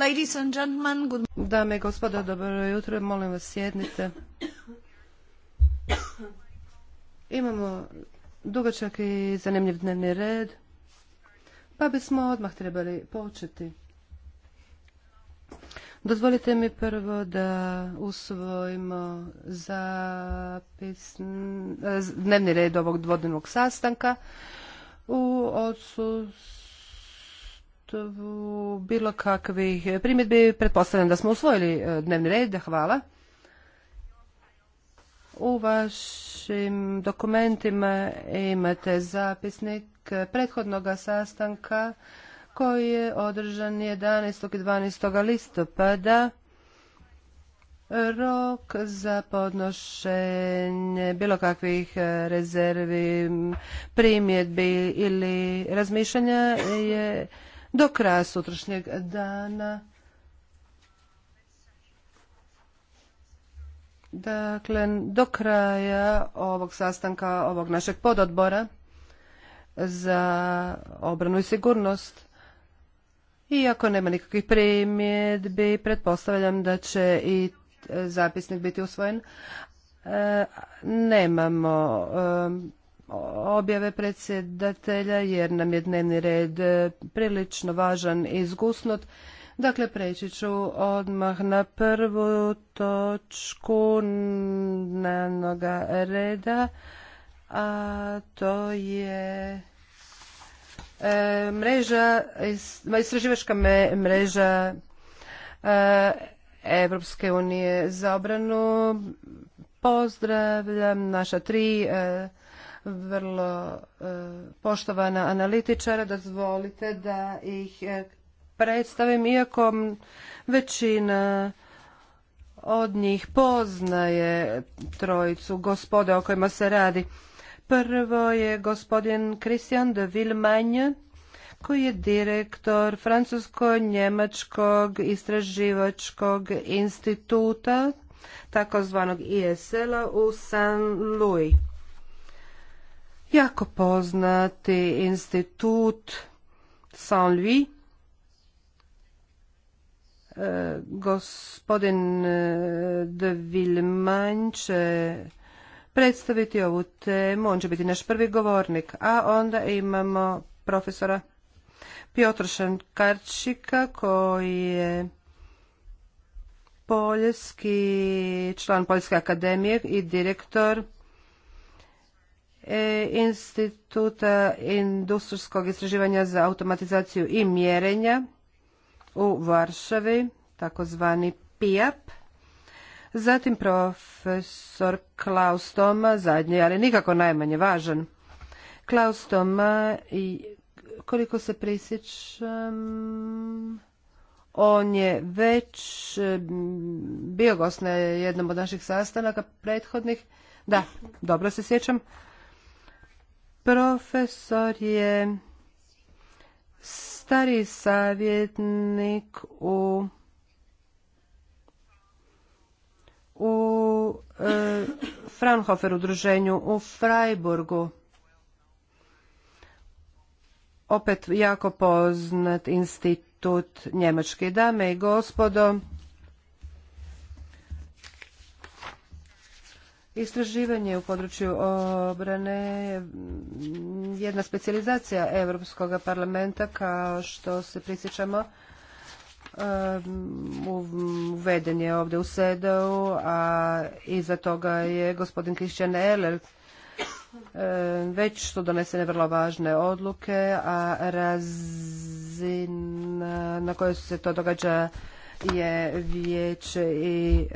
Ladies and gentlemen, good... Dame i gospodo, dobro jutro, molim vas sjednite. Imamo dugačak i zanimljiv dnevni red, pa bismo odmah trebali početi. Dozvolite mi prvo da usvojimo zapis, eh, dnevni red ovog dvodnevnog sastanka u odsus bilo kakvih primjedbi. Pretpostavljam da smo usvojili e, dnevni red. Hvala. U vašim dokumentima imate zapisnik prethodnog sastanka koji je održan 11. i 12. listopada. Rok za podnošenje bilo kakvih e, rezervi, primjedbi ili razmišljanja je do kraja sutrašnjeg dana. Dakle, do kraja ovog sastanka, ovog našeg pododbora za obranu i sigurnost. Iako nema nikakvih primjedbi, pretpostavljam da će i e, zapisnik biti usvojen. E, nemamo e, objave predsjedatelja jer nam je dnevni red e, prilično važan i zgusnut. Dakle, preći ću odmah na prvu točku dnevnog reda, a to je e, mreža, istraživačka mreža e, Evropske unije za obranu. Pozdravljam naša tri vrlo e, poštovana analitičara, dozvolite da ih e, predstavim, iako većina od njih poznaje trojicu gospode o kojima se radi. Prvo je gospodin Christian de Villemagne, koji je direktor Francusko-Njemačkog istraživačkog instituta, takozvanog ISL-a u San Louis jako poznati institut Saint Louis. E, gospodin e, de Villemagne će predstaviti ovu temu. On će biti naš prvi govornik. A onda imamo profesora Piotr Šankarčika koji je poljski član Poljske akademije i direktor E, Instituta industrijskog istraživanja za automatizaciju i mjerenja u Varšavi, takozvani PIAP. Zatim profesor Klaus Toma, zadnji, ali nikako najmanje važan. Klaus Toma, koliko se prisjećam, on je već bio gost na jednom od naših sastanaka prethodnih. Da, dobro se sjećam. Profesor je stari savjetnik u u e, Fraunhofer udruženju u Freiburgu. Opet jako poznat institut njemački dame i gospodo. Istraživanje u području obrane je jedna specijalizacija Europskog parlamenta kao što se prisjećamo uveden je ovdje u SED-u, a iza toga je gospodin Christian Eller već su donesene vrlo važne odluke, a razina na kojoj se to događa je vijeće i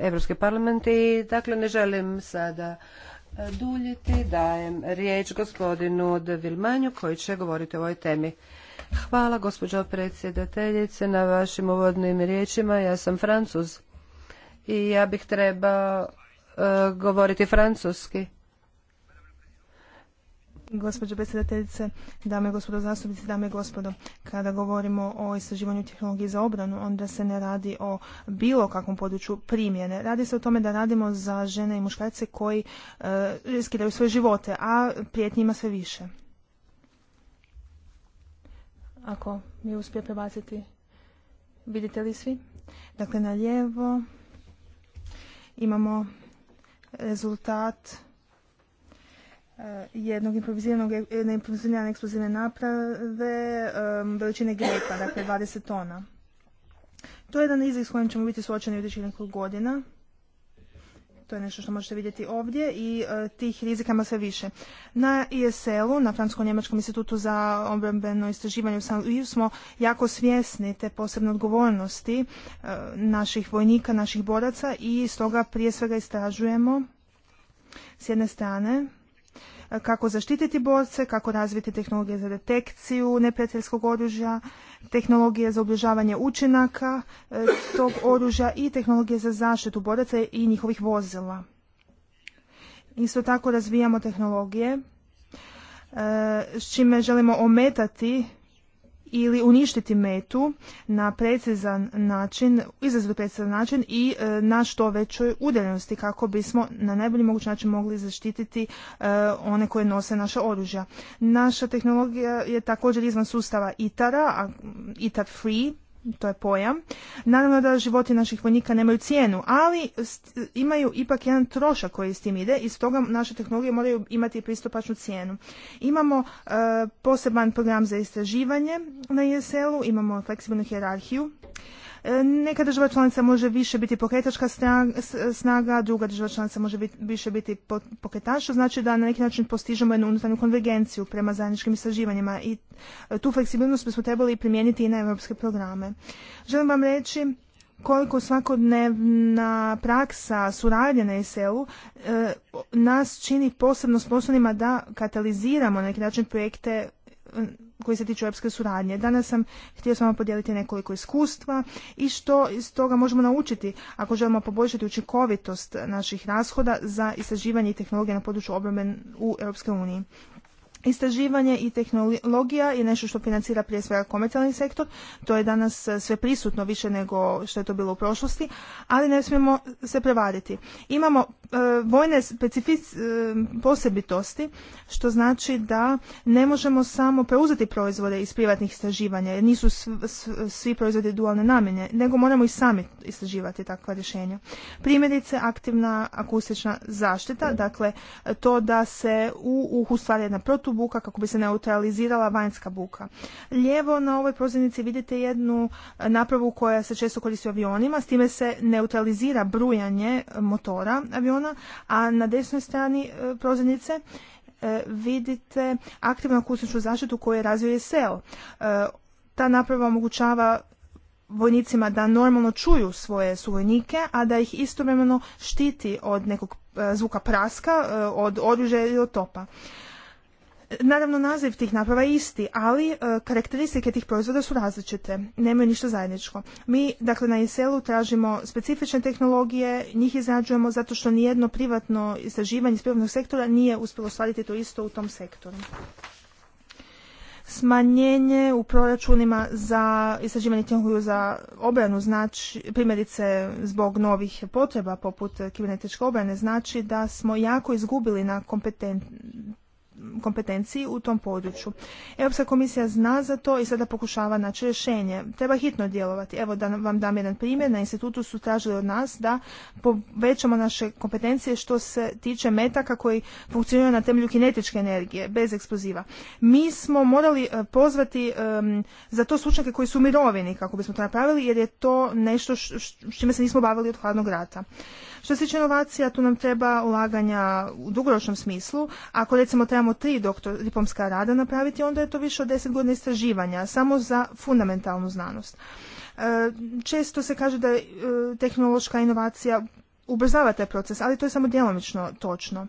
Europski parlament i dakle ne želim sada e, duljiti. Dajem riječ gospodinu De Vilmanju koji će govoriti o ovoj temi. Hvala gospođo predsjedateljice na vašim uvodnim riječima. Ja sam Francuz i ja bih trebao e, govoriti francuski. Gospođo predsjedateljice, dame i gospodo zastupnici, dame i gospodo, kada govorimo o istraživanju tehnologije za obranu, onda se ne radi o bilo kakvom području primjene. Radi se o tome da radimo za žene i muškarce koji e, riskiraju svoje živote, a prijetnji ima sve više. Ako mi uspije prebaciti, vidite li svi? Dakle, na lijevo imamo rezultat E, jednog improviziranog, eksplozivne naprave e, veličine grepa, dakle 20 tona. To je jedan izlik s kojim ćemo biti suočeni u idućih godina. To je nešto što možete vidjeti ovdje i e, tih rizikama sve više. Na ISL-u, na Fransko-Njemačkom institutu za obrambeno istraživanje u San Luis, smo jako svjesni te posebne odgovornosti naših vojnika, naših boraca i stoga prije svega istražujemo s jedne strane kako zaštititi borce, kako razviti tehnologije za detekciju neprijateljskog oružja, tehnologije za obližavanje učinaka e, tog oružja i tehnologije za zaštitu boraca i njihovih vozila. Isto tako razvijamo tehnologije e, s čime želimo ometati ili uništiti metu na precizan način, izrazito precizan način i e, na što većoj udaljenosti kako bismo na najbolji mogući način mogli zaštititi e, one koje nose naša oružja. Naša tehnologija je također izvan sustava ITAR-a, ITAR Free, to je pojam. Naravno da životi naših vojnika nemaju cijenu, ali imaju ipak jedan trošak koji s tim ide i stoga naše tehnologije moraju imati pristupačnu cijenu. Imamo e, poseban program za istraživanje na ISL-u, imamo fleksibilnu hjerarhiju, neka država članica može više biti pokretačka snaga, druga država članica može više biti pokretač, znači da na neki način postižemo jednu unutarnju konvergenciju prema zajedničkim istraživanjima i e, tu fleksibilnost bismo trebali primijeniti i na europske programe. Želim vam reći koliko svakodnevna praksa suradnje na SEU e, nas čini posebno sposobnima da kataliziramo na neki način projekte koji se tiču europske suradnje. Danas sam htio s vama podijeliti nekoliko iskustva i što iz toga možemo naučiti ako želimo poboljšati učinkovitost naših rashoda za istraživanje i tehnologije na području obrame u Europskoj uniji. Istraživanje i tehnologija je nešto što financira prije svega komercijalni sektor, to je danas e, sve prisutno više nego što je to bilo u prošlosti, ali ne smijemo se prevariti. Imamo e, vojne specific, e, posebitosti, što znači da ne možemo samo preuzeti proizvode iz privatnih istraživanja, jer nisu svi proizvodi dualne namjene, nego moramo i sami istraživati takva rješenja. Primjerice, aktivna akustična zaštita, dakle to da se u uhu jedna protu buka kako bi se neutralizirala vanjska buka. Lijevo na ovoj prozirnici vidite jednu e, napravu koja se često koristi u avionima, s time se neutralizira brujanje e, motora aviona, a na desnoj strani e, prozirnice vidite aktivnu akustičnu zaštitu koju je razvio SEO. Ta naprava omogućava vojnicima da normalno čuju svoje suvojnike, a da ih istovremeno štiti od nekog zvuka praska, od oružja ili od topa. Naravno, naziv tih naprava je isti, ali e, karakteristike tih proizvoda su različite, nemaju ništa zajedničko. Mi, dakle, na ISL-u tražimo specifične tehnologije, njih izrađujemo zato što nijedno privatno istraživanje iz privatnog sektora nije uspjelo stvariti to isto u tom sektoru. Smanjenje u proračunima za istraživanje tehnologiju za obranu znači, primjerice zbog novih potreba poput kibernetičke obrane, znači da smo jako izgubili na kompetentnosti kompetenciji u tom području. Europska komisija zna za to i sada pokušava naći rješenje. Treba hitno djelovati. Evo da vam dam jedan primjer. Na institutu su tražili od nas da povećamo naše kompetencije što se tiče metaka koji funkcioniraju na temelju kinetičke energije, bez eksploziva. Mi smo morali e, pozvati za to stručnjake koji su mirovini kako bismo to napravili jer je to nešto s čime se nismo bavili od hladnog rata. Što se tiče inovacija, tu nam treba ulaganja u dugoročnom smislu. Ako recimo trebamo tri doktor diplomska rada napraviti, onda je to više od deset godina istraživanja, samo za fundamentalnu znanost. E, često se kaže da e, tehnološka inovacija ubrzava taj proces, ali to je samo djelomično točno.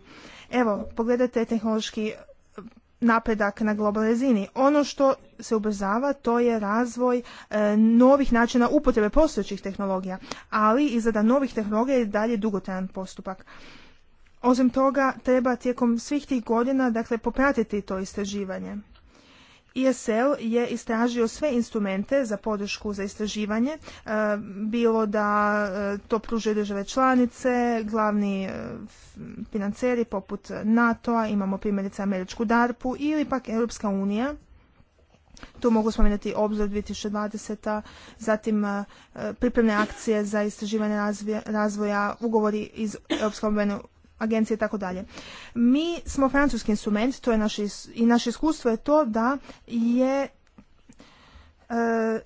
Evo, pogledajte tehnološki napredak na globalnoj razini. Ono što se ubrzava to je razvoj e, novih načina upotrebe postojećih tehnologija, ali i izrada novih tehnologija je dalje dugotrajan postupak. Osim toga, treba tijekom svih tih godina dakle, popratiti to istraživanje. ISL e je istražio sve instrumente za podršku za istraživanje, e, bilo da e, to pružaju države članice, glavni financeri poput NATO-a, imamo primjerice američku DARPU ili pak Europska unija. Tu mogu spomenuti obzor 2020. Zatim pripremne akcije za istraživanje razvoja, ugovori iz obvene agencije i tako dalje. Mi smo francuski instrument, to je i naše iskustvo je to da je e,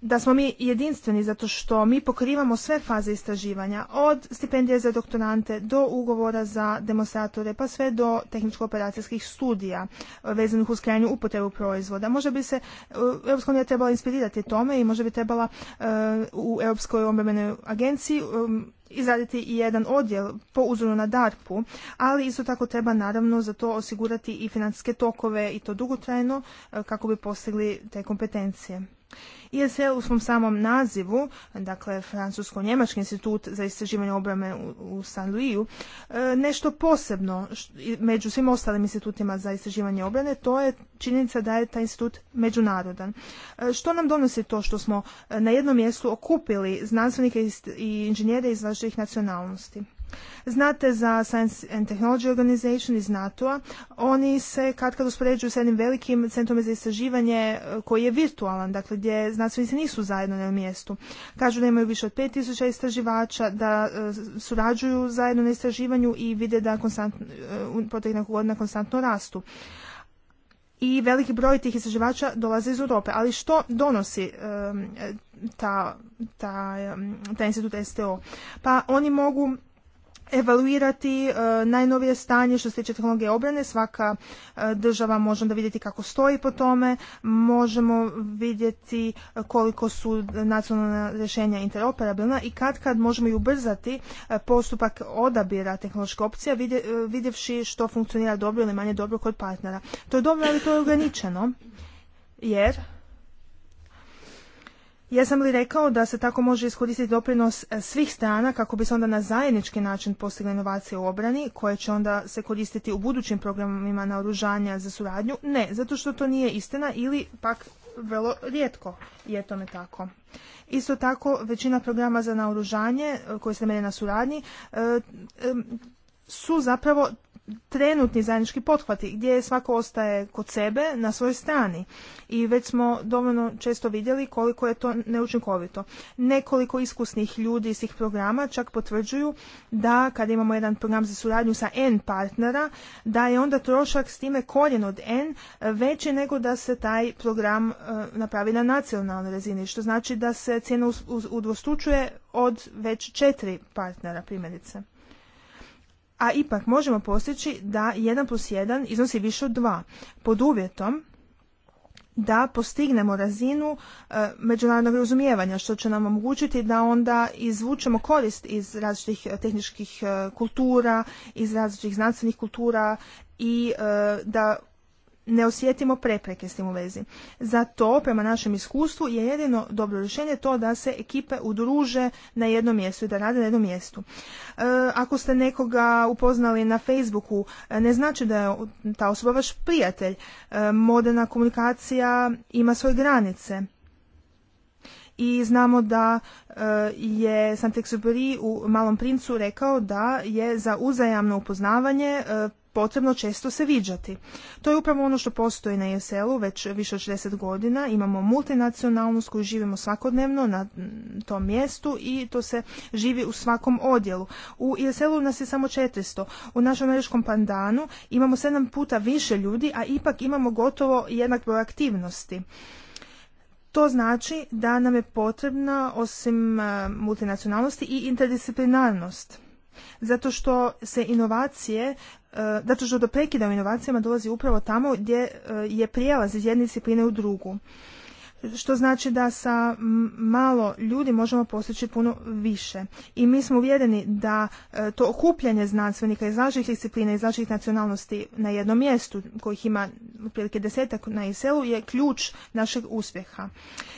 da smo mi jedinstveni zato što mi pokrivamo sve faze istraživanja od stipendije za doktorante do ugovora za demonstratore pa sve do tehničko-operacijskih studija vezanih uz krajnju upotrebu proizvoda. Možda bi se e, Europska unija trebala inspirirati tome i možda bi trebala e, u Europskoj obrambenoj agenciji izraditi i jedan odjel po uzoru na DARPU, ali isto tako treba naravno za to osigurati i financijske tokove i to dugotrajno e, kako bi postigli te kompetencije. ISL e u svom samom nazivu, dakle Francusko-Njemački institut za istraživanje obrane u San Luiju, e, nešto posebno među svim ostalim institutima za istraživanje obrane, to je činjenica da je taj institut međunarodan. E, što nam donosi to što smo na jednom mjestu okupili znanstvenike i inženjere iz različitih nacionalnosti? Znate za Science and Technology Organization iz NATO-a, oni se kad kad uspoređuju s jednim velikim centrom za istraživanje e, koji je virtualan, dakle gdje znanstvenici nisu zajedno na mjestu. Kažu da imaju više od 5000 istraživača, da e, surađuju zajedno na istraživanju i vide da konstantno, e, u godina konstantno rastu i veliki broj tih istraživača dolaze iz Europe. Ali što donosi ta, ta, ta institut STO? Pa oni mogu evaluirati e, najnovije stanje što se tiče tehnologije obrane. Svaka e, država može onda vidjeti kako stoji po tome, možemo vidjeti e, koliko su nacionalna rješenja interoperabilna i kad kad možemo i ubrzati postupak odabira tehnološke opcije vidje, vidjevši što funkcionira dobro ili manje dobro kod partnera. To je dobro, ali to je ograničeno jer Jesam li rekao da se tako može iskoristiti doprinos e, svih strana kako bi se onda na zajednički način postigle inovacije u obrani koje će onda se koristiti u budućim programima naoružanja za suradnju? Ne, zato što to nije istina ili pak vrlo rijetko je tome tako. Isto tako, većina programa za naoružanje e, koji se mene na suradnji e, su zapravo trenutni zajednički pothvati gdje svako ostaje kod sebe na svojoj strani i već smo dovoljno često vidjeli koliko je to neučinkovito. Nekoliko iskusnih ljudi iz tih programa čak potvrđuju da kad imamo jedan program za suradnju sa N partnera da je onda trošak s time korijen od N veći nego da se taj program e, napravi na nacionalnoj razini što znači da se cijena udvostručuje od već četiri partnera primjerice a ipak možemo postići da 1 plus 1 iznosi više od 2 pod uvjetom da postignemo razinu e, međunarodnog razumijevanja što će nam omogućiti da onda izvučemo korist iz različitih e, tehničkih e, kultura, iz različitih znanstvenih kultura i da ne osjetimo prepreke s tim u vezi. Za to, prema našem iskustvu, je jedino dobro rješenje to da se ekipe udruže na jednom mjestu i da rade na jednom mjestu. E, ako ste nekoga upoznali na Facebooku, e, ne znači da je ta osoba vaš prijatelj. E, moderna komunikacija ima svoje granice. I znamo da e, je saint u Malom princu rekao da je za uzajamno upoznavanje potrebno često se viđati. To je upravo ono što postoji na ESL-u već više od 60 godina. Imamo multinacionalnost koju živimo svakodnevno na tom mjestu i to se živi u svakom odjelu. U ESL-u nas je samo 400. U našem američkom pandanu imamo sedam puta više ljudi, a ipak imamo gotovo jednak broj aktivnosti. To znači da nam je potrebna osim e, multinacionalnosti i interdisciplinarnost. Zato što se inovacije, e, zato što do prekida u inovacijama dolazi upravo tamo gdje e, je prijelaz iz jedne discipline u drugu. Što znači da sa malo ljudi možemo postići puno više. I mi smo uvjereni da e, to okupljanje znanstvenika iz različitih disciplina, iz različitih nacionalnosti na jednom mjestu, kojih ima otprilike desetak na isl u je ključ našeg uspjeha.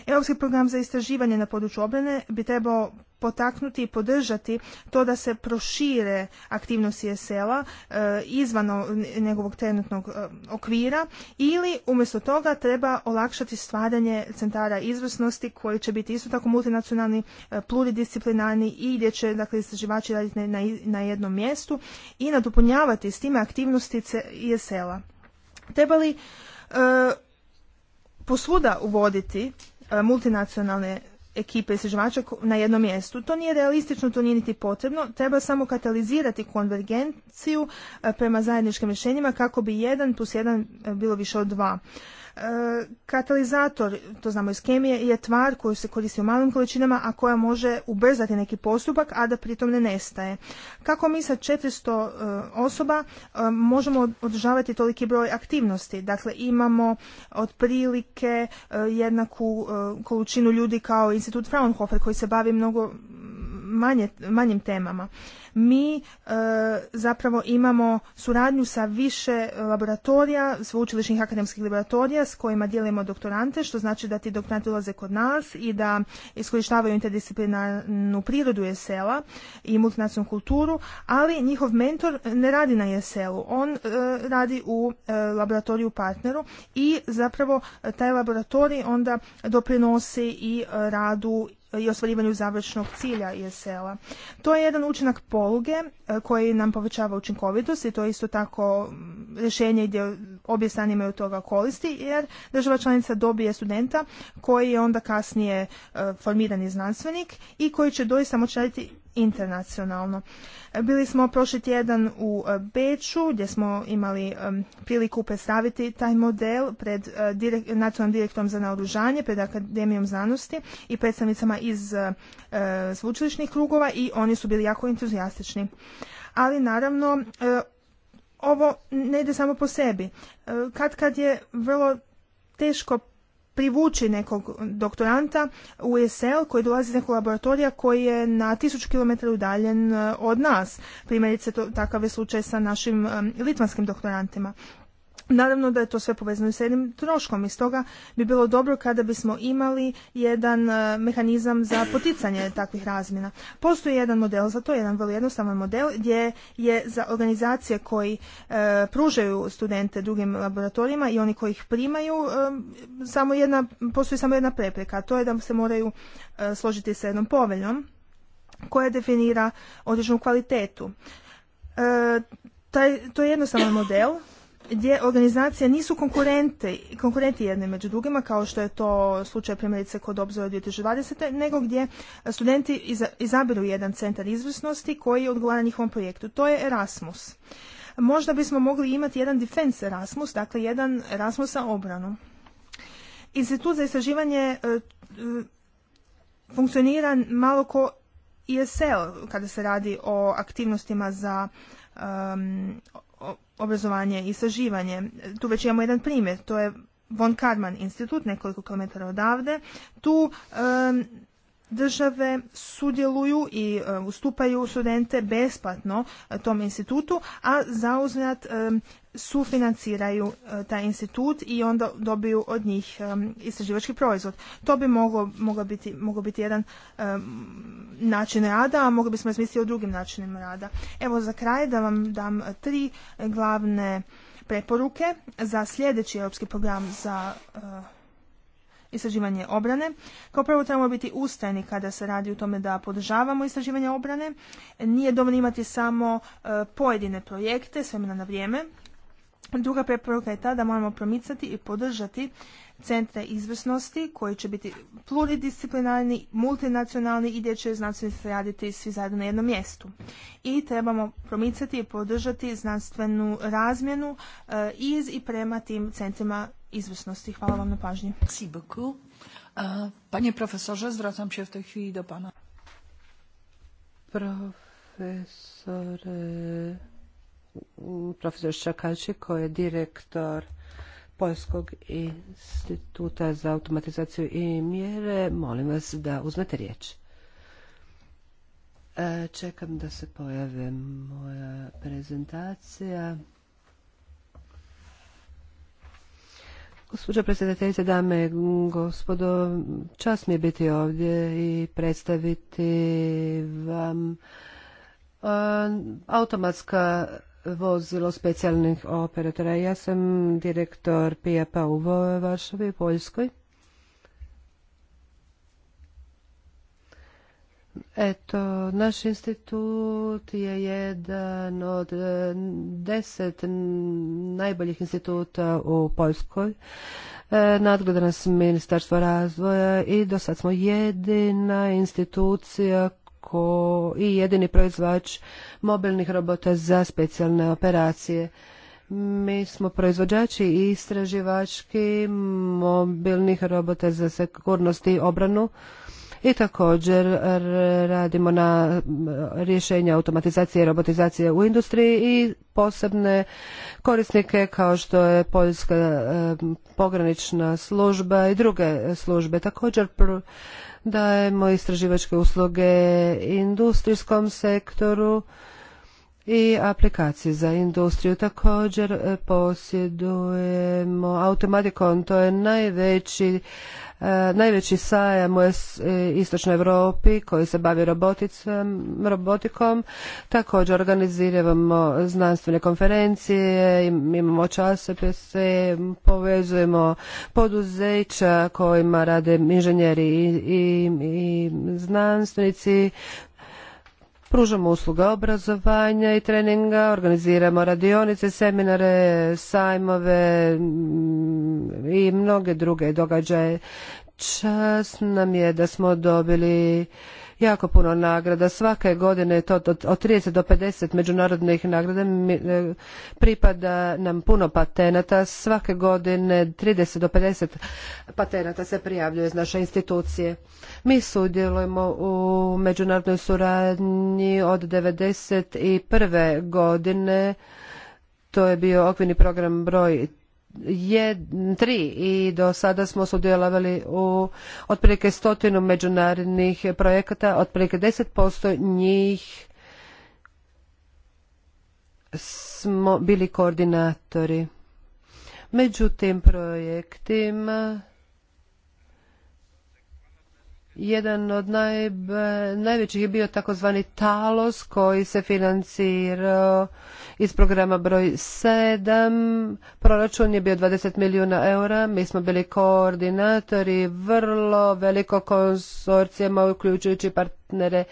Europski program za istraživanje na području obrane bi trebao potaknuti i podržati to da se prošire aktivnosti ESL-a izvano e, izvan njegovog trenutnog e, okvira ili umjesto toga treba olakšati stvaranje centara izvrsnosti koji će biti isto tako multinacionalni, e, pluridisciplinarni i gdje će dakle, istraživači raditi na, jednom mjestu i nadopunjavati s time aktivnosti ESL-a. Treba li posvuda uvoditi multinacionalne ekipe istraživača na jednom mjestu. To nije realistično, to nije niti potrebno. Treba samo katalizirati konvergenciju e, prema zajedničkim rješenjima kako bi jedan plus jedan e, bilo više od dva. Katalizator, to znamo iz kemije, je tvar koju se koristi u malim količinama, a koja može ubrzati neki postupak, a da pritom ne nestaje. Kako mi sa 400 e, osoba e, možemo održavati toliki broj aktivnosti? Dakle, imamo otprilike e, jednaku količinu ljudi kao institut Fraunhofer koji se bavi mnogo manje, manjim temama. Mi e, zapravo imamo suradnju sa više laboratorija, sveučilišnih akademskih laboratorija s kojima dijelimo doktorante, što znači da ti doktoranti ulaze kod nas i da iskorištavaju interdisciplinarnu prirodu jesela i multinacionalnu kulturu, ali njihov mentor ne radi na jeselu. On e, radi u e, laboratoriju partneru i zapravo taj laboratorij onda doprinosi i radu i ostvarivanju završnog cilja ISL-a. To je jedan učinak poluge e, koji nam povećava učinkovitost i to je isto tako mm, rješenje gdje obje strane imaju toga koristi jer država članica dobije studenta koji je onda kasnije e, formirani znanstvenik i koji će doista moći raditi internacionalno. Bili smo prošli tjedan u e, Beču gdje smo imali e, priliku predstaviti taj model pred e, nacionalnim direktorom za naoružanje, pred Akademijom znanosti i predstavnicama iz zvučilišnih krugova i oni su bili jako entuzijastični. Ali naravno ovo ne ide samo po sebi. kad kad je vrlo teško privući nekog doktoranta u ESL koji dolazi iz nekog laboratorija koji je na tisuću kilometara udaljen e, od nas. Primjerice, to, takav je slučaj sa našim e, litvanskim doktorantima. Naravno da je to sve povezano s sa jednim troškom i stoga bi bilo dobro kada bismo imali jedan e, mehanizam za poticanje takvih razmjena. Postoji jedan model za to, jedan vrlo jednostavan model gdje je za organizacije koji e, pružaju studente drugim laboratorijima i oni koji ih primaju e, samo jedna, postoji samo jedna prepreka, a to je da se moraju složiti sa jednom poveljom koja definira određenu kvalitetu. Taj, to je jednostavan model gdje organizacije nisu konkurente, konkurenti jedne među drugima, kao što je to slučaj primjerice kod obzora 2020. nego gdje studenti izabiru jedan centar izvrsnosti koji odgovara njihovom projektu. To je Erasmus. Možda bismo mogli imati jedan defense Erasmus, dakle jedan Erasmus sa obranu. Institut za istraživanje e, e, funkcionira malo ko ISL e kada se radi o aktivnostima za obrazovanje i saživanje. Tu već imamo jedan primjer, to je Von Karman institut, nekoliko kilometara odavde. Tu države sudjeluju i ustupaju studente besplatno e, tom institutu, a zauzvrat sufinanciraju e, taj institut i onda dobiju od njih e, istraživački proizvod. To bi mogao biti, biti jedan e, način rada, a mogli bismo razmisliti o drugim načinima rada. Evo za kraj da vam dam tri glavne preporuke za sljedeći europski program za istraživanje obrane. Kao prvo trebamo biti ustajni kada se radi u tome da podržavamo istraživanje obrane. Nije dovoljno imati samo pojedine projekte, svemena na vrijeme. Druga preporuka je ta da moramo promicati i podržati centre izvrsnosti koji će biti pluridisciplinarni, multinacionalni i gdje će se raditi svi zajedno na jednom mjestu. I trebamo promicati i podržati znanstvenu razmjenu e, iz i prema tim centrima izvrsnosti. Hvala vam na pažnji. E, panie profesorze, zwracam się w tej chwili do pana profesor Šakalči koji je direktor Poljskog instituta za automatizaciju i mjere. Molim vas da uzmete riječ. E, čekam da se pojave moja prezentacija. Gospođo predsjedateljice, dame i gospodo, čast mi je biti ovdje i predstaviti vam automatska vozilo specijalnih operatora. Ja sam direktor Pijapa u Varšavi, Poljskoj. Eto, naš institut je jedan od e, deset najboljih instituta u Poljskoj. E, nadgleda nas Ministarstvo razvoja i do sad smo jedina institucija ko i jedini proizvač mobilnih robota za specijalne operacije. Mi smo proizvođači i istraživački mobilnih robota za sigurnost i obranu i također radimo na rješenja automatizacije i robotizacije u industriji i posebne korisnike kao što je Poljska eh, pogranična služba i druge službe. Također dajemo istraživačke usluge industrijskom sektoru i aplikacije za industriju. Također e, posjedujemo Automatikon, to je najveći E, najveći sajam u e, Istočnoj Europi koji se bavi robotikom. Također organiziramo znanstvene konferencije, imamo časopise, povezujemo poduzeća kojima rade inženjeri i znanstvenici Pružamo usluge obrazovanja i treninga, organiziramo radionice, seminare, sajmove mm, i mnoge druge događaje. Čas nam je da smo dobili jako puno nagrada. Svake godine to od 30 do 50 međunarodnih nagrada. E, pripada nam puno patenata. Svake godine 30 do 50 patenata se prijavljuje iz naše institucije. Mi sudjelujemo u međunarodnoj suradnji od 1991. godine. To je bio okvirni program broj je tri i do sada smo sudjelovali u otprilike stotinu međunarodnih projekata, otprilike 10% njih smo bili koordinatori. Među tim projektima jedan od najvećih je bio takozvani Talos koji se financirao iz programa broj 7. Proračun je bio 20 milijuna eura. Mi smo bili koordinatori vrlo veliko konsorcijama uključujući partnere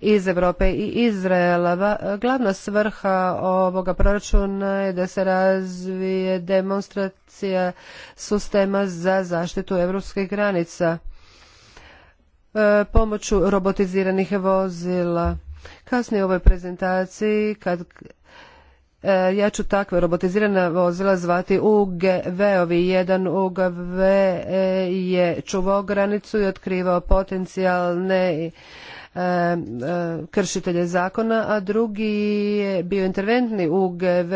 iz Europe i Izraela. Glavna svrha ovoga proračuna je da se razvije demonstracija sustema za zaštitu europskih granica E, pomoću robotiziranih vozila. Kasnije u ovoj prezentaciji kad e, ja ću takve robotizirana vozila zvati UGV-ovi. Jedan UGV e, je čuvao granicu i otkrivao potencijalne kršitelje zakona, a drugi je bio interventni UGV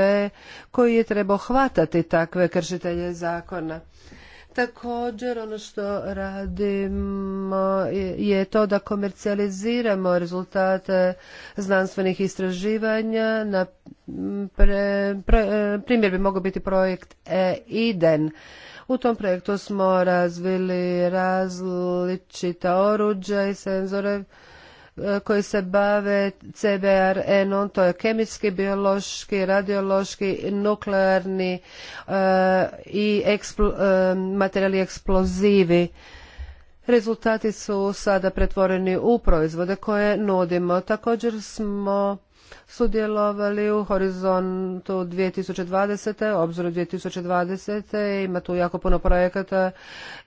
koji je trebao hvatati takve kršitelje zakona. Također ono što radimo je to da komercijaliziramo rezultate znanstvenih istraživanja. Na pre, e, primjer bi mogao biti projekt EIDEN. U tom projektu smo razvili različita oruđa i senzore koji se bave CBRN-om, to je kemijski, biološki, radiološki, nuklearni e, i e, materijali eksplozivi. Rezultati su sada pretvoreni u proizvode koje nudimo. Također smo sudjelovali u horizontu 2020. obzoru 2020. Ima tu jako puno projekata,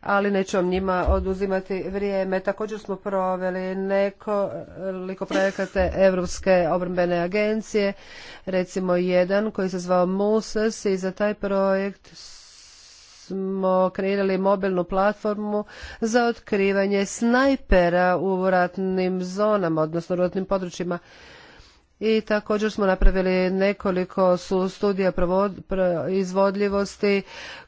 ali neću vam njima oduzimati vrijeme. Također smo proveli nekoliko projekata Europske obrambene agencije, recimo jedan koji se zvao MUSES i za taj projekt smo kreirali mobilnu platformu za otkrivanje snajpera u ratnim zonama, odnosno ratnim područjima i također smo napravili nekoliko su studija izvodljivosti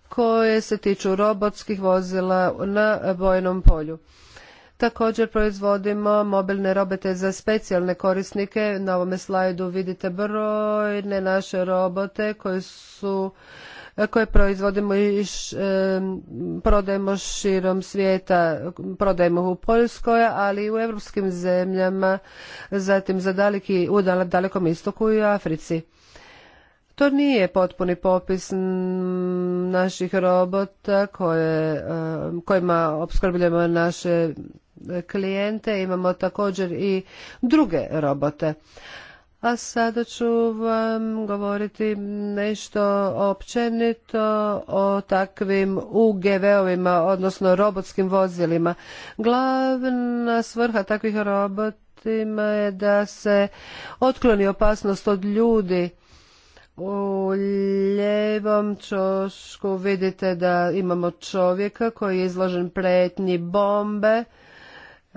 koje se tiču robotskih vozila na bojnom polju. Također proizvodimo mobilne robote za specijalne korisnike. Na ovome slajdu vidite brojne naše robote koji su koje proizvodimo i prodajemo širom svijeta, prodajemo u Poljskoj, ali i u europskim zemljama, zatim za daleki, u dalekom istoku i Africi. To nije potpuni popis naših robota koje, kojima opskrbljujemo naše klijente. Imamo također i druge robote. A sada ću vam govoriti nešto općenito o takvim UGV-ovima, odnosno robotskim vozilima. Glavna svrha takvih robotima je da se otkloni opasnost od ljudi. U ljevom čošku vidite da imamo čovjeka koji je izložen pretnji bombe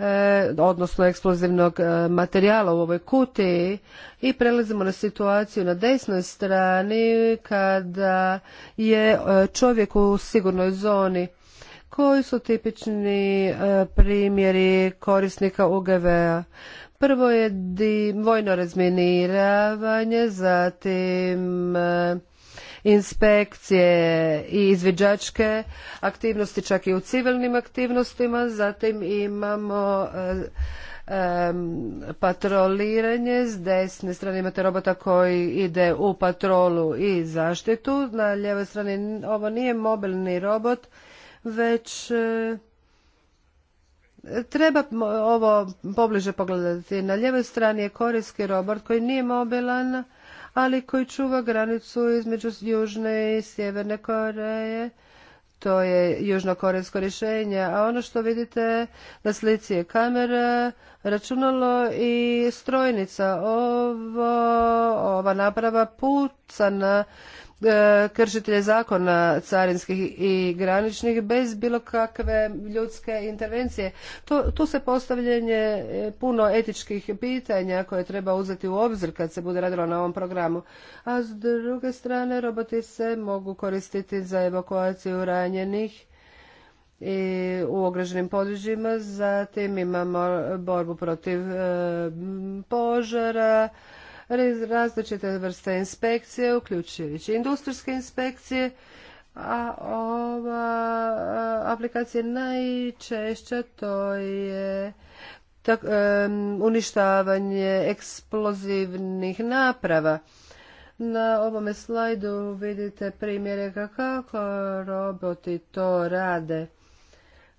E, odnosno eksplozivnog e, materijala u ovoj kuti i prelazimo na situaciju na desnoj strani kada je e, čovjek u sigurnoj zoni koji su tipični primjeri korisnika UGV-a? Prvo je vojno razminiravanje, zatim inspekcije i izviđačke aktivnosti, čak i u civilnim aktivnostima. Zatim imamo e, patroliranje s desne strane imate robota koji ide u patrolu i zaštitu na ljevoj strani ovo nije mobilni robot već e, treba ovo pobliže pogledati na ljevoj strani je korejski robot koji nije mobilan ali koji čuva granicu između Južne i Sjeverne Koreje. To je južnokorejsko rješenje, a ono što vidite na slici je kamera, računalo i strojnica. ova naprava puca na E, kršitelje zakona carinskih i graničnih bez bilo kakve ljudske intervencije. Tu, se postavljanje e, puno etičkih pitanja koje treba uzeti u obzir kad se bude radilo na ovom programu. A s druge strane roboti se mogu koristiti za evakuaciju ranjenih i u ograženim područjima. Zatim imamo borbu protiv e, požara, različite vrste inspekcije, uključujući industrijske inspekcije, a ova aplikacija najčešća to je tak, uništavanje eksplozivnih naprava. Na ovome slajdu vidite primjere kako roboti to rade.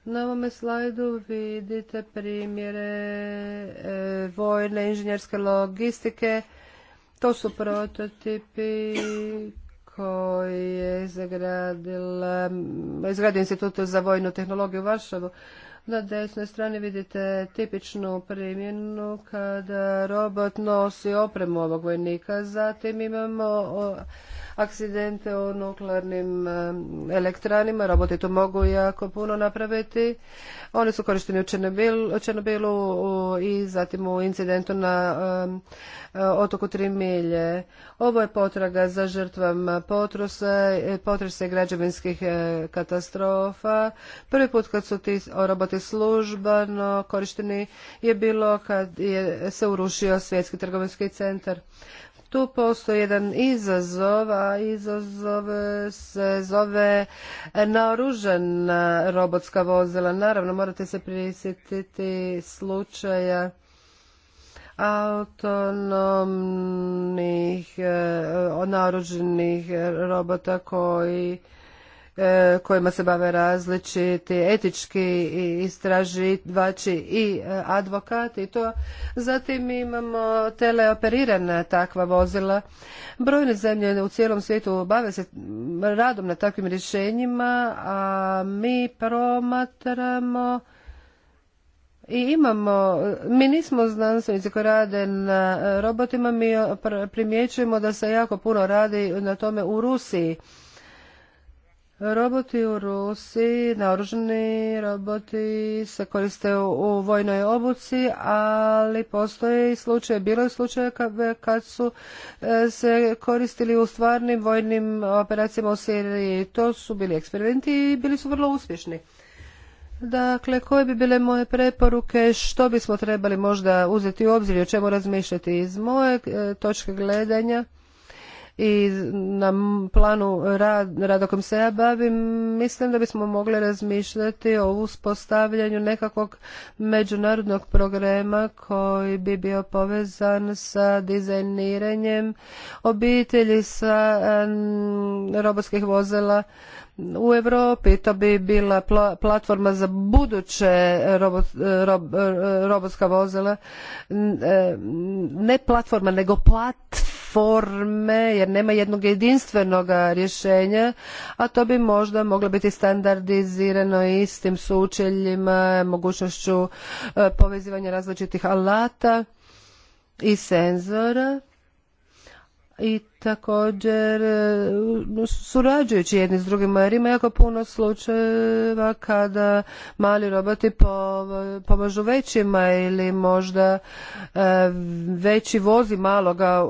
Na ovome slajdu vidite primjere e, vojne inženjerske logistike to su prototipi koji je izgradio Instituta za vojnu tehnologiju u Varšavu. Na desnoj strani vidite tipičnu primjenu kada robot nosi opremu ovog vojnika. Zatim imamo aksidente u nuklearnim elektranima. Roboti to mogu jako puno napraviti. Oni su korišteni u Černobilu, i zatim u incidentu na otoku Tri milje. Ovo je potraga za žrtvama potruse, potrese građevinskih katastrofa. Prvi put kad su ti roboti služba, dakle, službano korišteni je bilo kad je se urušio svjetski trgovinski centar. Tu postoji jedan izazov, a izazov se zove naoružena robotska vozila. Naravno, morate se prisjetiti slučaja autonomnih e, naoruženih robota koji E, kojima se bave različiti etički istraživači i e, advokati i to. Zatim imamo teleoperirana takva vozila. Brojne zemlje u cijelom svijetu bave se radom na takvim rješenjima, a mi promatramo i imamo, mi nismo znanstvenici koji rade na robotima, mi primjećujemo da se jako puno radi na tome u Rusiji Roboti u Rusiji, naoruženi roboti se koriste u, vojnoj obuci, ali postoje i slučaje, bilo je slučaje kad su e, se koristili u stvarnim vojnim operacijama u Siriji. To su bili eksperimenti i bili su vrlo uspješni. Dakle, koje bi bile moje preporuke, što bismo trebali možda uzeti u obzir i o čemu razmišljati iz moje e, točke gledanja? i na planu rad, radokom se ja bavim, mislim da bismo mogli razmišljati o uspostavljanju nekakvog međunarodnog programa koji bi bio povezan sa dizajniranjem obitelji sa robotskih vozila u Europi to bi bila platforma za buduće robot, e, robotska vozila e, ne platforma nego platforma forme jer nema jednog jedinstvenog rješenja, a to bi možda moglo biti standardizirano istim sučeljima, mogućnošću e, povezivanja različitih alata i senzora i također e, surađujući jedni s drugim, jer ima jako puno slučajeva kada mali roboti pomažu većima ili možda e, veći vozi maloga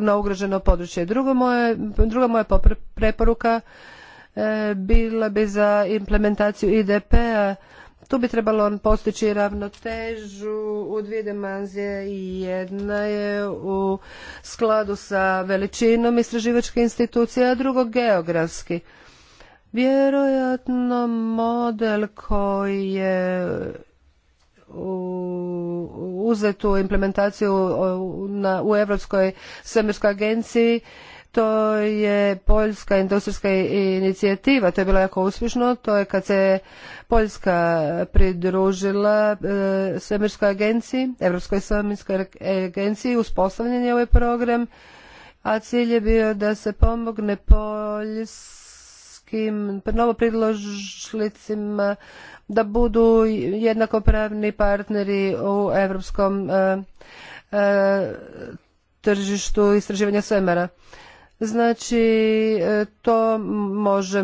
na ugroženo područje. Drugo moje, druga moja preporuka e, bila bi za implementaciju IDP-a tu bi trebalo postići ravnotežu u dvije dimenzije, i jedna je u skladu sa veličinom istraživačke institucije, a drugo geografski. Vjerojatno model koji je uzet u implementaciju u Europskoj svemirskoj agenciji to je poljska industrijska inicijativa to je bilo jako uspješno to je kad se poljska pridružila e, svemirskoj agenciji europskoj svemirskoj agenciji uspostavljen je ovaj program a cilj je bio da se pomogne poljskim novopridložlicima da budu jednakopravni partneri u europskom e, e, tržištu istraživanja svemara. Znači, e, to može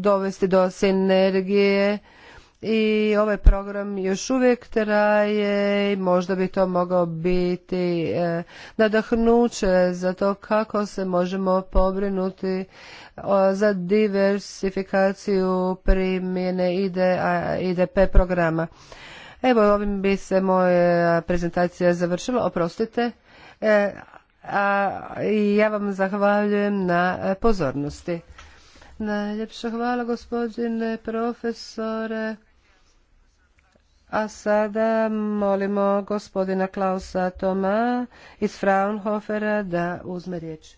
dovesti do sinergije i ovaj program još uvijek traje i možda bi to mogao biti e, nadahnuće za to kako se možemo pobrinuti za diversifikaciju primjene IDP programa. Evo, ovim bi se moja prezentacija završila. Oprostite. E, a ja vam zahvaljujem na e, pozornosti. Najljepša hvala gospodine profesore. A sada molimo gospodina Klausa Toma iz Fraunhofera da uzme riječ.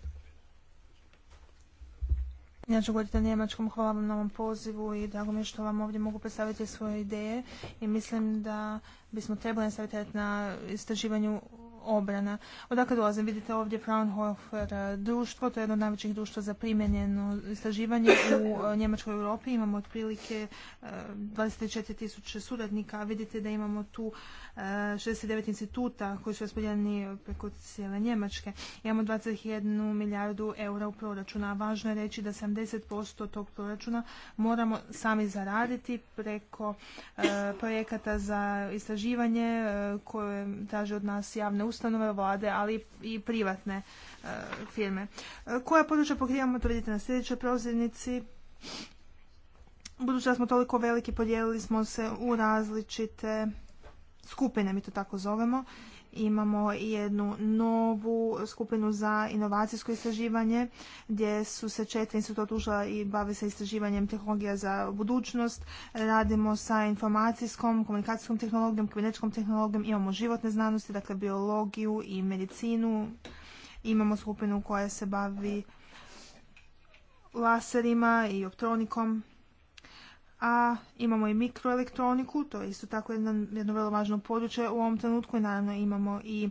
Ja ću govoriti na njemačkom, hvala vam na ovom pozivu i drago mi je što vam ovdje mogu predstaviti svoje ideje i mislim da bismo trebali nastaviti na istraživanju obrana. Odakle dolazim? Vidite ovdje Fraunhofer eh, društvo, to je jedno od najvećih društva za primjenjeno istraživanje u eh, Njemačkoj Europi. Imamo otprilike 24 eh, tisuće suradnika. Vidite da imamo tu 69 instituta koji su raspodijeljeni preko cijele Njemačke. Imamo 21 milijardu eura u proračuna. Važno je reći da 70% tog proračuna moramo sami zaraditi preko projekata za istraživanje koje traže od nas javne ustanove vlade, ali i privatne e, firme. E, koja područja pokrivamo, to vidite na sljedećoj prozirnici. Budući da smo toliko veliki, podijelili smo se u različite skupine, mi to tako zovemo, imamo jednu novu skupinu za inovacijsko istraživanje gdje su se četiri instituta ušla i bave se istraživanjem tehnologija za budućnost. Radimo sa informacijskom, komunikacijskom tehnologijom, kibernetičkom tehnologijom, imamo životne znanosti, dakle biologiju i medicinu. Imamo skupinu koja se bavi laserima i optronikom a imamo i mikroelektroniku, to je isto tako jedno, jedno vrlo važno područje u ovom trenutku i naravno imamo i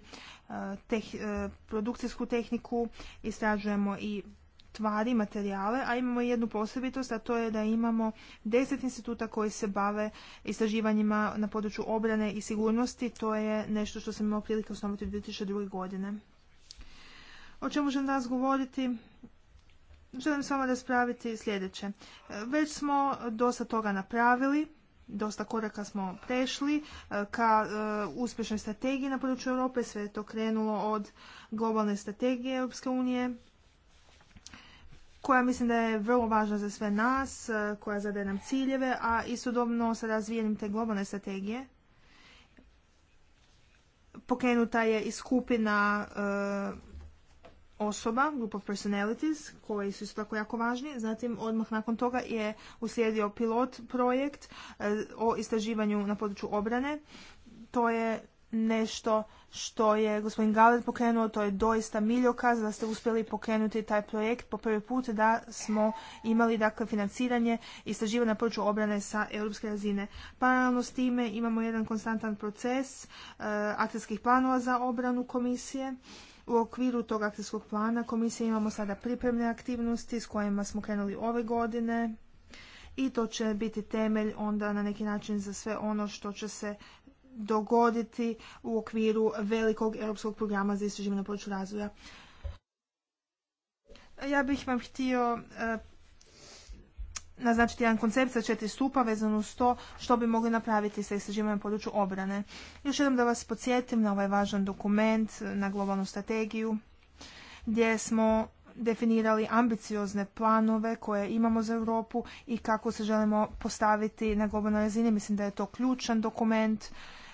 e, teh, e, produkcijsku tehniku, istražujemo i tvari, materijale, a imamo i jednu posebitost, a to je da imamo deset instituta koji se bave istraživanjima na području obrane i sigurnosti, to je nešto što sam imao prilike osnovati u 2002. godine. O čemu želim danas govoriti? želim s vama raspraviti sljedeće. E, već smo dosta toga napravili, dosta koraka smo prešli e, ka e, uspješnoj strategiji na području Europe. Sve je to krenulo od globalne strategije Europske unije koja mislim da je vrlo važna za sve nas, koja zadaje nam ciljeve, a istodobno sa razvijenim te globalne strategije pokrenuta je i skupina osoba, Group of Personalities, koji su isto tako jako važni. Zatim, odmah nakon toga je uslijedio pilot projekt eh, o istraživanju na području obrane. To je nešto što je gospodin Galer pokrenuo, to je doista miljokaz da ste uspjeli pokrenuti taj projekt po prvi put da smo imali dakle financiranje istraživanja na području obrane sa europske razine. Paralelno s time imamo jedan konstantan proces eh, akcijskih planova za obranu komisije u okviru tog akcijskog plana komisije imamo sada pripremne aktivnosti s kojima smo krenuli ove godine i to će biti temelj onda na neki način za sve ono što će se dogoditi u okviru velikog europskog programa za istraživanje na području razvoja. Ja bih vam htio e, naznačiti jedan koncept sa četiri stupa vezano uz to što bi mogli napraviti sa istraživanjem području obrane. Još jednom da vas podsjetim na ovaj važan dokument, na globalnu strategiju, gdje smo definirali ambiciozne planove koje imamo za Europu i kako se želimo postaviti na globalnoj razini. Mislim da je to ključan dokument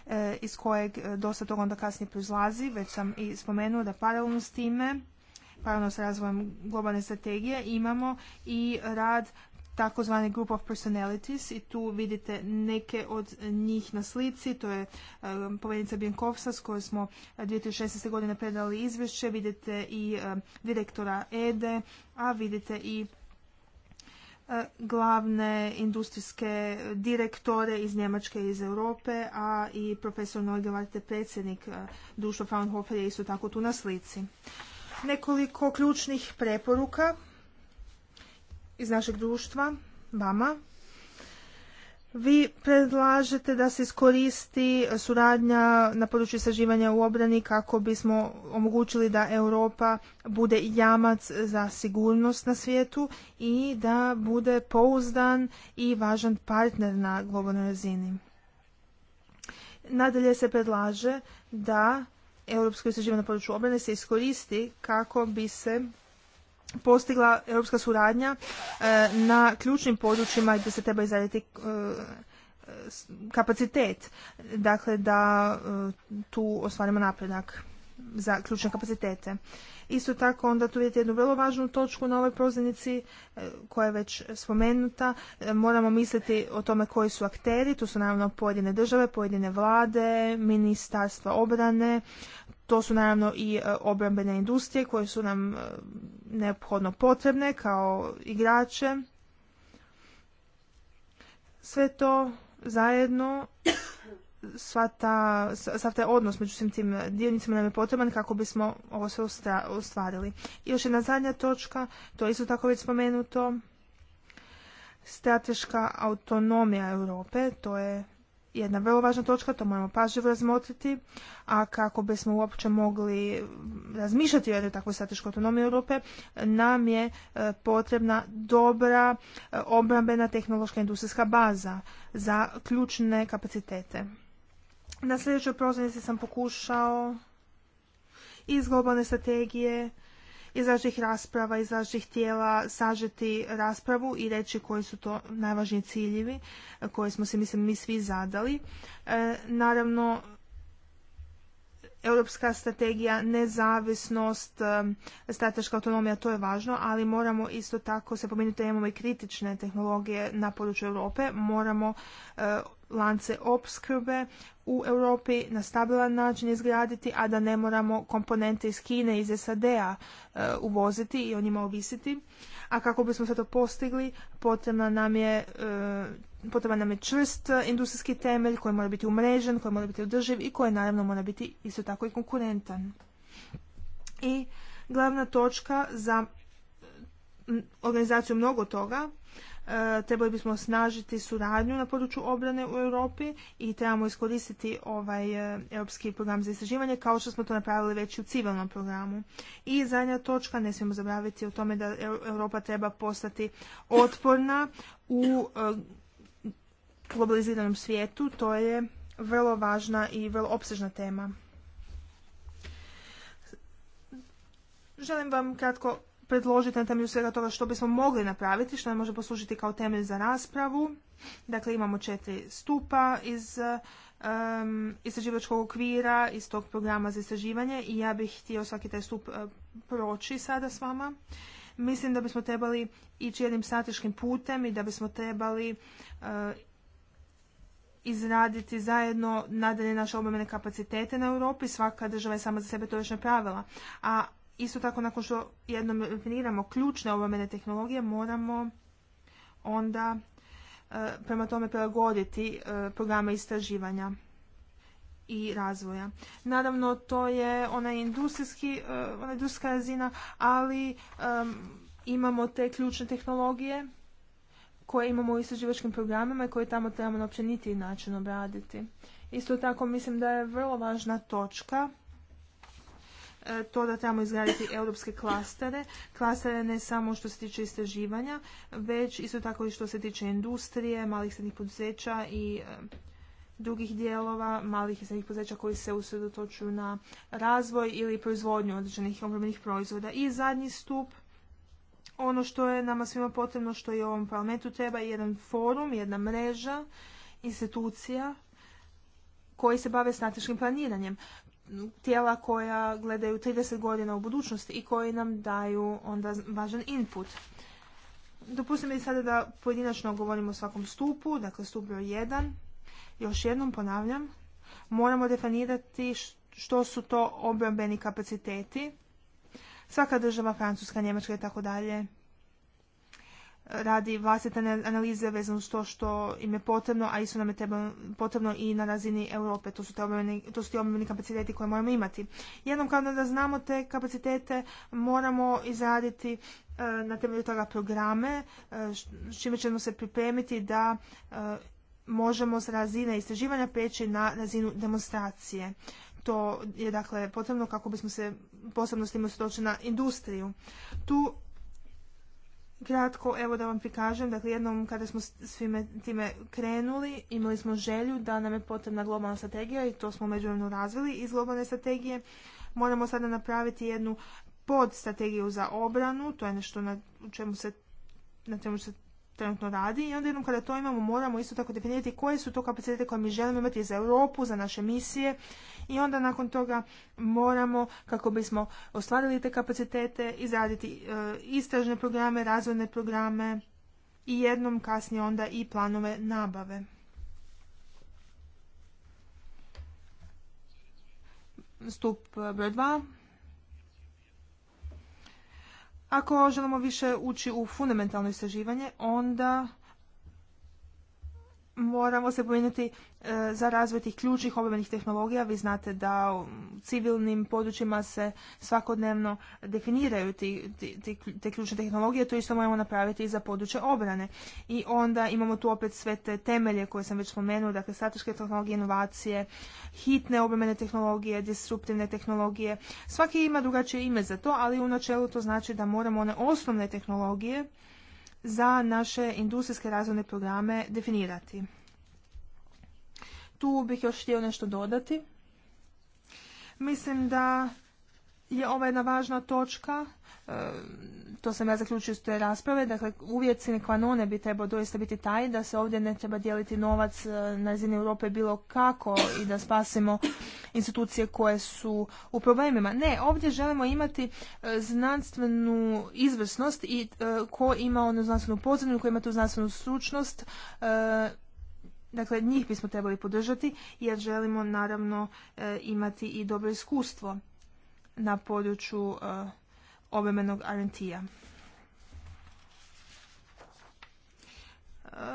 e, iz kojeg e, dosta toga onda kasnije proizlazi. Već sam i spomenuo da paralelno s time paralelno s razvojem globalne strategije imamo i rad takozvani group of personalities i tu vidite neke od njih na slici. To je um, povednica Bjenkovsa s kojoj smo 2016. Eh, godine predali izvješće. Vidite i eh, direktora EDE, a vidite i eh, glavne industrijske direktore iz Njemačke i iz Europe, a i profesor Varte, predsjednik društva Fraunhofer je isto tako tu na slici. Nekoliko ključnih preporuka iz našeg društva, vama. Vi predlažete da se iskoristi suradnja na području istraživanja u obrani kako bismo omogućili da Europa bude jamac za sigurnost na svijetu i da bude pouzdan i važan partner na globalnoj razini. Nadalje se predlaže da europsko istraživanje na području obrane se iskoristi kako bi se postigla europska suradnja e, na ključnim područjima gdje se treba izraditi e, kapacitet, dakle da e, tu ostvarimo napredak za ključne kapacitete. Isto tako onda tu vidite jednu vrlo važnu točku na ovoj prozirnici e, koja je već spomenuta. E, moramo misliti o tome koji su akteri, tu su naravno pojedine države, pojedine vlade, ministarstva obrane, to su naravno i e, obrambene industrije koje su nam neophodno potrebne kao igrače. Sve to zajedno sva ta, sav taj odnos među svim tim dionicima nam je potreban kako bismo ovo sve ostvarili. I još jedna zadnja točka, to je isto tako već spomenuto, strateška autonomija Europe, to je jedna vrlo važna točka, to moramo pažljivo razmotriti, a kako bismo uopće mogli razmišljati o jednoj takvoj strateškoj autonomiji Europe, nam je e, potrebna dobra e, obrambena tehnološka industrijska baza za ključne kapacitete. Na sljedećoj prozornici sam pokušao iz globalne strategije, iz različitih rasprava, iz različitih tijela sažeti raspravu i reći koji su to najvažniji ciljevi e, koje smo se, mislim, mi svi zadali. E, naravno, europska strategija, nezavisnost, e, strateška autonomija, to je važno, ali moramo isto tako se pomenuti da imamo i kritične tehnologije na području Europe, moramo lance opskrbe u Europi na stabilan način izgraditi, a da ne moramo komponente iz Kine, iz SAD-a e, uvoziti i o njima ovisiti. A kako bismo sve to postigli, potrebna nam je, e, potreban nam je čvrst industrijski temelj koji mora biti umrežen, koji mora biti održiv i koji naravno mora biti isto tako i konkurentan. I glavna točka za organizaciju mnogo toga E, trebali bismo snažiti suradnju na području obrane u Europi i trebamo iskoristiti ovaj e, europski program za istraživanje kao što smo to napravili već u civilnom programu. I zadnja točka, ne smijemo zabraviti o tome da Europa treba postati otporna u e, globaliziranom svijetu, to je vrlo važna i vrlo opsežna tema. Želim vam kratko predložiti na temelju svega toga što bismo mogli napraviti, što nam može poslužiti kao temelj za raspravu. Dakle, imamo četiri stupa iz um, istraživačkog okvira, iz tog programa za istraživanje i ja bih htio svaki taj stup e, proći sada s vama. Mislim da bismo trebali ići jednim strateškim putem i da bismo trebali e, izraditi zajedno nadalje naše obrambene kapacitete na Europi. Svaka država je sama za sebe to još napravila. A isto tako nakon što jednom definiramo ključne obrambene tehnologije moramo onda e, prema tome prilagoditi e, programe istraživanja i razvoja. Naravno, to je onaj e, ona industrijska razina, ali imamo te ključne tehnologije koje imamo u istraživačkim programima i koje tamo trebamo na općenitiji način obraditi. Isto tako mislim da je vrlo važna točka E, to da trebamo izgraditi europske klastere, klastere ne samo što se tiče istraživanja, već isto tako i što se tiče industrije, malih srednjih poduzeća i e, drugih dijelova malih i srednjih poduzeća koji se usredotočuju na razvoj ili proizvodnju određenih obrambenih proizvoda. I zadnji stup, ono što je nama svima potrebno, što i ovom parlamentu treba, jedan forum, jedna mreža institucija koji se bave strateškim planiranjem tijela koja gledaju 30 godina u budućnosti i koji nam daju onda važan input. Dopustite mi sada da pojedinačno govorimo o svakom stupu, dakle stup broj 1. Još jednom ponavljam, moramo definirati što su to obrambeni kapaciteti. Svaka država, Francuska, Njemačka i tako dalje, radi vlastite analize vezano uz to što im je potrebno, a isto nam je potrebno i na razini Europe. To su, ti kapaciteti koje moramo imati. Jednom kada da znamo te kapacitete, moramo izraditi e, na temelju toga programe, e, s čime ćemo se pripremiti da e, možemo s razine istraživanja preći na razinu demonstracije. To je dakle potrebno kako bismo se posebno s tim na industriju. Tu Kratko, evo da vam prikažem, dakle jednom kada smo svime time krenuli, imali smo želju da nam je potrebna globalna strategija i to smo međuvremeno razvili iz globalne strategije. Moramo sada napraviti jednu podstrategiju za obranu, to je nešto na čemu se na čemu se trenutno radi i onda jednom kada to imamo moramo isto tako definirati koje su to kapacitete koje mi želimo imati za Europu, za naše misije i onda nakon toga moramo kako bismo ostvarili te kapacitete izraditi e, istražne programe, razvojne programe i jednom kasnije onda i planove nabave. Stup e, broj ako želimo više ući u fundamentalno istraživanje, onda moramo se pomenuti e, za razvoj tih ključnih obavljenih tehnologija. Vi znate da u civilnim područjima se svakodnevno definiraju ti, te ključne tehnologije, to isto moramo napraviti i za područje obrane. I onda imamo tu opet sve te temelje koje sam već spomenuo, dakle strateške tehnologije, inovacije, hitne obrambene tehnologije, disruptivne tehnologije. Svaki ima drugačije ime za to, ali u načelu to znači da moramo one osnovne tehnologije za naše industrijske razvojne programe definirati. Tu bih još htio nešto dodati. Mislim da je ova jedna važna točka, e, to sam ja zaključio iz te rasprave, dakle uvjet sine bi trebao doista biti taj da se ovdje ne treba dijeliti novac e, na razini Europe bilo kako i da spasimo institucije koje su u problemima. Ne, ovdje želimo imati e, znanstvenu izvrsnost i ko ima onu znanstvenu pozivnu, ko ima tu znanstvenu stručnost, Dakle, njih bismo trebali podržati jer želimo naravno imati i dobro iskustvo na području e, obemenog Arentija.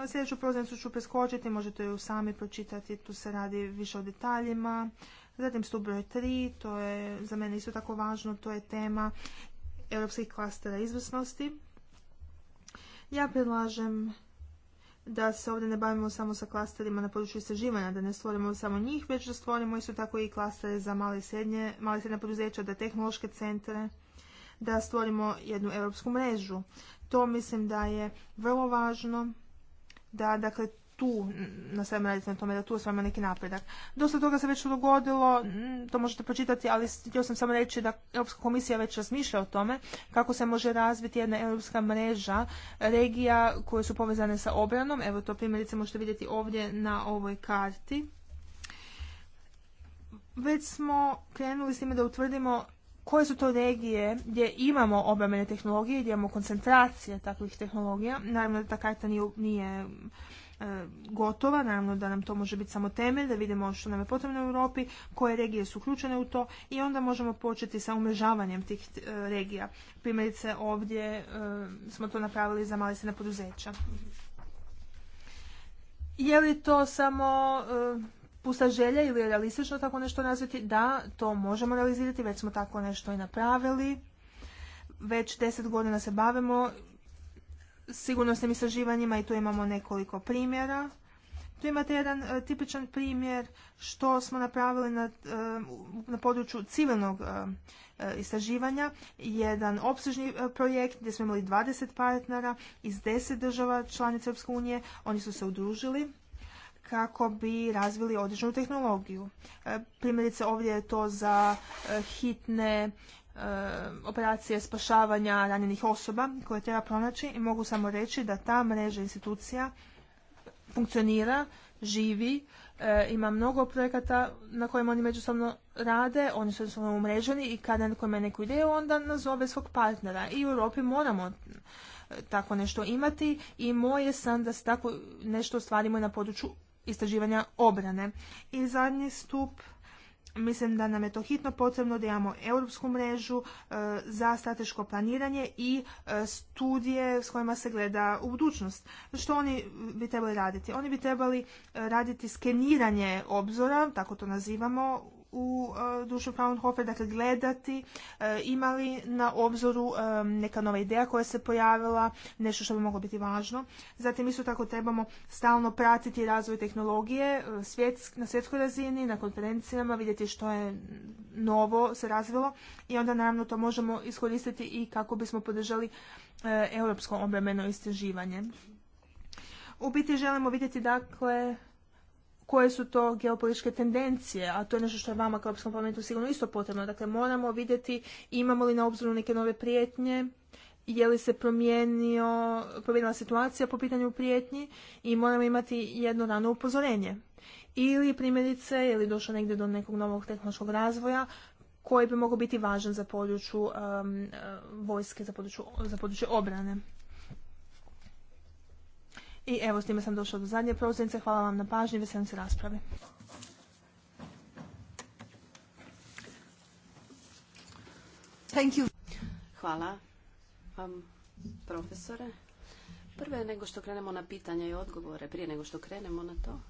E, sljedeću proznicu ću preskočiti, možete ju sami pročitati, tu se radi više o detaljima. Zatim stup broj 3, to je za mene isto tako važno, to je tema europskih klastera izvrsnosti. Ja predlažem da se ovdje ne bavimo samo sa klasterima na području istraživanja, da ne stvorimo samo njih, već da stvorimo isto tako i klastere za male i srednje, male i srednje poduzeća, da tehnološke centre, da stvorimo jednu europsku mrežu. To mislim da je vrlo važno, da dakle tu na raditi na tome, da tu osvajamo neki napredak. Dosta toga se već dogodilo, mm, to možete pročitati, ali htio sam samo reći da Europska komisija već razmišlja o tome kako se može razviti jedna europska mreža regija koje su povezane sa obranom. Evo to primjerice možete vidjeti ovdje na ovoj karti. Već smo krenuli s time da utvrdimo koje su to regije gdje imamo obramene tehnologije, gdje imamo koncentracije takvih tehnologija. Naravno, ta karta nije E, gotova, naravno da nam to može biti samo temelj, da vidimo što nam je potrebno u Europi, koje regije su uključene u to i onda možemo početi sa umrežavanjem tih e, regija. Primjerice ovdje e, smo to napravili za male sredne poduzeća. Je li to samo pusta želja ili je realistično tako nešto nazvati? Da, to možemo realizirati, već smo tako nešto i napravili. Već deset godina se bavimo sigurnosnim istraživanjima i tu imamo nekoliko primjera. Tu imate jedan e, tipičan primjer što smo napravili na, e, području civilnog e, istraživanja. Jedan opsežni projekt gdje smo imali 20 partnera iz 10 država članica Europske unije. Oni su se udružili kako bi razvili određenu tehnologiju. Primjerice ovdje je to za hitne E, operacije spašavanja ranjenih osoba koje treba pronaći i mogu samo reći da ta mreža institucija funkcionira, živi, e, ima mnogo projekata na kojima oni međusobno rade, oni su međusobno umreženi i kada neko ima neku ideju onda nazove svog partnera. I u Europi moramo e, tako nešto imati i moj je san da se tako nešto ostvarimo na području istraživanja obrane. I zadnji stup Mislim da nam je to hitno potrebno da imamo europsku mrežu e, za strateško planiranje i e, studije s kojima se gleda u budućnost. Što oni bi trebali raditi? Oni bi trebali e, raditi skeniranje obzora, tako to nazivamo u e, dušu Fraunhofer, dakle gledati e, imali na obzoru e, neka nova ideja koja se pojavila, nešto što bi moglo biti važno. Zatim isto tako trebamo stalno pratiti razvoj tehnologije na svjetskoj razini, na konferencijama, vidjeti što je novo se razvilo i onda naravno to možemo iskoristiti i kako bismo podržali europsko obrambeno istraživanje. U biti želimo vidjeti dakle koje su to geopolitičke tendencije, a to je nešto što je vama kao Europskom parlamentu sigurno isto potrebno. Dakle, moramo vidjeti imamo li na obzoru neke nove prijetnje, je li se promijenio, promijenila situacija po pitanju prijetnji i moramo imati jedno rano upozorenje. Ili primjerice, je li došlo negdje do nekog novog tehnološkog razvoja koji bi mogao biti važan za području vojske, za za područje obrane. I evo, s time sam došla do zadnje prozirnice. Hvala vam na pažnji. Veselim se raspravi. Hvala vam, profesore. Prve nego što krenemo na pitanja i odgovore, prije nego što krenemo na to,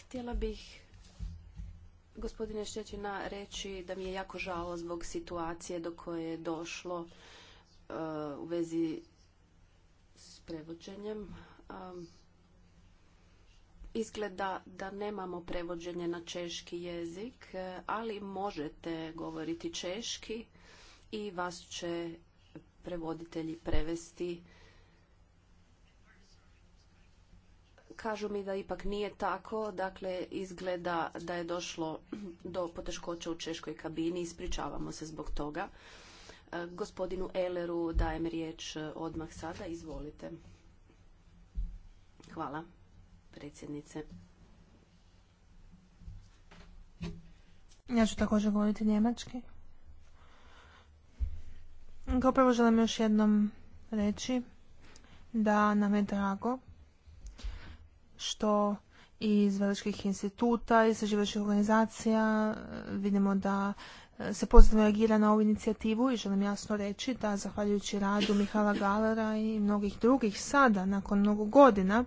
htjela bih gospodine Šećina, reći da mi je jako žao zbog situacije do koje je došlo e, u vezi prevođenjem. izgleda da nemamo prevođenje na češki jezik, ali možete govoriti češki i vas će prevoditelji prevesti. Kažu mi da ipak nije tako, dakle izgleda da je došlo do poteškoća u češkoj kabini, ispričavamo se zbog toga. Gospodinu Eleru dajem riječ e, odmah sada. Izvolite. Hvala, predsjednice. Ja ću također govoriti njemački. Kao prvo želim još jednom reći da nam je drago što iz velikih instituta, iz organizacija e, vidimo da E, se pozitivno reagira na ovu inicijativu i želim jasno reći da zahvaljujući radu Mihala Galera i mnogih drugih sada, nakon mnogo godina,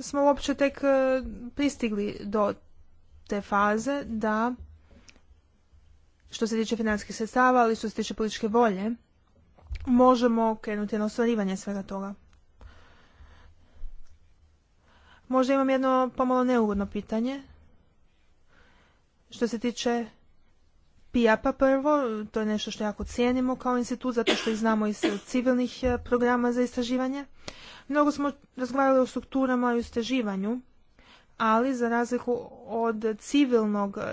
smo uopće tek e, pristigli do te faze da što se tiče financijskih sredstava, ali što se tiče političke volje, možemo krenuti na ostvarivanje svega toga. Možda imam jedno pomalo neugodno pitanje. Što se tiče PIAPA prvo, to je nešto što jako cijenimo kao institut, zato što ih znamo iz civilnih e, programa za istraživanje. Mnogo smo razgovarali o strukturama i istraživanju, ali za razliku od civilnog e,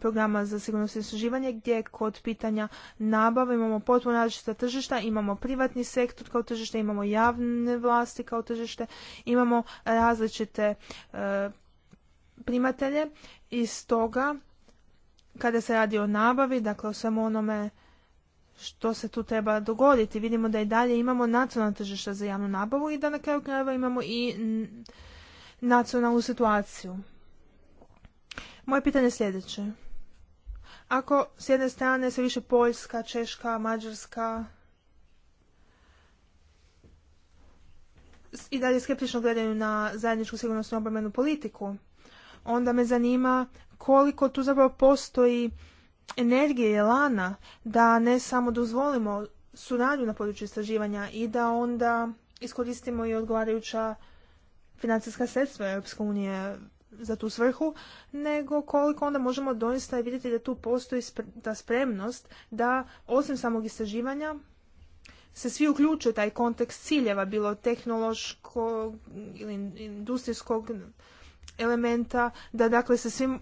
programa za sigurnost i istraživanje, gdje kod pitanja nabave imamo potpuno različita tržišta, imamo privatni sektor kao tržište, imamo javne vlasti kao tržište, imamo različite e, primatelje i stoga kada se radi o nabavi, dakle o svemu onome što se tu treba dogoditi. Vidimo da i dalje imamo nacionalna tržišta za javnu nabavu i da na kraju krajeva imamo i nacionalnu situaciju. Moje pitanje je sljedeće. Ako s jedne strane se više Poljska, Češka, Mađarska i dalje skeptično gledaju na zajedničku sigurnosnu obrambenu politiku, onda me zanima koliko tu zapravo postoji energije i lana da ne samo dozvolimo suradnju na području istraživanja i da onda iskoristimo i odgovarajuća financijska sredstva Europske unije za tu svrhu, nego koliko onda možemo doista vidjeti da tu postoji ta spremnost da osim samog istraživanja se svi uključuju taj kontekst ciljeva, bilo tehnološkog ili industrijskog, elementa da dakle se svim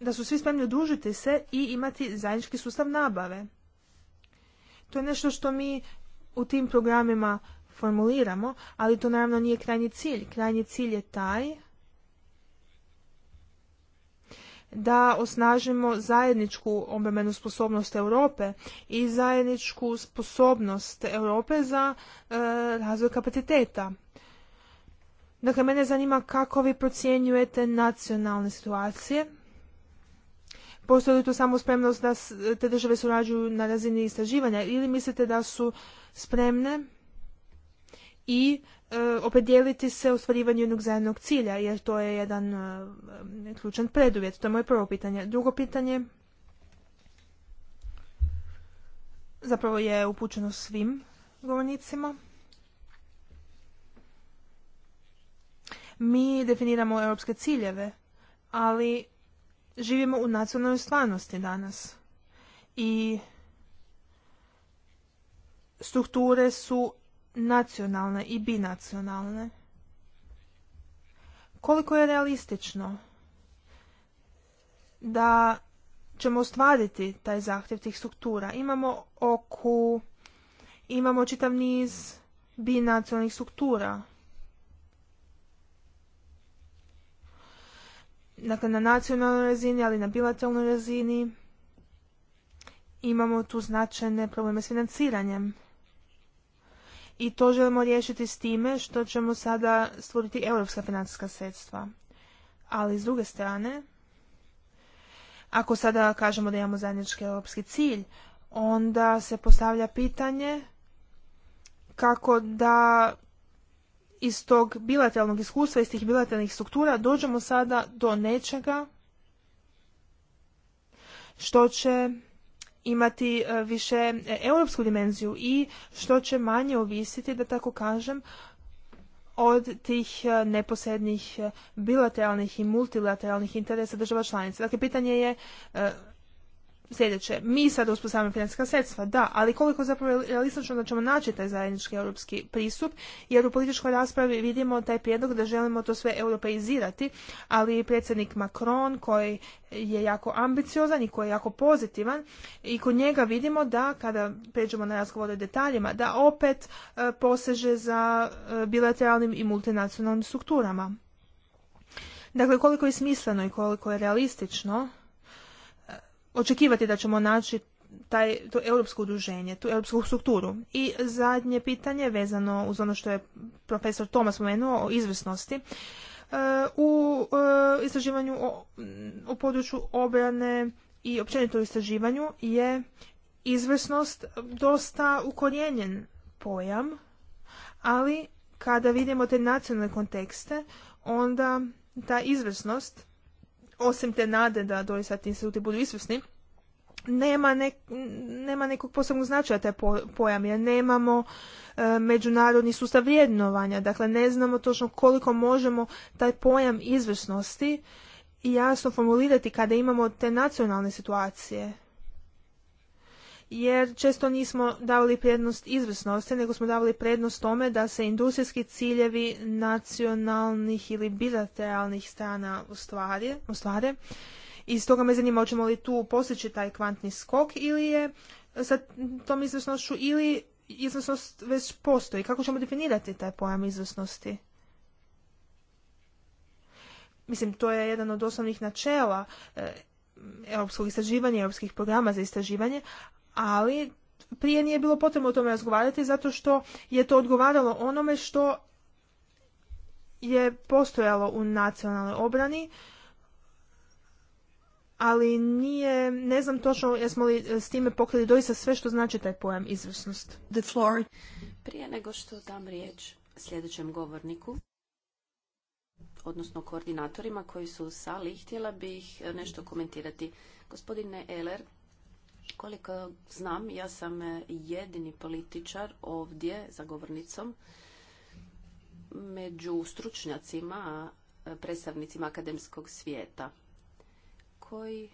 da su svi spremni udružiti se i imati zajednički sustav nabave. To je nešto što mi u tim programima formuliramo, ali to naravno nije krajnji cilj. Krajnji cilj je taj da osnažimo zajedničku obrambenu sposobnost Europe i zajedničku sposobnost Europe za e, razvoj kapaciteta Dakle, mene zanima kako vi procjenjujete nacionalne situacije. Postoji li tu samo spremnost da te države surađuju na razini istraživanja ili mislite da su spremne i e, se ostvarivanju jednog zajednog cilja, jer to je jedan e, ključan preduvjet. To je moje prvo pitanje. Drugo pitanje zapravo je upućeno svim govornicima. Mi definiramo europske ciljeve, ali živimo u nacionalnoj stvarnosti danas. I strukture su nacionalne i binacionalne. Koliko je realistično da ćemo ostvariti taj zahtjev tih struktura? Imamo oku, imamo čitav niz binacionalnih struktura dakle na nacionalnoj razini, ali na bilateralnoj razini imamo tu značajne probleme s financiranjem. I to želimo riješiti s time što ćemo sada stvoriti europska financijska sredstva. Ali s druge strane, ako sada kažemo da imamo zajednički europski cilj, onda se postavlja pitanje kako da iz tog bilateralnog iskustva, iz tih bilateralnih struktura dođemo sada do nečega što će imati e, više e, europsku dimenziju i što će manje ovisiti, da tako kažem, od tih e, neposrednih bilateralnih i multilateralnih interesa država članica. Dakle, pitanje je sljedeće. Mi sad uspostavljamo financijska sredstva, da, ali koliko zapravo realistično da ćemo naći taj zajednički europski pristup, jer u političkoj raspravi vidimo taj prijedlog da želimo to sve europeizirati, ali predsjednik Macron koji je jako ambiciozan i koji je jako pozitivan i kod njega vidimo da kada pređemo na razgovor o detaljima, da opet e, poseže za e, bilateralnim i multinacionalnim strukturama. Dakle, koliko je smisleno i koliko je realistično očekivati da ćemo naći taj, to europsko udruženje, tu europsku strukturu. I zadnje pitanje vezano uz ono što je profesor Tomas spomenuo o izvrsnosti. E, u e, istraživanju o, području obrane i općenito u istraživanju je izvrsnost dosta ukorijenjen pojam, ali kada vidimo te nacionalne kontekste, onda ta izvrsnost osim te nade da doista ti instituti budu izvrsni, nema, nema nekog posebnog značaja taj pojam jer nemamo e, međunarodni sustav vrednovanja dakle ne znamo točno koliko možemo taj pojam izvrsnosti i jasno formulirati kada imamo te nacionalne situacije jer često nismo davali prednost izvrsnosti, nego smo davali prednost tome da se industrijski ciljevi nacionalnih ili bilateralnih strana ustvare. ostvare. I stoga me zanima hoćemo li tu postići taj kvantni skok ili je sa tom izvrsnošću ili izvrsnost već postoji. Kako ćemo definirati taj pojam izvrsnosti? Mislim, to je jedan od osnovnih načela eh, europskog istraživanja, europskih programa za istraživanje, ali prije nije bilo potrebno o tome razgovarati zato što je to odgovaralo onome što je postojalo u nacionalnoj obrani, ali nije, ne znam točno jesmo li s time pokrili doista sve što znači taj pojam izvrsnost. The Prije nego što dam riječ sljedećem govorniku, odnosno koordinatorima koji su u sali, htjela bih nešto komentirati. Gospodine Eler, koliko znam, ja sam e, jedini političar ovdje za govornicom među stručnjacima, e, predstavnicima akademskog svijeta koji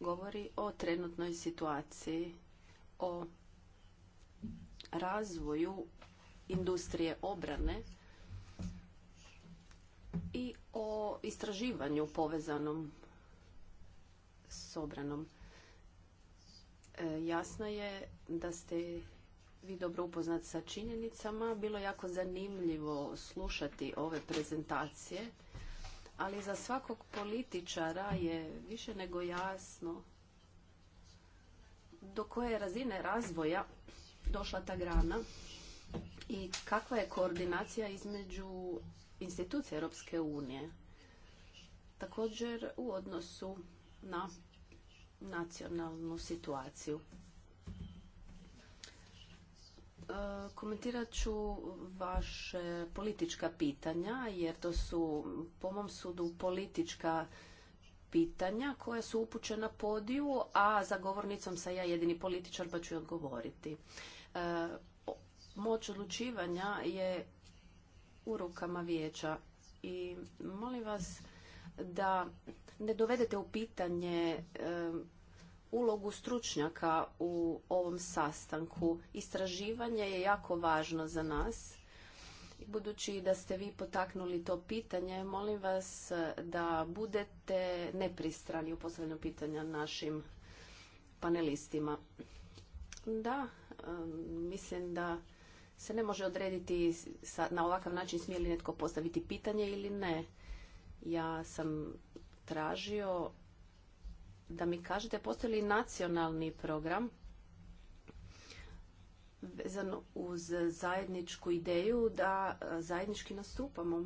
govori o trenutnoj situaciji, o razvoju industrije obrane i o istraživanju povezanom s obranom. E, jasno je da ste vi dobro upoznati sa činjenicama. Bilo je jako zanimljivo slušati ove prezentacije, ali za svakog političara je više nego jasno do koje razine razvoja došla ta grana i kakva je koordinacija između institucija Europske unije. Također u odnosu na nacionalnu situaciju. E, komentirat ću vaše politička pitanja, jer to su, po mom sudu, politička pitanja koja su upućena podiju, a za govornicom sam ja jedini političar, pa ću odgovoriti. E, moć odlučivanja je u rukama vijeća i molim vas da ne dovedete u pitanje e, ulogu stručnjaka u ovom sastanku. Istraživanje je jako važno za nas. Budući da ste vi potaknuli to pitanje, molim vas da budete nepristrani u postavljanju pitanja našim panelistima. Da, mislim da se ne može odrediti na ovakav način smije li netko postaviti pitanje ili ne. Ja sam tražio da mi kažete postoji li nacionalni program vezan uz zajedničku ideju da e, zajednički nastupamo.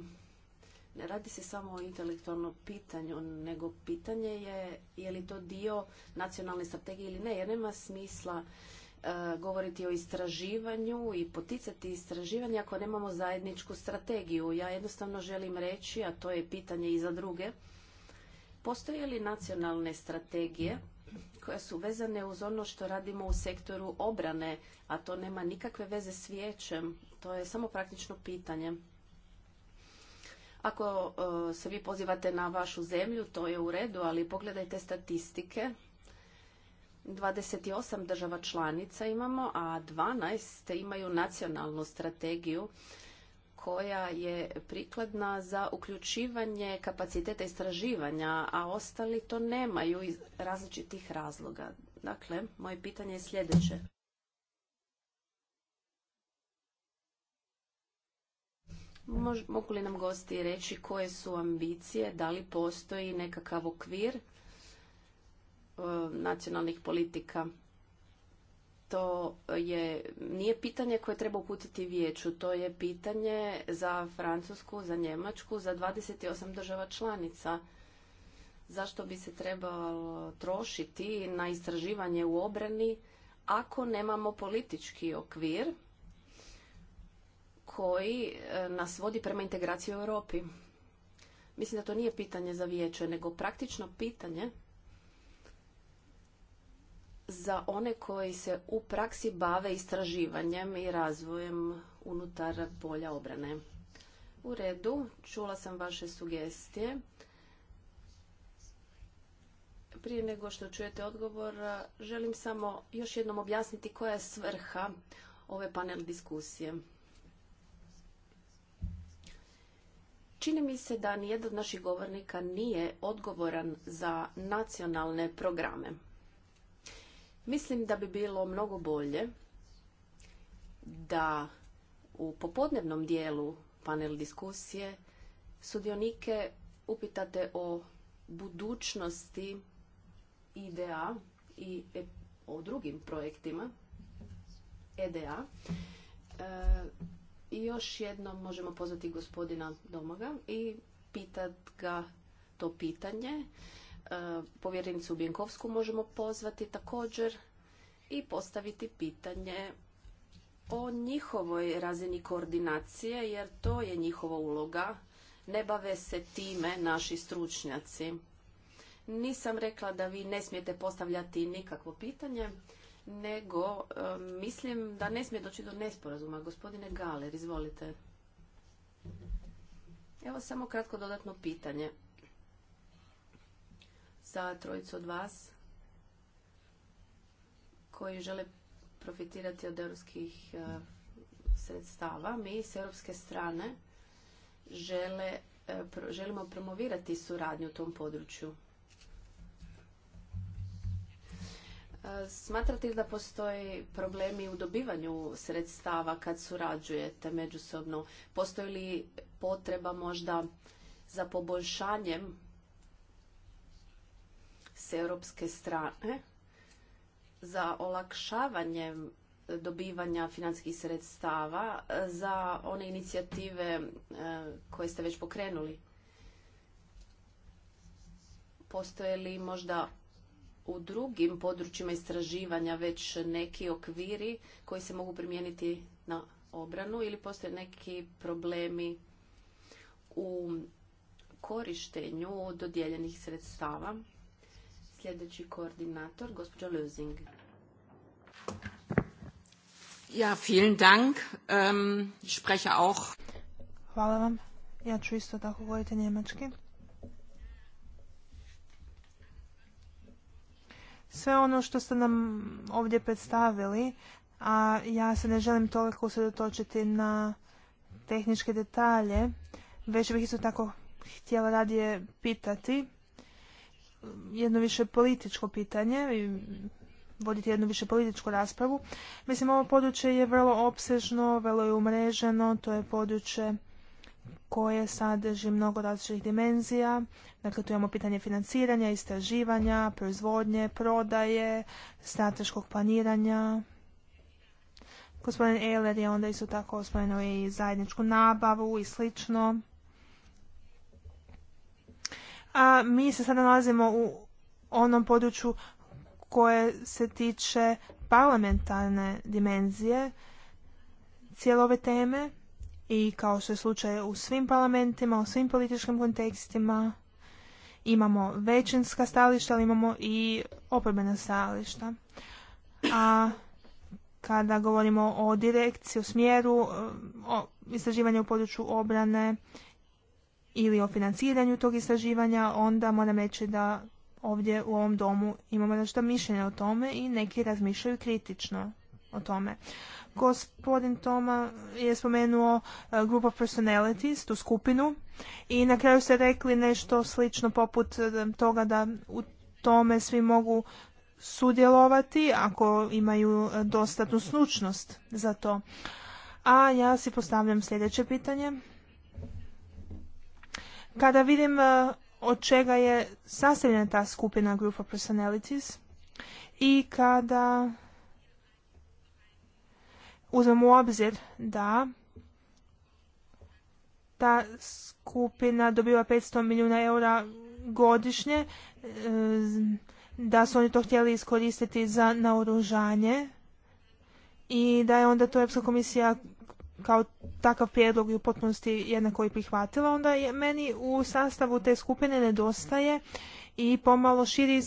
Ne radi se samo o intelektualnom pitanju, nego pitanje je je li to dio nacionalne strategije ili ne, jer nema smisla e, govoriti o istraživanju i poticati istraživanje ako nemamo zajedničku strategiju. Ja jednostavno želim reći, a to je pitanje i za druge, Postoje li nacionalne strategije koje su vezane uz ono što radimo u sektoru obrane, a to nema nikakve veze s vijećem, to je samo praktično pitanje. Ako e, se vi pozivate na vašu zemlju, to je u redu, ali pogledajte statistike. 28 država članica imamo, a 12 imaju nacionalnu strategiju koja je prikladna za uključivanje kapaciteta istraživanja, a ostali to nemaju iz različitih razloga. Dakle, moje pitanje je sljedeće. Mož, mogu li nam gosti reći koje su ambicije, da li postoji nekakav okvir e, nacionalnih politika to je, nije pitanje koje treba uputiti vijeću, to je pitanje za Francusku, za Njemačku, za 28 država članica. Zašto bi se trebalo trošiti na istraživanje u obrani ako nemamo politički okvir koji e, nas vodi prema integraciji u Europi? Mislim da to nije pitanje za vijeće, nego praktično pitanje za one koji se u praksi bave istraživanjem i razvojem unutar polja obrane. U redu, čula sam vaše sugestije. Prije nego što čujete odgovor, želim samo još jednom objasniti koja je svrha ove panel diskusije. Čini mi se da nijedan od naših govornika nije odgovoran za nacionalne programe. Mislim da bi bilo mnogo bolje da u popodnevnom dijelu panel diskusije sudionike upitate o budućnosti idea i e, o drugim projektima EDA. E, I još jednom možemo pozvati gospodina Domaga i pitat ga to pitanje povjerenicu Bjenkovsku možemo pozvati također i postaviti pitanje o njihovoj razini koordinacije, jer to je njihova uloga. Ne bave se time naši stručnjaci. Nisam rekla da vi ne smijete postavljati nikakvo pitanje, nego e, mislim da ne smije doći do nesporazuma. Gospodine Galer, izvolite. Evo samo kratko dodatno pitanje za trojicu od vas koji žele profitirati od europskih e, sredstava. Mi s europske strane e, želimo promovirati suradnju u tom području. E, smatrate li da postoji problemi u dobivanju sredstava kad surađujete međusobno? Postoji li potreba možda za poboljšanjem s europske strane za olakšavanje dobivanja financijskih sredstava za one inicijative e, koje ste već pokrenuli? Postoje li možda u drugim područjima istraživanja već neki okviri koji se mogu primijeniti na obranu ili postoje neki problemi u korištenju dodijeljenih sredstava? sljedeći koordinator, gospođa Lusing. Ja, vielen dank. Um, spreche auch. Hvala vam. Ja ću isto tako govoriti njemački. Sve ono što ste nam ovdje predstavili, a ja se ne želim toliko usredotočiti na tehničke detalje, već bih isto tako htjela radije pitati jedno više političko pitanje i voditi jednu više političku raspravu. Mislim, ovo područje je vrlo opsežno, vrlo je umreženo, to je područje koje sadrži mnogo različitih dimenzija. Dakle, tu imamo pitanje financiranja, istraživanja, proizvodnje, prodaje, strateškog planiranja. Gospodin Ehler je onda isto tako spomenuo i zajedničku nabavu i slično a mi se sada nalazimo u onom području koje se tiče parlamentarne dimenzije cijele ove teme i kao što je slučaj u svim parlamentima, u svim političkim kontekstima, imamo većinska stajališta, ali imamo i oporbena stajališta. A kada govorimo o direkciji, o smjeru, o istraživanju u području obrane ili o financiranju tog istraživanja, onda moram reći da ovdje u ovom domu imamo nešto mišljenje o tome i neki razmišljaju kritično o tome. Gospodin Toma je spomenuo e, Group of Personalities, tu skupinu, i na kraju ste rekli nešto slično poput e, toga da u tome svi mogu sudjelovati ako imaju e, dostatnu slučnost za to. A ja si postavljam sljedeće pitanje. Kada vidim e, od čega je sastavljena ta skupina Group of Personalities i kada uzmem u obzir da ta skupina dobiva 500 milijuna eura godišnje, e, da su oni to htjeli iskoristiti za naoružanje i da je onda to Europska komisija kao takav prijedlog i u potpunosti jednako i prihvatila, onda je meni u sastavu te skupine nedostaje i pomalo širi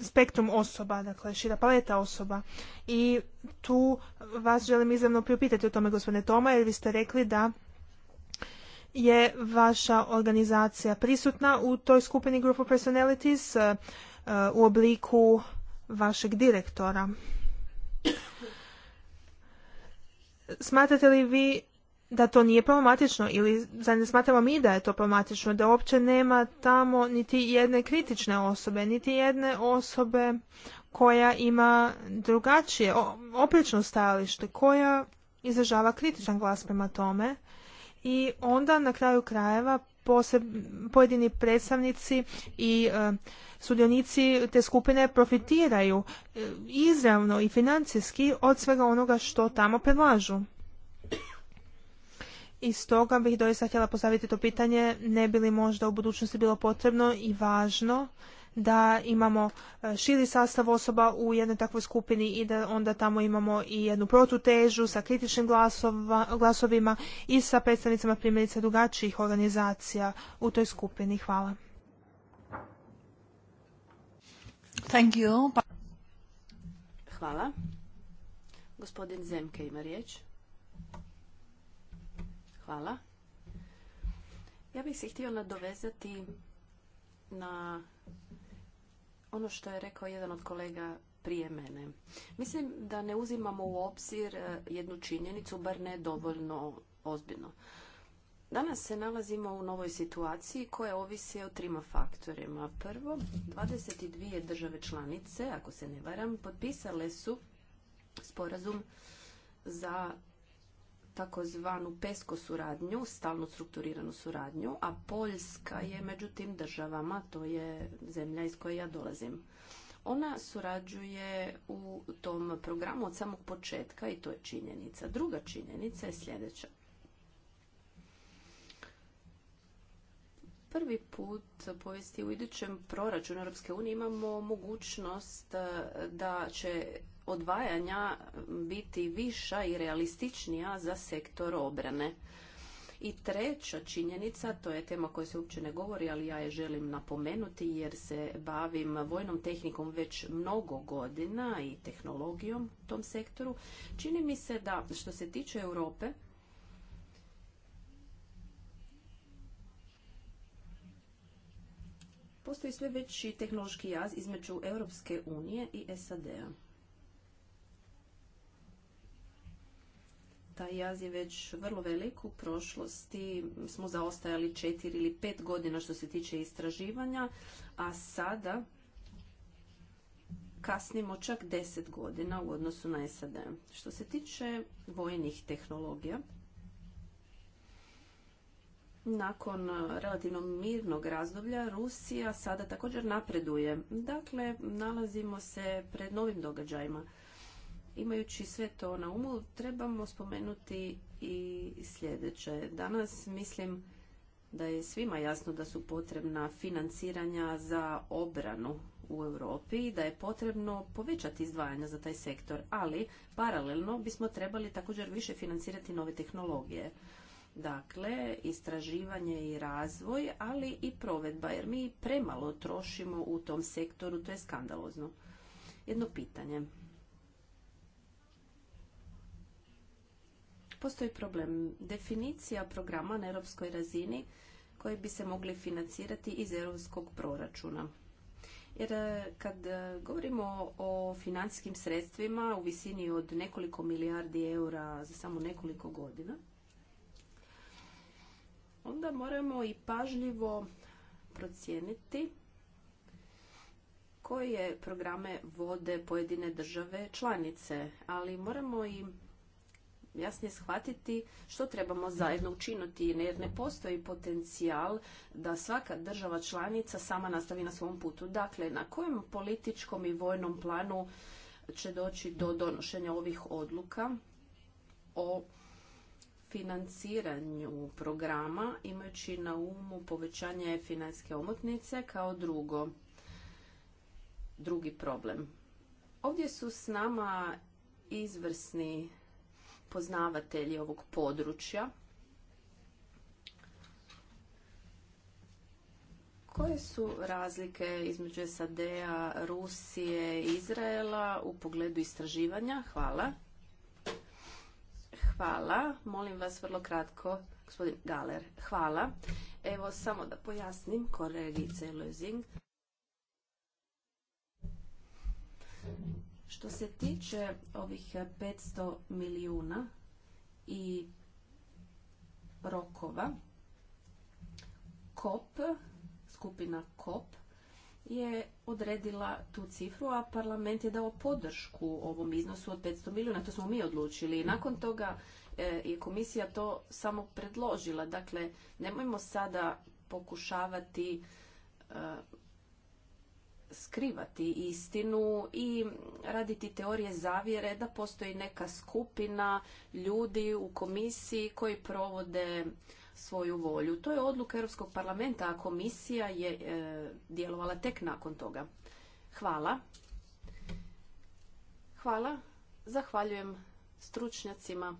spektrum osoba, dakle šira paleta osoba. I tu vas želim izravno priupitati o tome, gospodine Toma, jer vi ste rekli da je vaša organizacija prisutna u toj skupini Group of Personalities eh, u obliku vašeg direktora. Smatrate li vi da to nije problematično ili ne smatramo mi da je to problematično, da uopće nema tamo niti jedne kritične osobe, niti jedne osobe koja ima drugačije, oprečno stajalište, koja izražava kritičan glas prema tome i onda na kraju krajeva poseb, pojedini predstavnici i e, sudionici te skupine profitiraju e, izravno i financijski od svega onoga što tamo predlažu. I stoga bih doista htjela postaviti to pitanje, ne bi li možda u budućnosti bilo potrebno i važno da imamo e, širi sastav osoba u jednoj takvoj skupini i da onda tamo imamo i jednu protutežu sa kritičnim glasovima i sa predstavnicama primjerice drugačijih organizacija u toj skupini. Hvala. Thank you. Hvala. Gospodin Zemke ima riječ. Hvala. Ja bih se htio nadovezati na ono što je rekao jedan od kolega prije mene. Mislim da ne uzimamo u obzir e, jednu činjenicu, bar ne dovoljno ozbiljno. Danas se nalazimo u novoj situaciji koja ovisi o trima faktorima. Prvo, 22 države članice, ako se ne varam, potpisale su sporazum za takozvanu pesko suradnju, stalno strukturiranu suradnju, a Poljska je među tim državama, to je zemlja iz koje ja dolazim. Ona surađuje u tom programu od samog početka i to je činjenica. Druga činjenica je sljedeća. prvi put povijesti u idućem proračunu Europske unije imamo mogućnost eh, da će odvajanja biti viša i realističnija za sektor obrane. I treća činjenica, to je tema koja se uopće ne govori, ali ja je želim napomenuti jer se bavim vojnom tehnikom već mnogo godina i tehnologijom u tom sektoru. Čini mi se da što se tiče Europe, postoji sve veći tehnološki jaz između Europske unije i SAD-a. taj jaz je već vrlo velik. U prošlosti smo zaostajali četiri ili pet godina što se tiče istraživanja, a sada kasnimo čak deset godina u odnosu na SAD. Što se tiče vojnih tehnologija, nakon relativno mirnog razdoblja Rusija sada također napreduje. Dakle, nalazimo se pred novim događajima. Imajući sve to na umu, trebamo spomenuti i sljedeće. Danas mislim da je svima jasno da su potrebna financiranja za obranu u Europi i da je potrebno povećati izdvajanja za taj sektor, ali paralelno bismo trebali također više financirati nove tehnologije. Dakle, istraživanje i razvoj, ali i provedba, jer mi premalo trošimo u tom sektoru, to je skandalozno. Jedno pitanje. postoji problem. Definicija programa na europskoj razini koji bi se mogli financirati iz europskog proračuna. Jer e, kad e, govorimo o financijskim sredstvima u visini od nekoliko milijardi eura za samo nekoliko godina, onda moramo i pažljivo procijeniti koje programe vode pojedine države članice, ali moramo i jasnije shvatiti što trebamo zajedno učiniti jer ne postoji potencijal da svaka država članica sama nastavi na svom putu. Dakle, na kojem političkom i vojnom planu će doći do donošenja ovih odluka o financiranju programa imajući na umu povećanje financijske omotnice kao drugo drugi problem. Ovdje su s nama izvrsni poznavatelji ovog područja. Koje su razlike između SAD-a, Rusije i Izraela u pogledu istraživanja? Hvala. Hvala. Molim vas vrlo kratko, gospodin Galer. Hvala. Evo samo da pojasnim kolegice Lozing. Što se tiče ovih 500 eh, milijuna i rokova, KOP, skupina KOP, je odredila tu cifru, a parlament je dao podršku ovom iznosu od 500 milijuna. To smo mi odlučili. nakon toga eh, je komisija to samo predložila. Dakle, nemojmo sada pokušavati eh, skrivati istinu i raditi teorije zavjere da postoji neka skupina ljudi u komisiji koji provode svoju volju. To je odluka Europskog parlamenta, a komisija je e, djelovala tek nakon toga. Hvala. Hvala. Zahvaljujem stručnjacima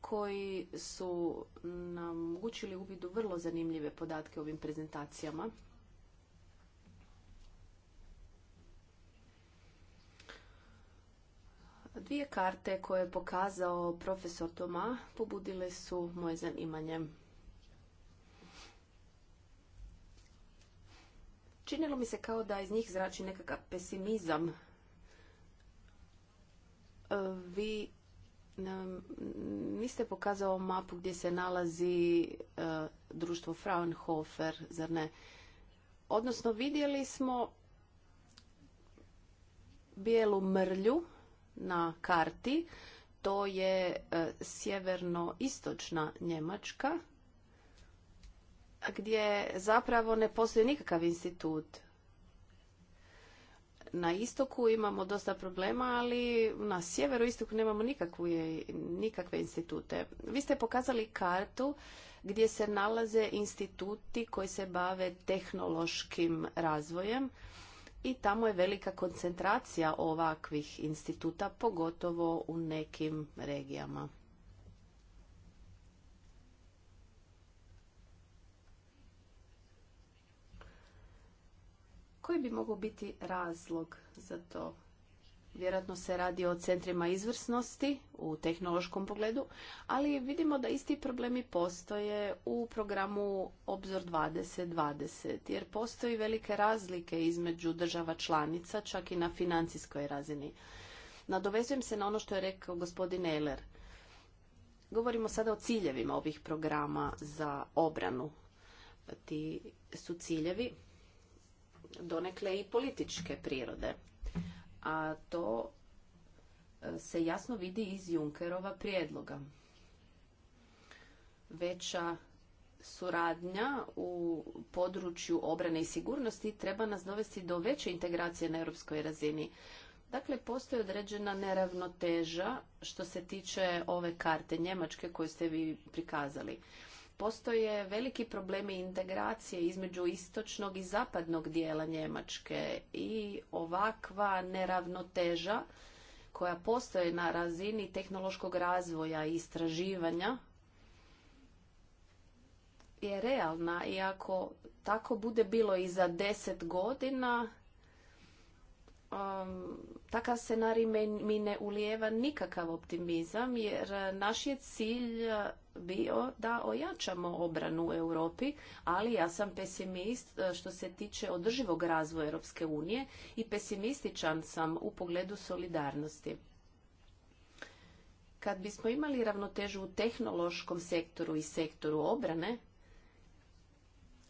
koji su nam učili uvidu vrlo zanimljive podatke ovim prezentacijama. Dvije karte koje je pokazao profesor Toma pobudile su moje zanimanje. Činilo mi se kao da iz njih zrači nekakav pesimizam. E, vi niste pokazao mapu gdje se nalazi e, društvo Fraunhofer, zar ne? Odnosno vidjeli smo bijelu mrlju na karti. To je e, sjeverno-istočna Njemačka gdje zapravo ne postoji nikakav institut. Na istoku imamo dosta problema, ali na sjeveru istoku nemamo nikakve, nikakve institute. Vi ste pokazali kartu gdje se nalaze instituti koji se bave tehnološkim razvojem i tamo je velika koncentracija ovakvih instituta, pogotovo u nekim regijama. Koji bi mogao biti razlog za to? Vjerojatno se radi o centrima izvrsnosti u tehnološkom pogledu, ali vidimo da isti problemi postoje u programu Obzor 2020, jer postoji velike razlike između država članica, čak i na financijskoj razini. Nadovezujem se na ono što je rekao gospodin Eler Govorimo sada o ciljevima ovih programa za obranu. Pa ti su ciljevi donekle i političke prirode a to e, se jasno vidi iz Junkerova prijedloga. Veća suradnja u području obrane i sigurnosti treba nas dovesti do veće integracije na europskoj razini. Dakle, postoji određena neravnoteža što se tiče ove karte Njemačke koju ste vi prikazali postoje veliki problemi integracije između istočnog i zapadnog dijela Njemačke i ovakva neravnoteža koja postoje na razini tehnološkog razvoja i istraživanja je realna i ako tako bude bilo i za deset godina, um, takav scenarij mi ne ulijeva nikakav optimizam jer naš je cilj bio da ojačamo obranu u Europi, ali ja sam pesimist e, što se tiče održivog razvoja Europske unije i pesimističan sam u pogledu solidarnosti. Kad bismo imali ravnotežu u tehnološkom sektoru i sektoru obrane,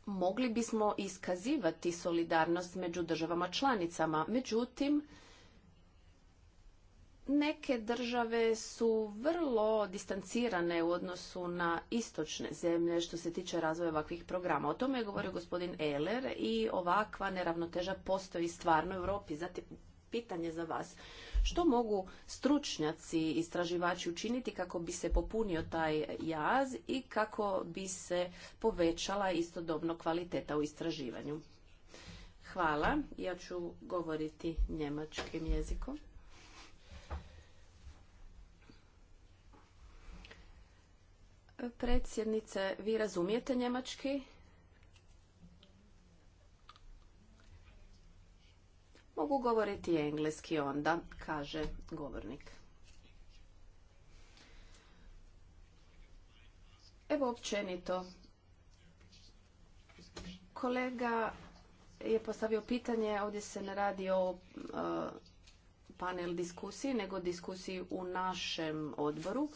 mogli bismo iskazivati solidarnost među državama članicama. Međutim, Neke države su vrlo distancirane u odnosu na istočne zemlje što se tiče razvoja ovakvih programa. O tome je govorio gospodin Ehler i ovakva neravnoteža postoji stvarno u Europi. Zatim, pitanje za vas. Što mogu stručnjaci, istraživači učiniti kako bi se popunio taj jaz i kako bi se povećala istodobno kvaliteta u istraživanju? Hvala. Ja ću govoriti njemačkim jezikom. Predsjednice, vi razumijete njemački? Mogu govoriti engleski onda, kaže govornik. Evo općenito. Kolega je postavio pitanje, ovdje se ne radi o e, panel diskusiji, nego diskusiji u našem odboru.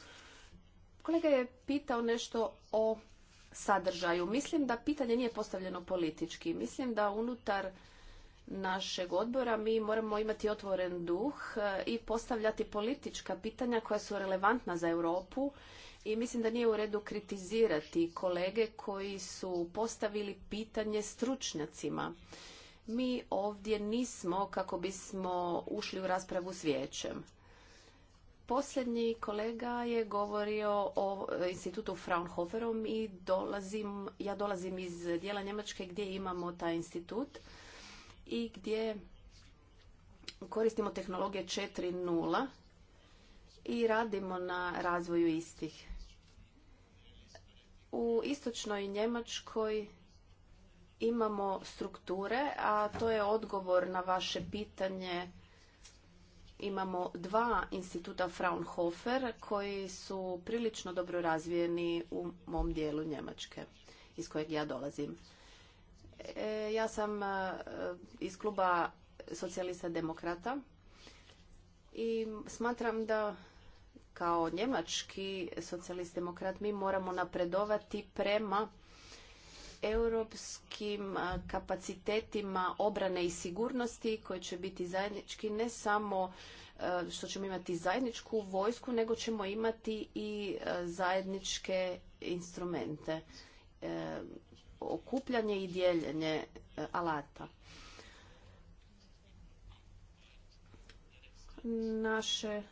Kolega je pitao nešto o sadržaju. Mislim da pitanje nije postavljeno politički. Mislim da unutar našeg odbora mi moramo imati otvoren duh e, i postavljati politička pitanja koja su relevantna za Europu i mislim da nije u redu kritizirati kolege koji su postavili pitanje stručnjacima. Mi ovdje nismo kako bismo ušli u raspravu s vijećem. Posljednji kolega je govorio o institutu Fraunhoferom i dolazim, ja dolazim iz dijela Njemačke gdje imamo taj institut i gdje koristimo tehnologije 4.0 i radimo na razvoju istih. U istočnoj Njemačkoj imamo strukture, a to je odgovor na vaše pitanje Imamo dva instituta Fraunhofer koji su prilično dobro razvijeni u mom dijelu Njemačke iz kojeg ja dolazim. E, ja sam e, iz kluba socijalista demokrata i smatram da kao njemački socijalist demokrat mi moramo napredovati prema europskim kapacitetima obrane i sigurnosti koji će biti zajednički ne samo što ćemo imati zajedničku vojsku, nego ćemo imati i zajedničke instrumente, e, okupljanje i dijeljenje e, alata. Naše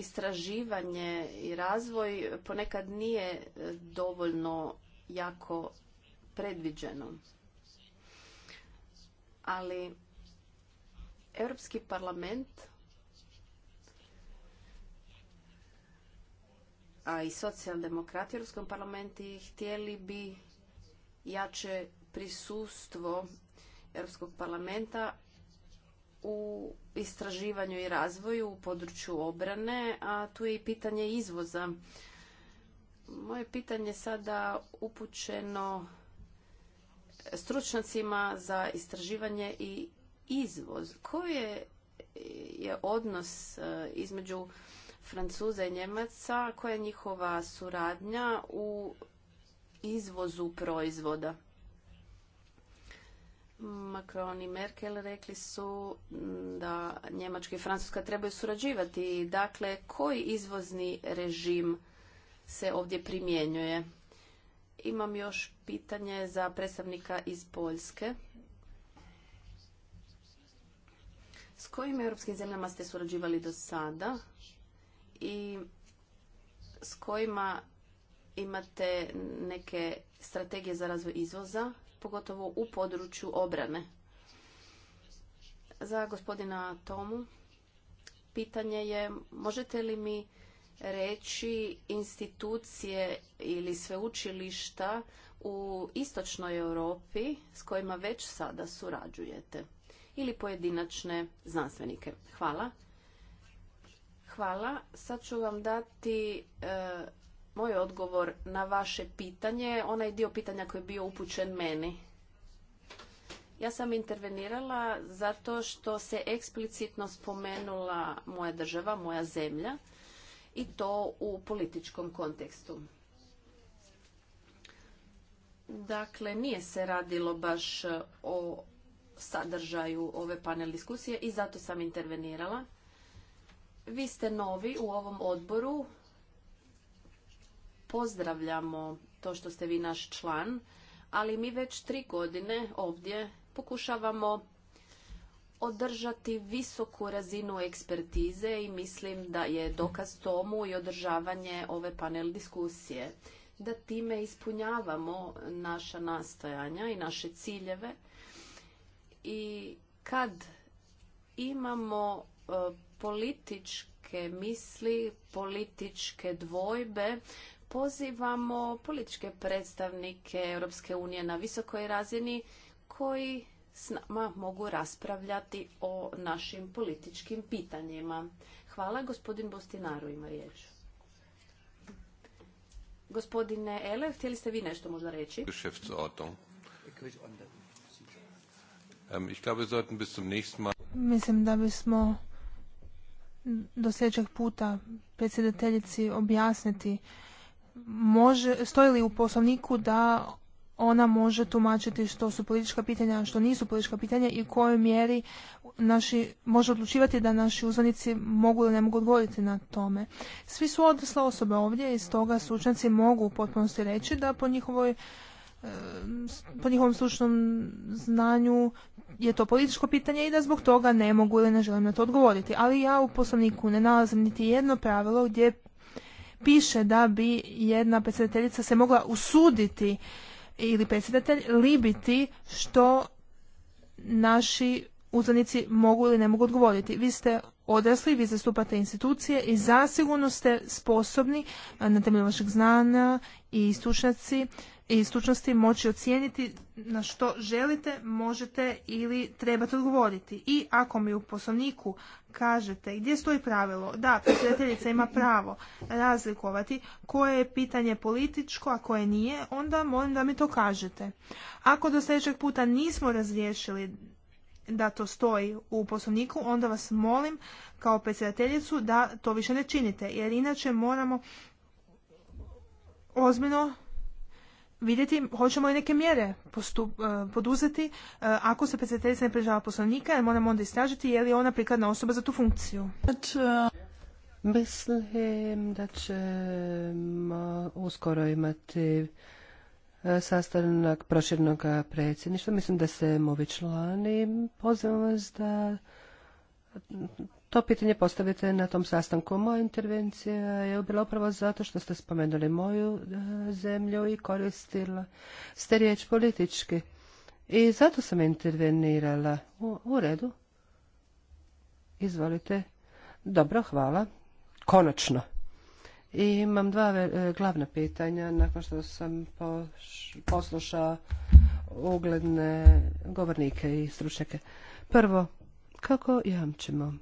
istraživanje i razvoj ponekad nije dovoljno jako predviđeno. Ali Europski parlament a i socijaldemokrati u Europskom parlamenti htjeli bi jače prisustvo Europskog parlamenta u istraživanju i razvoju u području obrane, a tu je i pitanje izvoza. Moje pitanje sada upućeno stručnjacima za istraživanje i izvoz. Koji je, je odnos e, između Francuza i Njemaca? Koja je njihova suradnja u izvozu proizvoda? Macron i Merkel rekli su mm, da Njemačka i Francuska trebaju surađivati. Dakle, koji izvozni režim se ovdje primjenjuje? Imam još pitanje za predstavnika iz Poljske. S kojim europskim zemljama ste surađivali do sada i s kojima imate neke strategije za razvoj izvoza? pogotovo u području obrane. Za gospodina Tomu pitanje je možete li mi reći institucije ili sveučilišta u istočnoj Europi s kojima već sada surađujete ili pojedinačne znanstvenike. Hvala. Hvala. Sad ću vam dati e, moj odgovor na vaše pitanje, onaj dio pitanja koji je bio upućen meni. Ja sam intervenirala zato što se eksplicitno spomenula moja država, moja zemlja i to u političkom kontekstu. Dakle, nije se radilo baš o sadržaju ove panel diskusije i zato sam intervenirala. Vi ste novi u ovom odboru, pozdravljamo to što ste vi naš član, ali mi već tri godine ovdje pokušavamo održati visoku razinu ekspertize i mislim da je dokaz tomu i održavanje ove panel diskusije. Da time ispunjavamo naša nastojanja i naše ciljeve i kad imamo e, političke misli, političke dvojbe pozivamo političke predstavnike Europske unije na visokoj razini koji s nama mogu raspravljati o našim političkim pitanjima. Hvala, gospodin Bostinaru ima riječ. Gospodine Ele, htjeli ste vi nešto možda reći? Ähm, Mislim da bismo do sljedećeg puta predsjedateljici objasniti može, stoji li u poslovniku da ona može tumačiti što su politička pitanja, a što nisu politička pitanja i u kojoj mjeri naši, može odlučivati da naši uzvanici mogu ili ne mogu odgovoriti na tome. Svi su odrasle osobe ovdje i stoga stručnjaci mogu u potpunosti reći da po njihovoj eh, po njihovom stručnom znanju je to političko pitanje i da zbog toga ne mogu ili ne želim na to odgovoriti. Ali ja u poslovniku ne nalazim niti jedno pravilo gdje piše da bi jedna predsjedateljica se mogla usuditi ili predsjedatelj libiti što naši uzanici mogu ili ne mogu odgovoriti. Vi ste odrasli, vi zastupate institucije i zasigurno ste sposobni na temelju vašeg znanja i stručnjaci i stručnosti moći ocijeniti na što želite, možete ili trebate odgovoriti. I ako mi u poslovniku kažete gdje stoji pravilo da predsjedateljica ima pravo razlikovati koje je pitanje političko, a koje nije, onda molim da mi to kažete. Ako do sljedećeg puta nismo razriješili da to stoji u poslovniku, onda vas molim kao predsjedateljicu da to više ne činite, jer inače moramo ozbiljno vidjeti hoćemo li neke mjere postup, e, poduzeti e, ako se predsjedateljica ne prižava poslovnika jer moramo onda istražiti je li ona prikladna osoba za tu funkciju. Mislim da ćemo uskoro imati e, sastanak proširnog predsjedništva. Mislim da se movi člani pozivam da to pitanje postavite na tom sastanku. Moja intervencija je bila upravo zato što ste spomenuli moju e, zemlju i koristila ste riječ politički. I zato sam intervenirala. U, redu. Izvolite. Dobro, hvala. Konačno. I imam dva e, glavna pitanja nakon što sam poš, poslušao ugledne govornike i stručnjake. Prvo, kako jamčimo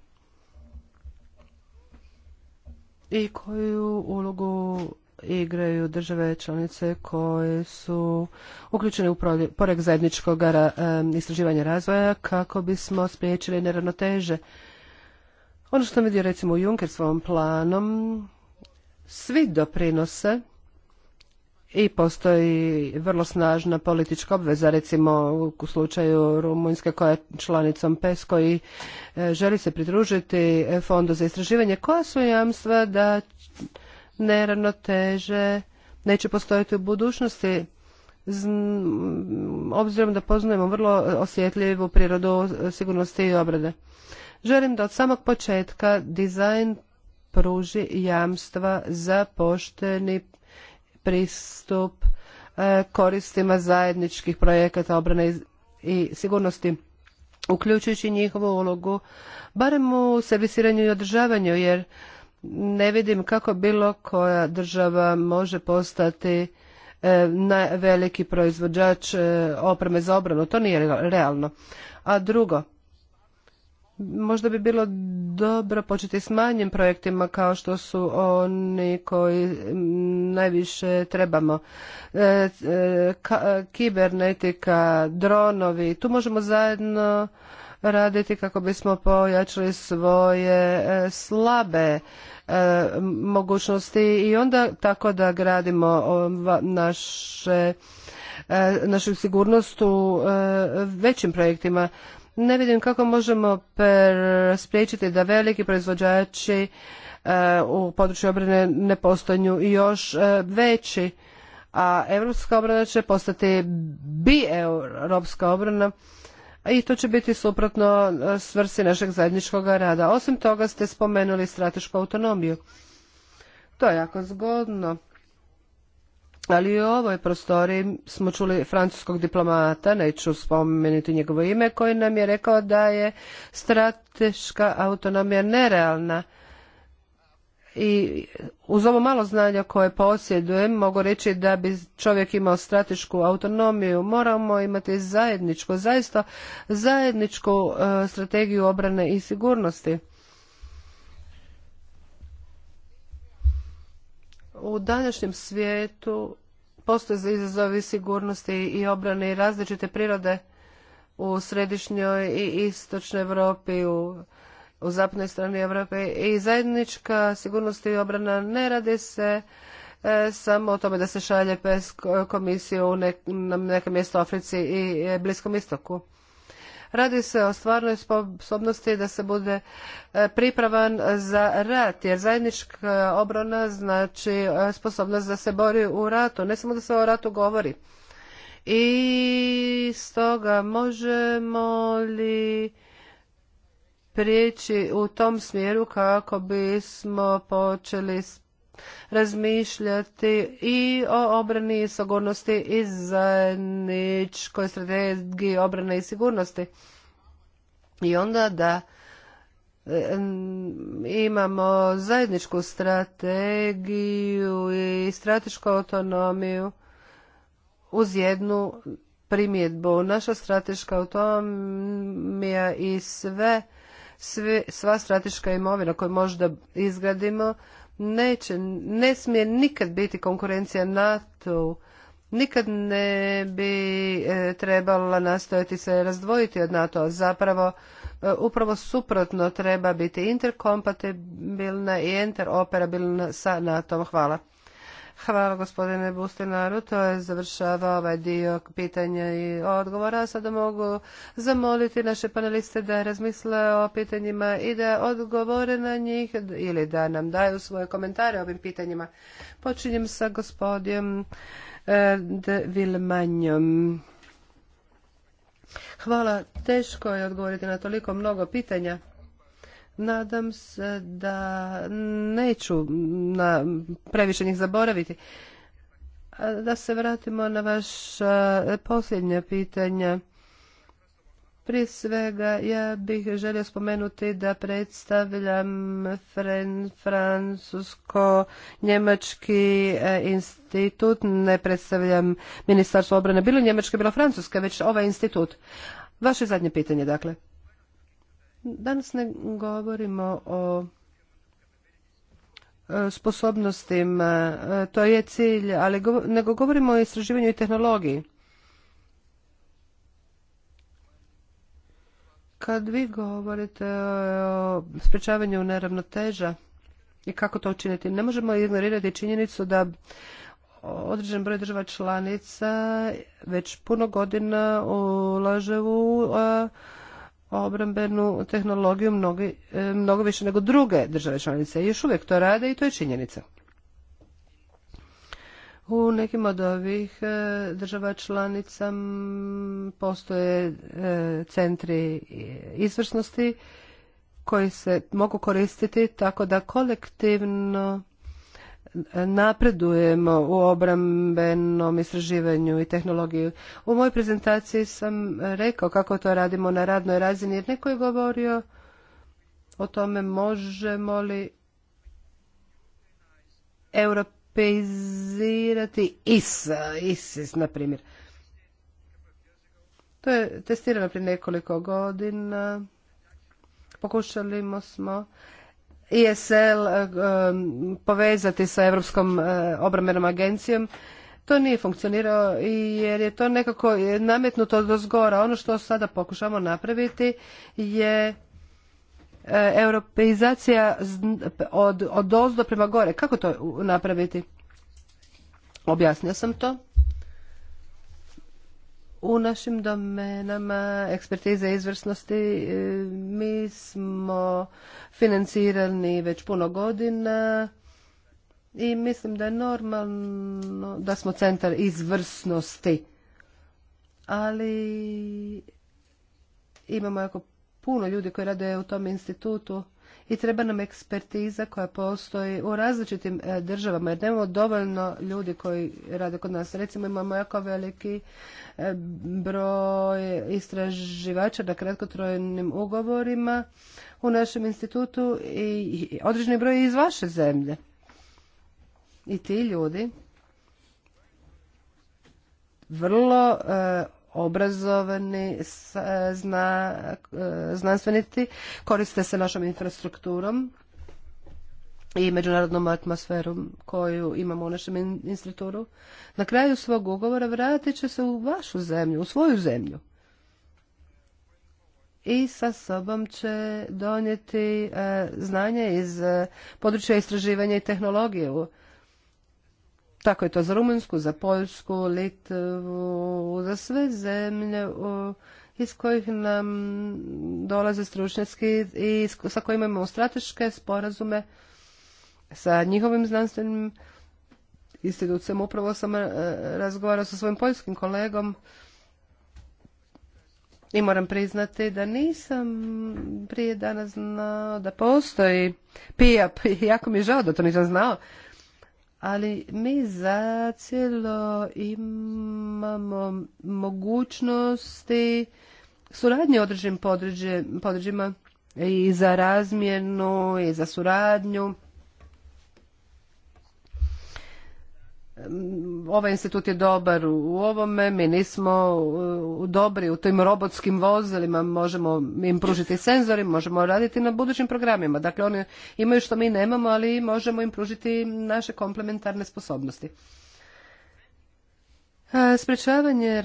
i koju ulogu igraju države članice koje su uključene u projekt zajedničkog eh, istraživanja razvoja kako bismo spriječili neravnoteže. Ono što vidio recimo u Junkersvom planom, svi doprinose i postoji vrlo snažna politička obveza, recimo u slučaju Rumunjske koja je članicom PESCO i e, želi se pridružiti fondu za istraživanje. Koja su jamstva da neravnoteže neće postojati u budućnosti? obzirom da poznajemo vrlo osjetljivu prirodu sigurnosti i obrade. Želim da od samog početka dizajn pruži jamstva za pošteni pristup e, koristima zajedničkih projekata obrane i sigurnosti uključujući njihovu ulogu barem u servisiranju i održavanju jer ne vidim kako bilo koja država može postati e, veliki proizvođač e, opreme za obranu. To nije realno. A drugo, Možda bi bilo dobro početi s manjim projektima kao što su oni koji najviše trebamo. E, e, kibernetika, dronovi, tu možemo zajedno raditi kako bismo pojačali svoje e, slabe mogućnosti i onda tako da gradimo naše našu sigurnost u većim projektima. Ne vidim kako možemo spriječiti da veliki proizvođači e, u području obrane ne postanju još e, veći, a europska obrana će postati bi europska obrana i to će biti suprotno e, svrsi našeg zajedničkog rada. Osim toga ste spomenuli stratešku autonomiju. To je jako zgodno. Ali u ovoj prostori smo čuli francuskog diplomata, neću spomenuti njegovo ime, koji nam je rekao da je strateška autonomija nerealna. I uz ovo malo znanja koje posjedujem, mogu reći da bi čovjek imao stratešku autonomiju. Moramo imati zajedničku, zaista zajedničku e, strategiju obrane i sigurnosti. U današnjem svijetu postoje izazovi sigurnosti i obrane i različite prirode u središnjoj i istočnoj Europi, u, u zapadnoj strani Europe i zajednička sigurnost i obrana ne radi se e, samo o tome da se šalje PES komisiju na neke mjesto u Africi i e, Bliskom istoku. Radi se o stvarnoj sposobnosti da se bude e, pripravan za rat, jer zajednička obrana znači e, sposobnost da se bori u ratu, ne samo da se o ratu govori. I stoga možemo li prijeći u tom smjeru kako bismo počeli razmišljati i o obrani i sigurnosti i zajedničkoj strategiji obrane i sigurnosti. I onda da imamo zajedničku strategiju i stratešku autonomiju uz jednu primjedbu. Naša strateška autonomija i sve, sve, sva strateška imovina koju možda izgradimo neće, ne smije nikad biti konkurencija nato Nikad ne bi e, trebala nastojati se razdvojiti od NATO, zapravo e, upravo suprotno treba biti interkompatibilna i interoperabilna sa nato Hvala. Hvala gospodine Bustinaru, to je završava ovaj dio pitanja i odgovora. Sada mogu zamoliti naše paneliste da razmisle o pitanjima i da odgovore na njih ili da nam daju svoje komentare o ovim pitanjima. Počinjem sa gospodinom eh, De Vilmanjom. Hvala, teško je odgovoriti na toliko mnogo pitanja. Nadam se da neću na previše njih zaboraviti. Da se vratimo na vaša posljednja pitanja. Prije svega ja bih želio spomenuti da predstavljam francusko-njemački e, institut, ne predstavljam ministarstvo obrane, bilo njemačke, bilo francuske, već ovaj institut. Vaše zadnje pitanje, dakle. Danas ne govorimo o e, sposobnostima, e, to je cilj, ali nego govorimo o istraživanju i tehnologiji. Kad vi govorite o sprečavanju neravnoteža i kako to učiniti, ne možemo ignorirati činjenicu da određen broj država članica već puno godina ulaže u e, obrambenu tehnologiju e, mnogo više nego druge države članice. Još uvijek to rade i to je činjenica. U nekim od ovih e, država članica postoje e, centri izvrsnosti koji se mogu koristiti tako da kolektivno napredujemo u obrambenom istraživanju i tehnologiji. U mojoj prezentaciji sam rekao kako to radimo na radnoj razini jer neko je govorio o tome možemo li europeizirati IS ISIS na primjer. To je testirano prije nekoliko godina. Pokušali smo ISL eh, povezati sa Europskom eh, obrambenom agencijom. To nije funkcionirao jer je to nekako nametnuto do zgora. Ono što sada pokušamo napraviti je eh, europeizacija od, od prema gore. Kako to napraviti? Objasnio sam to u našim domenama ekspertize izvrsnosti e, mi smo financirani već puno godina i mislim da je normalno da smo centar izvrsnosti. Ali imamo jako puno ljudi koji rade u tom institutu i treba nam ekspertiza koja postoji u različitim e, državama jer nemamo dovoljno ljudi koji rade kod nas. Recimo imamo jako veliki e, broj istraživača na kratkotrojnim ugovorima u našem institutu i određeni broj iz vaše zemlje. I ti ljudi vrlo e, obrazovani e, znanstvenici koriste se našom infrastrukturom i međunarodnom atmosferom koju imamo u našem instituturu. Na kraju svog ugovora vratit će se u vašu zemlju, u svoju zemlju. I sa sobom će donijeti e, znanje iz e, područja istraživanja i tehnologije u tako je to za Rumunjsku, za Poljsku, Litvu, za sve zemlje iz kojih nam dolaze stručnjaci i sa kojima imamo strateške sporazume sa njihovim znanstvenim institucijama. Upravo sam e, razgovarao sa svojim poljskim kolegom i moram priznati da nisam prije danas znao da postoji i Jako mi je žao da to nisam znao ali mi za cijelo imamo mogućnosti suradnje određenim područjima i za razmjenu i za suradnju ovaj institut je dobar u ovome, mi nismo dobri u tim robotskim vozilima, možemo im pružiti senzori, možemo raditi na budućim programima. Dakle, oni imaju što mi nemamo, ali možemo im pružiti naše komplementarne sposobnosti. E, Sprečavanje e,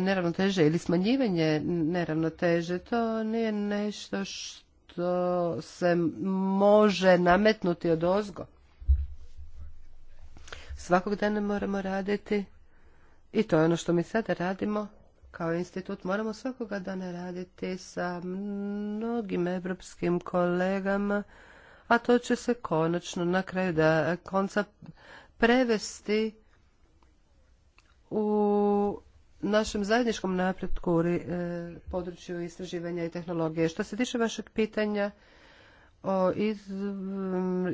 neravnoteže ili smanjivanje neravnoteže, to nije nešto što se može nametnuti od ozgo. Svakog dana moramo raditi i to je ono što mi sada radimo kao institut. Moramo svakoga dana raditi sa mnogim evropskim kolegama, a to će se konačno na kraju da konca prevesti u našem zajedničkom napretku u e, području istraživanja i tehnologije. Što se tiče vašeg pitanja o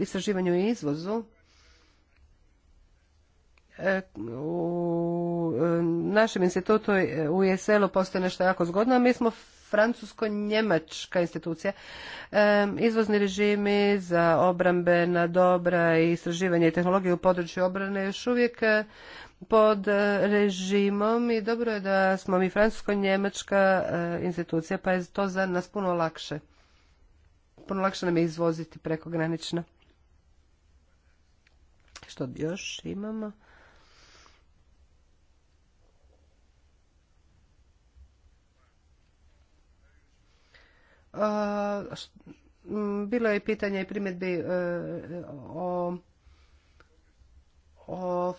istraživanju i izvozu, E, u e, našem institutu e, u ISL-u postoje nešto jako zgodno, a mi smo francusko-njemačka institucija. Izvozni režimi za obrambena dobra i istraživanje i tehnologije u području obrane još uvijek pod režimom i dobro je da smo mi francusko-njemačka institucija, pa je to za nas puno lakše. Puno lakše nam je izvoziti prekogranično. Što još imamo? Bilo je pitanje i primjedbi e, o, o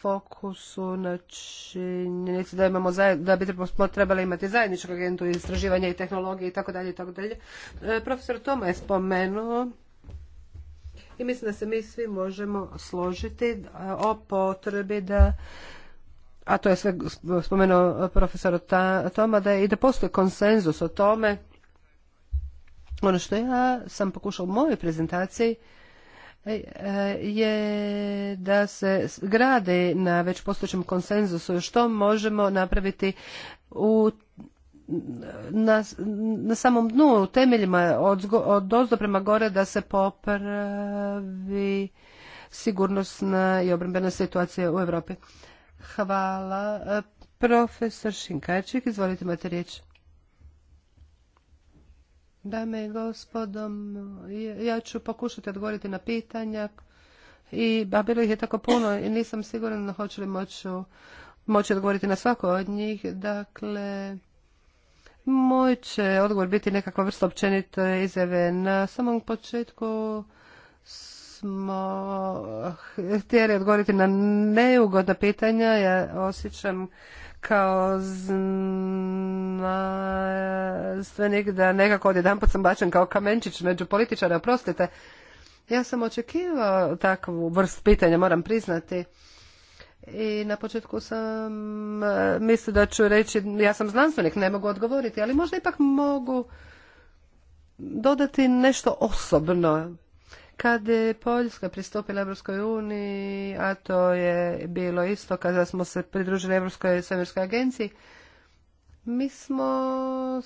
fokusu na činjenici da imamo da bi trebali imati zajedničku agentu istraživanja i tehnologije i tako dalje i tako dalje. E, profesor Toma je spomenuo i mislim da se mi svi možemo složiti e, o potrebi da a to je sve spomenuo profesor Toma da i da postoji konsenzus o tome ono što ja sam pokušao u mojoj prezentaciji e, je da se grade na već postojećem konsenzusu što možemo napraviti u na, samom dnu, u temeljima od, od dozdo prema gore da se popravi sigurnosna i obrambena situacija u Europi. Hvala. E, profesor Šinkajčik, izvolite imate riječ. Dame i gospodom, ja ću pokušati odgovoriti na pitanja, i, bilo ih je tako puno i nisam sigurna hoću li moći odgovoriti na svako od njih. Dakle, moj će odgovor biti nekakva vrsta općenite izjave. Na samom početku smo htjeli odgovoriti na neugodna pitanja. Ja osjećam kao znanstvenik da nekako odjedanput sam bačen kao kamenčić među političara, prostite. Ja sam očekivao takvu vrst pitanja, moram priznati. I na početku sam eh, mislio da ću reći, ja sam znanstvenik, ne mogu odgovoriti, ali možda ipak mogu dodati nešto osobno. Kad je Poljska pristupila Europskoj uniji, a to je bilo isto kada smo se pridružili Europskoj svemirskoj agenciji, mi smo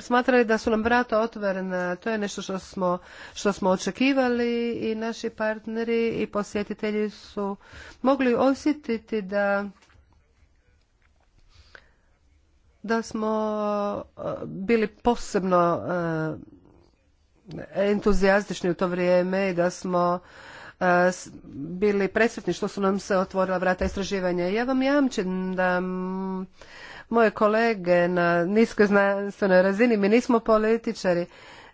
smatrali da su nam vrata otvorena. To je nešto što smo, što smo očekivali i naši partneri i posjetitelji su mogli osjetiti da da smo bili posebno entuzijastični u to vrijeme i da smo e, bili presretni što su nam se otvorila vrata istraživanja. Ja vam jamčim da moje kolege na niskoj znanstvenoj razini, mi nismo političari,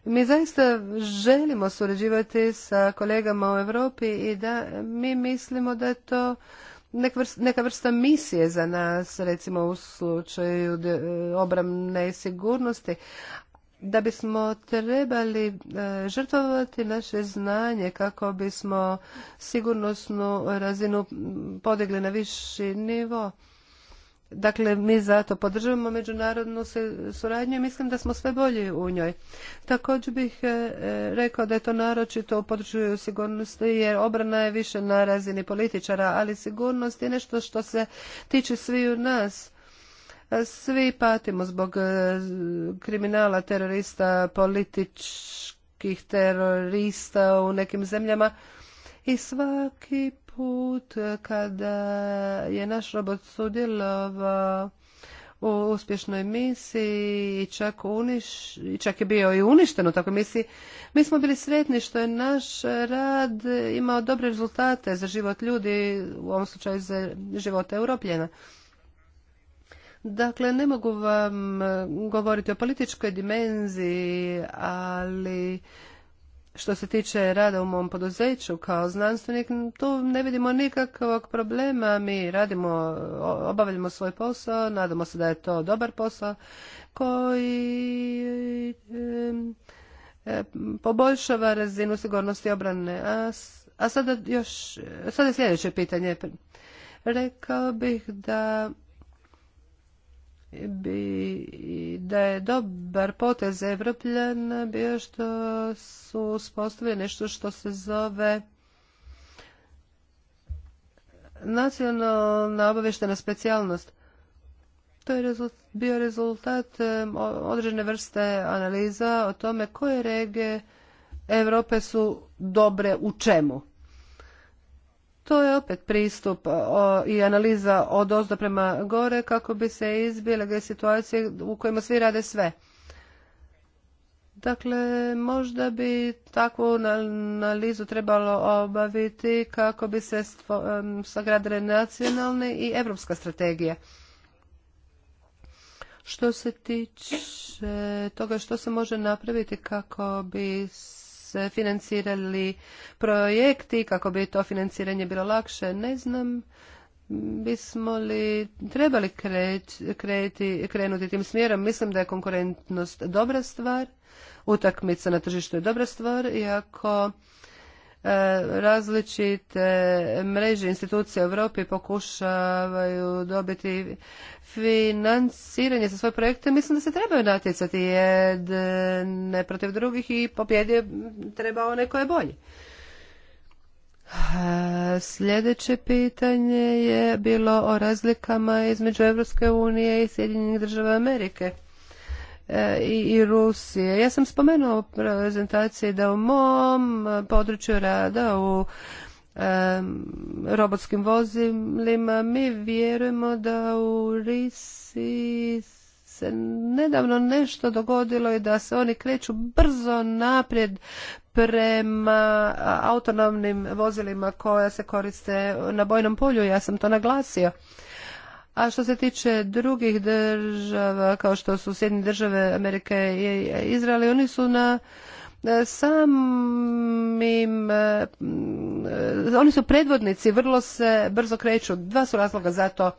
mi zaista želimo surađivati sa kolegama u Europi i da mi mislimo da je to neka vrsta misije za nas, recimo u slučaju e, obramne sigurnosti, da bismo trebali e, žrtvovati naše znanje kako bismo sigurnosnu razinu podigli na viši nivo. Dakle, mi zato podržavamo međunarodnu suradnju i mislim da smo sve bolji u njoj. Također bih e, rekao da je to naročito u području sigurnosti jer obrana je više na razini političara, ali sigurnost je nešto što se tiče sviju nas svi patimo zbog e, kriminala terorista, političkih terorista u nekim zemljama i svaki put kada je naš robot sudjelovao u uspješnoj misiji i čak, uniš, čak je bio i uništen u takvoj misiji, mi smo bili sretni što je naš rad imao dobre rezultate za život ljudi, u ovom slučaju za život Europljena. Dakle, ne mogu vam e, govoriti o političkoj dimenziji, ali što se tiče rada u mom poduzeću kao znanstvenik, tu ne vidimo nikakvog problema. Mi radimo, obavljamo svoj posao, nadamo se da je to dobar posao koji e, e, poboljšava razinu sigurnosti obrane. A, sada još, sada je sljedeće pitanje. Rekao bih da bi da je dobar potez Evropljan bio što su uspostavili nešto što se zove nacionalna obaveštena specijalnost. To je bio rezultat određene vrste analiza o tome koje regije Europe su dobre u čemu. To je opet pristup e, i analiza od ozda prema gore kako bi se izbjele situacije u kojima svi rade sve. Dakle, možda bi takvu analizu trebalo obaviti kako bi se sagradile nacionalne i evropska strategija. Što se tiče toga što se može napraviti kako bi se financirali projekti, kako bi to financiranje bilo lakše. Ne znam bismo li trebali kreć, kreti, krenuti tim smjerom. Mislim da je konkurentnost dobra stvar, utakmica na tržištu je dobra stvar iako... E, različite mreže institucije u Europi pokušavaju dobiti financiranje za svoje projekte, mislim da se trebaju natjecati jedne protiv drugih i pobjede treba trebao neko je bolji. E, sljedeće pitanje je bilo o razlikama između Europske unije i Sjedinjenih država Amerike. E, i Rusije. Ja sam spomenuo u prezentaciji da u mom e, području rada u e, robotskim vozilima mi vjerujemo da u Risi se nedavno nešto dogodilo i da se oni kreću brzo naprijed prema autonomnim vozilima koja se koriste na bojnom polju. Ja sam to naglasio. A što se tiče drugih država, kao što su Sjedinje države Amerike i Izrael, oni su na e, samim, e, e, oni su predvodnici, vrlo se brzo kreću. Dva su razloga za to.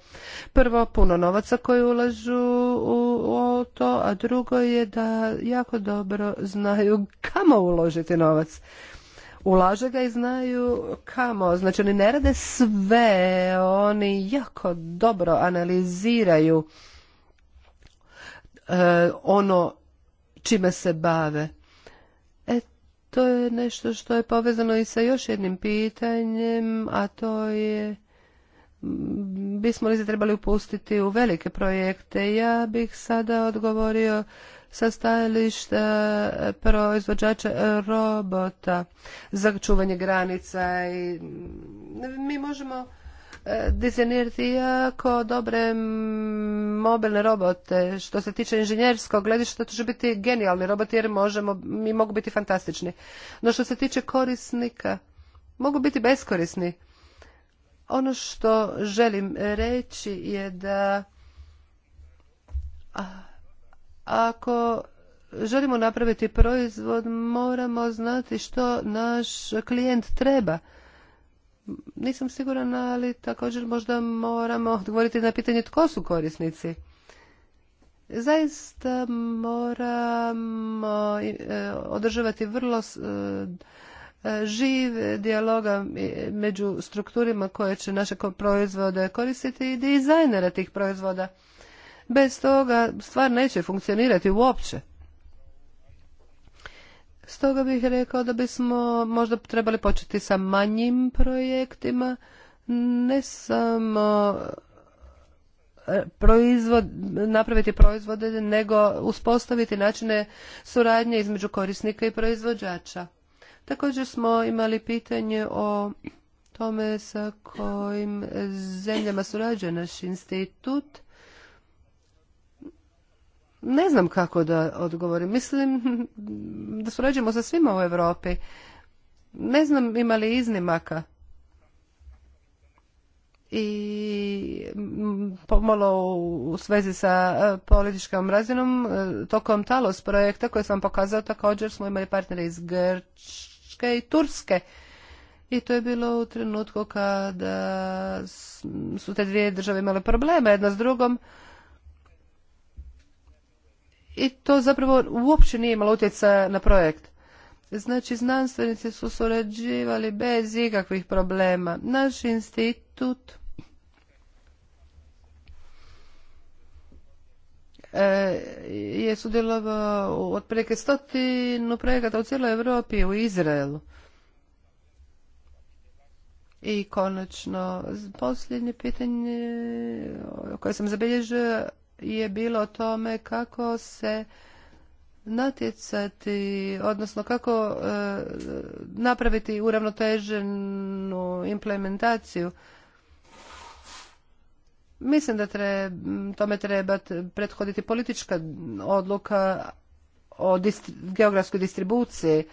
Prvo, puno novaca koji ulažu u to, a drugo je da jako dobro znaju kamo uložiti novac ulaže ga i znaju kamo. Znači oni ne rade sve, oni jako dobro analiziraju e, ono čime se bave. E, to je nešto što je povezano i sa još jednim pitanjem, a to je bismo li se trebali upustiti u velike projekte. Ja bih sada odgovorio sa stajališta e, proizvođača e, robota za čuvanje granica i mi možemo e, dizajnirati jako dobre mobilne robote. Što se tiče inženjerskog gledišta, to će biti genijalni robot jer možemo, mi mogu biti fantastični. No što se tiče korisnika, mogu biti beskorisni. Ono što želim reći je da ako želimo napraviti proizvod, moramo znati što naš klijent treba. Nisam siguran, ali također možda moramo odgovoriti na pitanje tko su korisnici. Zaista moramo e, održavati vrlo e, živ dijaloga e, među strukturima koje će naše proizvode koristiti i dizajnera tih proizvoda. Bez toga stvar neće funkcionirati uopće. Stoga bih rekao da bismo možda trebali početi sa manjim projektima, ne samo e, napraviti proizvode, nego uspostaviti načine suradnje između korisnika i proizvođača. Također smo imali pitanje o tome sa kojim zemljama surađuje naš institut ne znam kako da odgovorim. Mislim da surađujemo sa svima u Europi. Ne znam ima li iznimaka. I pomalo u svezi sa e, političkom razinom, e, tokom Talos projekta koji sam pokazao također smo imali partnere iz Grčke i Turske. I to je bilo u trenutku kada su te dvije države imale probleme jedna s drugom i to zapravo uopće nije imalo utjecaja na projekt. Znači, znanstvenici su surađivali bez ikakvih problema. Naš institut e, je sudjelovao od otprilike stotinu projekata u cijeloj Europi i u Izraelu. I konačno, posljednje pitanje koje sam zabilježio je bilo o tome kako se natjecati, odnosno kako e, napraviti uravnoteženu implementaciju. Mislim da tome treba prethoditi politička odluka o geografskoj distribuciji,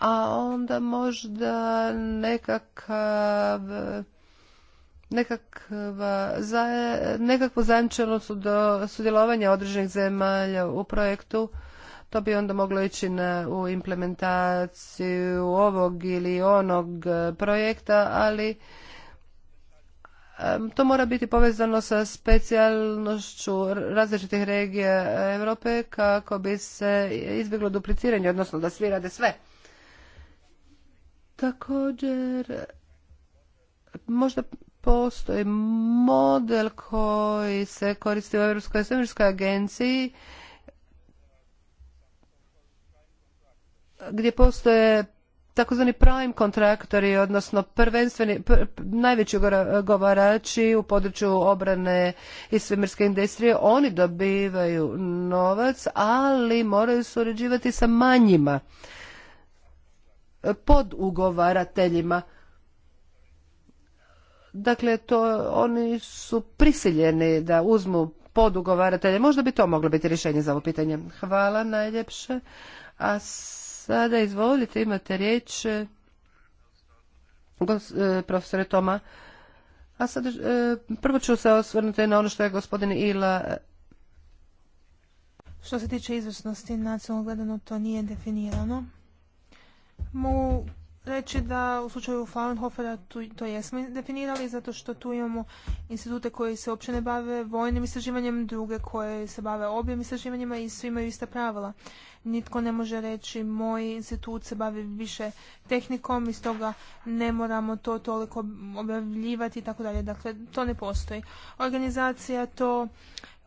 a onda možda nekakav nekakva, zaje, nekakvo do sudjelovanje određenih zemalja u projektu to bi onda moglo ići na, u implementaciju ovog ili onog projekta, ali to mora biti povezano sa specijalnošću različitih regija Europe kako bi se izbjeglo dupliciranje, odnosno da svi rade sve. Također, možda postoji model koji se koristi u Europskoj svemirskoj agenciji gdje postoje takozvani prime kontraktori, odnosno prvenstveni, najveći govorači u području obrane i svemirske industrije, oni dobivaju novac, ali moraju surađivati sa manjima podugovarateljima Dakle, to oni su prisiljeni da uzmu podugovaratelje. Možda bi to moglo biti rješenje za ovo pitanje. Hvala najljepše. A sada izvolite, imate riječ e, e, profesore Toma. A sad e, prvo ću se osvrnuti na ono što je gospodin Ila što se tiče izvrsnosti nacionalno gledano, to nije definirano. Mogu reći da u slučaju tu to jesmo definirali zato što tu imamo institute koji se uopće ne bave vojnim istraživanjem, druge koje se bave objem istraživanjima i svi imaju ista pravila. Nitko ne može reći moj institut se bavi više tehnikom i stoga ne moramo to toliko objavljivati i tako dalje. Dakle, to ne postoji. Organizacija to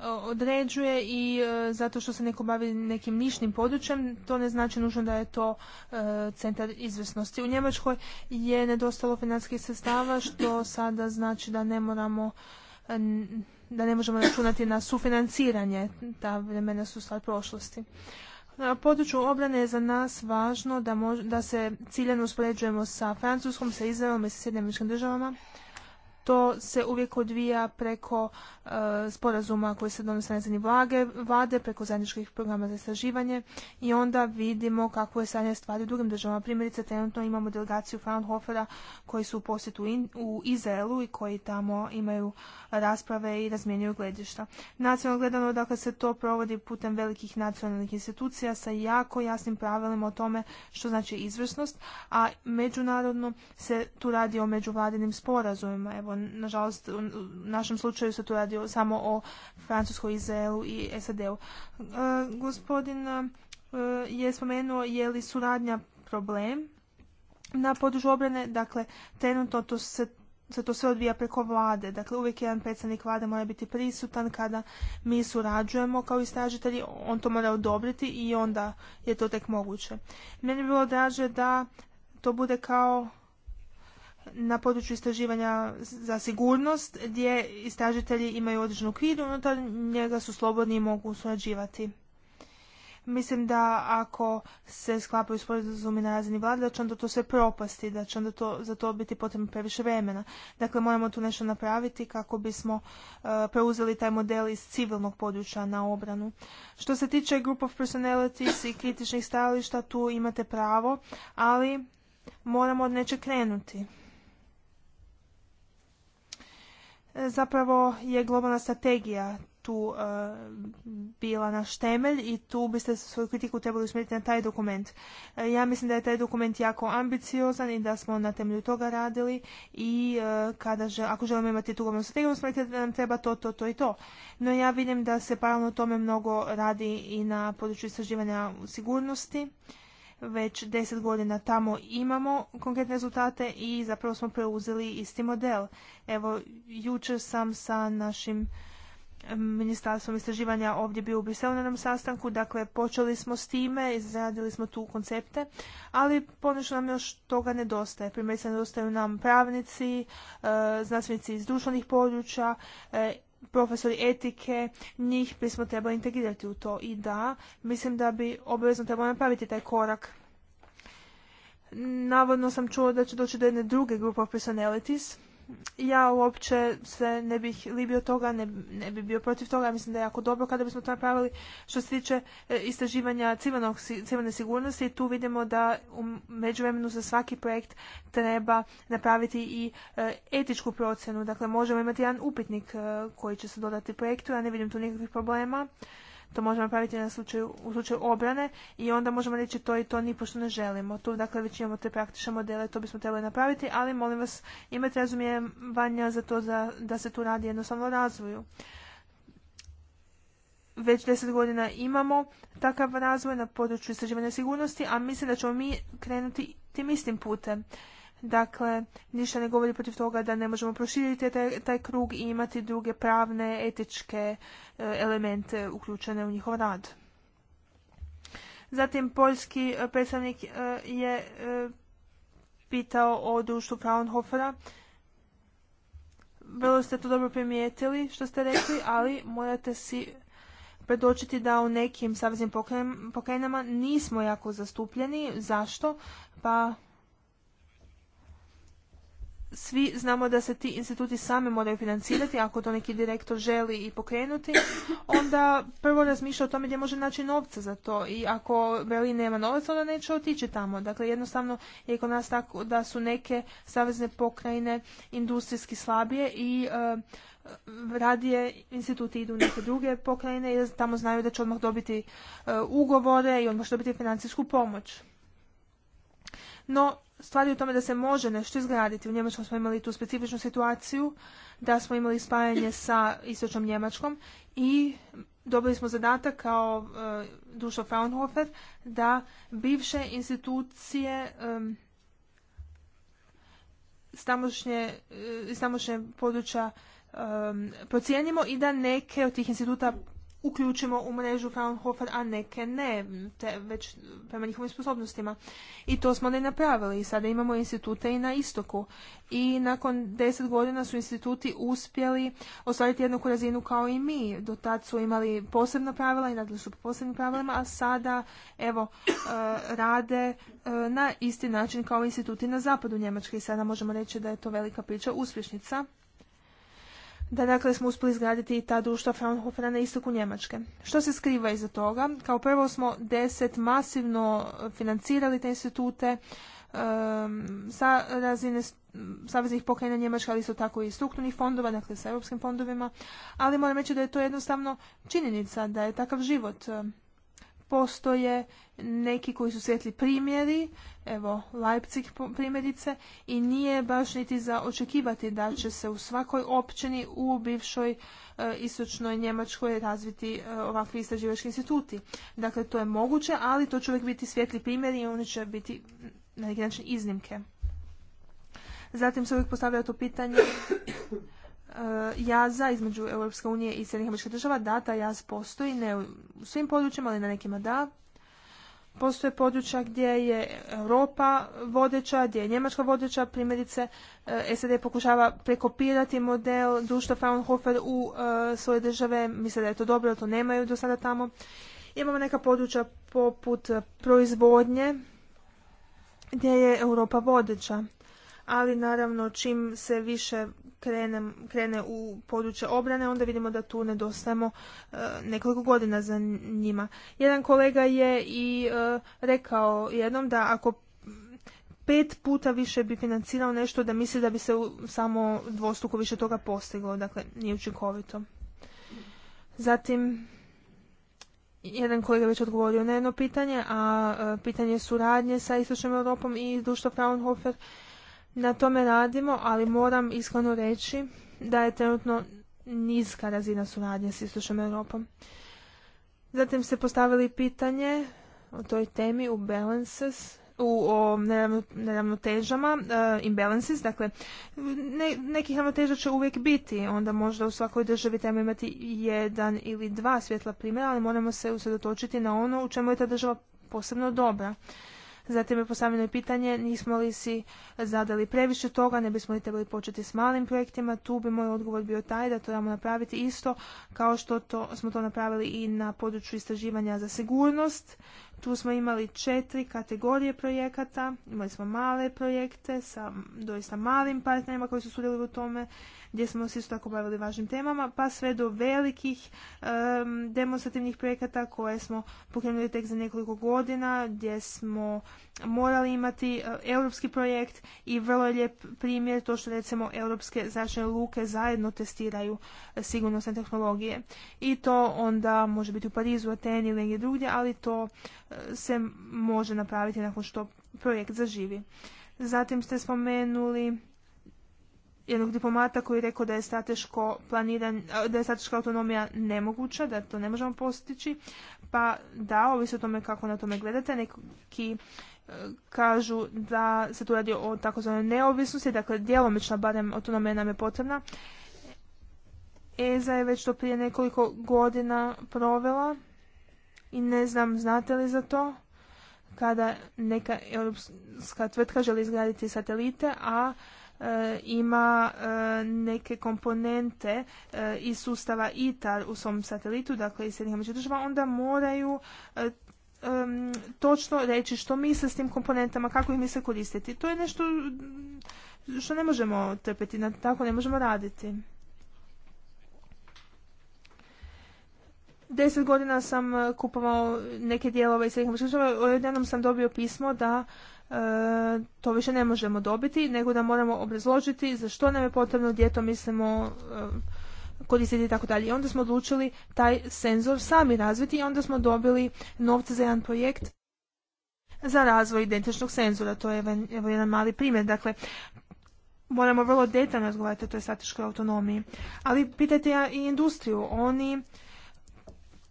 određuje i e, zato što se neko bavi nekim nišnim područjem, to ne znači nužno da je to e, centar izvrsnosti. U Njemačkoj je nedostalo financijskih sredstava što sada znači da ne moramo e, da ne možemo računati na sufinanciranje. Ta vremena su stvar prošlosti. Na području obrane je za nas važno da, se ciljano uspoređujemo sa Francuskom, sa Izraelom i sa Sjedinim državama to se uvijek odvija preko e, sporazuma koji se donose na razini vlade, preko zajedničkih programa za istraživanje i onda vidimo kako je stanje stvari u drugim državama. Primjerice, trenutno imamo delegaciju Fraunhofera koji su u posjetu u Izraelu i koji tamo imaju rasprave i razmjenjuju gledišta. Nacionalno gledano, dakle, se to provodi putem velikih nacionalnih institucija sa jako jasnim pravilima o tome što znači izvrsnost, a međunarodno se tu radi o međuvladinim sporazumima. Evo, nažalost, u našem slučaju se tu radi samo o Francuskoj, Izraelu i SAD-u. E, gospodin e, je spomenuo je li suradnja problem na području obrane, dakle, trenutno to se to sve odvija preko vlade. Dakle, uvijek jedan predstavnik vlade mora biti prisutan kada mi surađujemo kao istražitelji, on to mora odobriti i onda je to tek moguće. Meni bi bilo draže da to bude kao na području istraživanja za sigurnost gdje istražitelji imaju određenu okvir unutar njega su slobodni i mogu surađivati. Mislim da ako se sklapaju sporazumi na razini vlade, da će onda to sve propasti, da će onda za to biti potrebno previše vremena. Dakle, moramo tu nešto napraviti kako bismo e, preuzeli taj model iz civilnog područja na obranu. Što se tiče group of personalities i kritičnih stajališta, tu imate pravo, ali moramo od nečeg krenuti. zapravo je globalna strategija tu e, bila naš temelj i tu biste svoju kritiku trebali usmjeriti na taj dokument. E, ja mislim da je taj dokument jako ambiciozan i da smo na temelju toga radili i e, kada ako želimo imati tu globalnu strategiju, usmjeriti da nam treba to, to, to i to. No ja vidim da se paralelno tome mnogo radi i na području istraživanja sigurnosti već deset godina tamo imamo konkretne rezultate i zapravo smo preuzeli isti model. Evo, jučer sam sa našim ministarstvom istraživanja ovdje bio u briselnom sastanku, dakle počeli smo s time, izradili smo tu koncepte, ali ponešto nam još toga nedostaje. Primjerice nedostaju nam pravnici, e, znanstvenici iz društvenih područja, e, profesori etike, njih bismo trebali integrirati u to. I da, mislim da bi obavezno trebalo napraviti taj korak. Navodno sam čula da će doći do jedne druge grupe personalities, ja uopće se ne bih libio toga, ne, ne bih bio protiv toga. Mislim da je jako dobro kada bismo to napravili. Što se tiče e, istraživanja civilne sigurnosti, tu vidimo da u međuvremenu za svaki projekt treba napraviti i e, etičku procjenu. Dakle, možemo imati jedan upitnik e, koji će se dodati projektu. Ja ne vidim tu nikakvih problema. To možemo napraviti na slučaju, u slučaju obrane i onda možemo reći to i to nipošto ne želimo. Tu dakle već imamo te praktične modele, to bismo trebali napraviti, ali molim vas imajte razumijevanja za to da, da se tu radi jednostavno razvoju već deset godina imamo takav razvoj na području istraživanja sigurnosti, a mislim da ćemo mi krenuti tim istim putem. Dakle, ništa ne govori protiv toga da ne možemo proširiti taj, krug i imati druge pravne, etičke e, elemente uključene u njihov rad. Zatim, poljski e, predstavnik e, je pitao o društvu Fraunhofera. Vrlo ste to dobro primijetili što ste rekli, ali morate si predočiti da u nekim saveznim pokrajinama nismo jako zastupljeni. Zašto? Pa svi znamo da se ti instituti sami moraju financirati, ako to neki direktor želi i pokrenuti, onda prvo razmišlja o tome gdje može naći novca za to i ako veli nema novaca, onda neće otići tamo. Dakle, jednostavno je kod nas tako da su neke savezne pokrajine industrijski slabije i eh, radije instituti idu u neke druge pokrajine jer tamo znaju da će odmah dobiti eh, ugovore i odmah će dobiti financijsku pomoć. No, stvar je u tome da se može nešto izgraditi. U Njemačkom smo imali tu specifičnu situaciju da smo imali spajanje sa istočnom Njemačkom i dobili smo zadatak kao e, Dušo Fraunhofer da bivše institucije e, iz tamošnje, područja procijenimo i da neke od tih instituta uključimo u mrežu Fraunhofer, a neke ne, te, već prema njihovim sposobnostima. I to smo ne napravili. I sada imamo institute i na istoku. I nakon deset godina su instituti uspjeli ostvariti jednu razinu kao i mi. Do tad su imali posebna pravila i radili su po posebnim pravilima, a sada evo e, rade e, na isti način kao instituti na zapadu Njemačke. I sada možemo reći da je to velika priča uspješnica da dakle smo uspjeli izgraditi ta društva Fraunhofera na istoku Njemačke. Što se skriva iza toga? Kao prvo smo deset masivno financirali te institute sa razine saveznih pokrajina Njemačka, ali isto tako i strukturnih fondova, dakle sa europskim fondovima, ali moram reći da je to jednostavno činjenica, da je takav život postoje neki koji su svjetli primjeri, evo Leipzig primjerice, i nije baš niti za očekivati da će se u svakoj općini u bivšoj eh, istočnoj Njemačkoj razviti eh, ovakvi istraživački instituti. Dakle, to je moguće, ali to će uvijek biti svjetli primjeri i oni će biti na neki način iznimke. Zatim se uvijek postavlja to pitanje E, jaza između Europske unije i Sjednih američkih država, da, ta jaz postoji, ne u svim područjima, ali na nekima da. Postoje područja gdje je Europa vodeća, gdje je Njemačka vodeća, primjerice e, SAD pokušava prekopirati model društva Fraunhofer u e, svoje države, misle da je to dobro, to nemaju do sada tamo. Imamo neka područja poput proizvodnje gdje je Europa vodeća ali naravno čim se više krene u područje obrane, onda vidimo da tu nedostajemo e, nekoliko godina za njima. Jedan kolega je i e, rekao jednom da ako pet puta više bi financirao nešto da misli da bi se samo dvostruko više toga postiglo, dakle nije učinkovito. Zatim, jedan kolega već odgovorio na jedno pitanje, a e, pitanje suradnje sa Istočnom Europom i društvo Fraunhofer na tome radimo, ali moram iskreno reći da je trenutno niska razina suradnje s Istočnom Europom. Zatim ste postavili pitanje o toj temi u balances, u o neravnotežama, uh, imbalances, dakle ne, nekih ravnoteža će uvijek biti, onda možda u svakoj državi treba imati jedan ili dva svjetla primjera, ali moramo se usredotočiti na ono u čemu je ta država posebno dobra. Zatim je postavljeno pitanje nismo li si zadali previše toga, ne bismo li trebali početi s malim projektima. Tu bi moj odgovor bio taj da to damo napraviti isto kao što to, smo to napravili i na području istraživanja za sigurnost. Tu smo imali četiri kategorije projekata. Imali smo male projekte sa doista malim partnerima koji su sudjelovali u tome gdje smo se isto tako bavili važnim temama, pa sve do velikih demonstrativnih projekata koje smo pokrenuli tek za nekoliko godina, gdje smo morali imati e, europski projekt i vrlo je lijep primjer to što recimo europske zračne luke zajedno testiraju e, sigurnosne tehnologije. I to onda može biti u Parizu, Ateni ili negdje drugdje, ali to e, se može napraviti nakon što projekt zaživi. Zatim ste spomenuli jednog diplomata koji je rekao da je strateško planiran, da je strateška autonomija nemoguća, da to ne možemo postići. Pa da, ovisi o tome kako na tome gledate, neki e, kažu da se tu radi o takozvanoj neovisnosti, dakle djelomična barem autonomija nam je potrebna. EZA je već to prije nekoliko godina provela i ne znam znate li za to kada neka europska tvrtka želi izgraditi satelite, a Eh, ima eh, neke komponente eh, iz sustava ITAR u svom satelitu, dakle iz među država, onda moraju točno reći što misle s tim komponentama, kako ih misle koristiti. To je nešto što ne možemo trpeti, tako ne možemo raditi. Deset godina sam kupovao neke dijelove iz ih država, jednom sam dobio pismo da E, to više ne možemo dobiti, nego da moramo obrazložiti za što nam je potrebno, gdje to mislimo e, koristiti i tako dalje. I onda smo odlučili taj senzor sami razviti i onda smo dobili novce za jedan projekt za razvoj identičnog senzora. To je evo jedan mali primjer. Dakle, moramo vrlo detaljno razgovarati o toj strateškoj autonomiji. Ali pitajte ja i industriju. Oni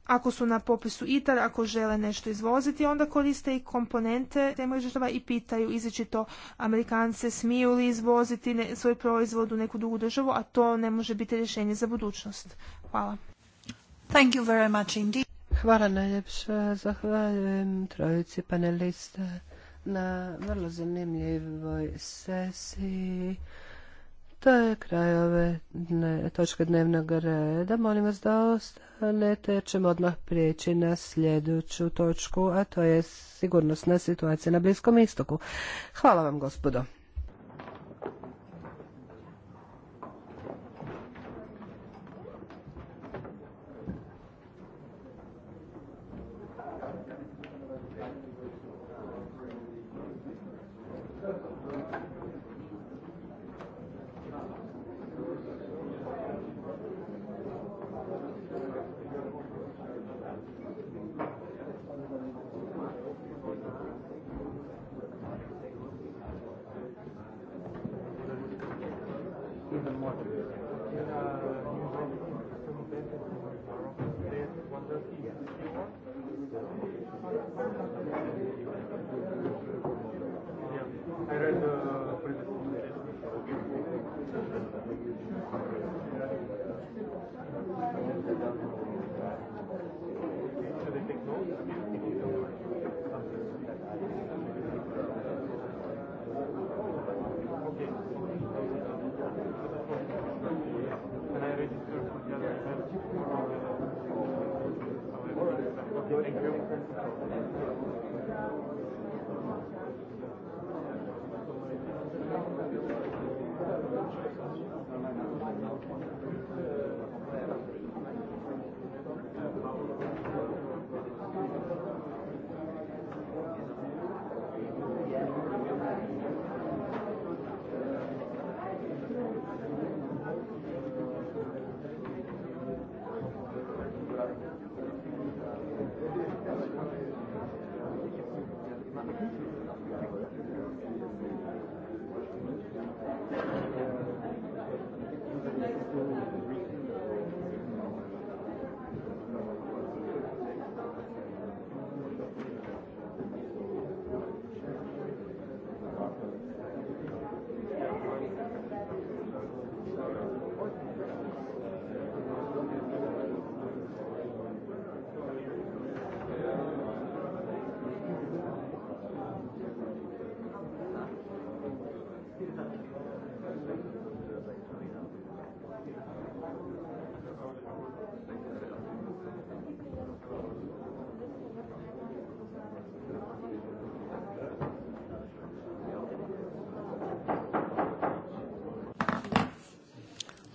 ako su na popisu ITAR, ako žele nešto izvoziti, onda koriste i komponente temelj država i pitaju izričito Amerikance smiju li izvoziti svoj proizvod u neku drugu državu, a to ne može biti rješenje za budućnost. Hvala. Thank you very much indeed. Hvala najljepša, zahvaljujem trojici panelista na vrlo zanimljivoj sesiji. To je kraj ove točke dnevnog reda. Molim vas da ostanete jer ćemo odmah prijeći na sljedeću točku, a to je sigurnosna situacija na Bliskom istoku. Hvala vam gospodo.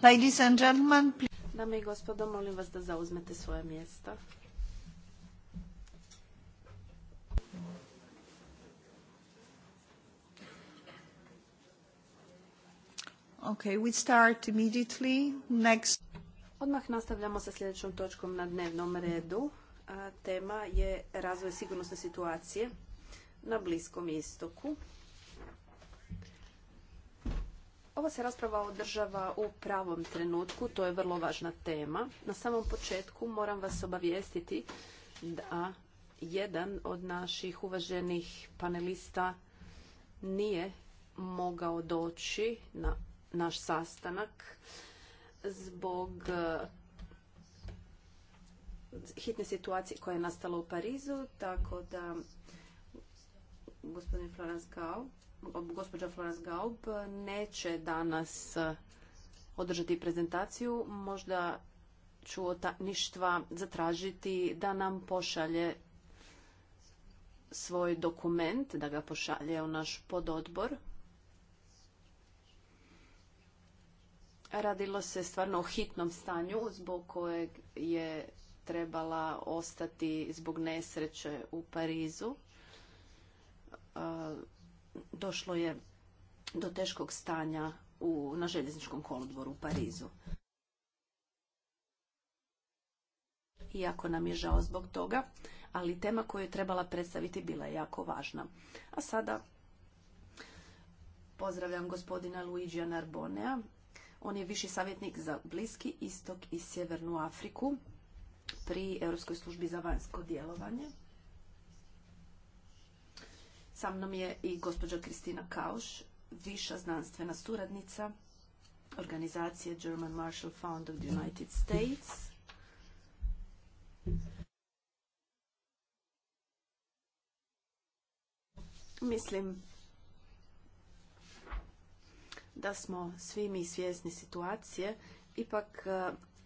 Ladies and Dame i gospodo, molim vas da zauzmete svoje mjesta. Okay, we start immediately. Next. Odmah nastavljamo sa sljedećom točkom na dnevnom redu. tema je razvoj sigurnosne situacije na Bliskom istoku. Ova se rasprava održava u pravom trenutku, to je vrlo važna tema. Na samom početku moram vas obavijestiti da jedan od naših uvaženih panelista nije mogao doći na naš sastanak zbog eh, hitne situacije koja je nastala u Parizu, tako da gospodin Florence Kao gospođa Florence Gaub neće danas e, održati prezentaciju. Možda ću od ništva zatražiti da nam pošalje svoj dokument, da ga pošalje u naš pododbor. Radilo se stvarno o hitnom stanju zbog kojeg je trebala ostati zbog nesreće u Parizu. E, došlo je do teškog stanja u, na željezničkom kolodvoru u Parizu. Iako nam je žao zbog toga, ali tema koju je trebala predstaviti bila je jako važna. A sada pozdravljam gospodina Luigija Narbonea. On je viši savjetnik za Bliski istok i Sjevernu Afriku pri Europskoj službi za vanjsko djelovanje. Sa mnom je i gospođa Kristina Kauš, viša znanstvena suradnica organizacije German Marshall Fund of the United States. Mislim da smo svi mi svjesni situacije, ipak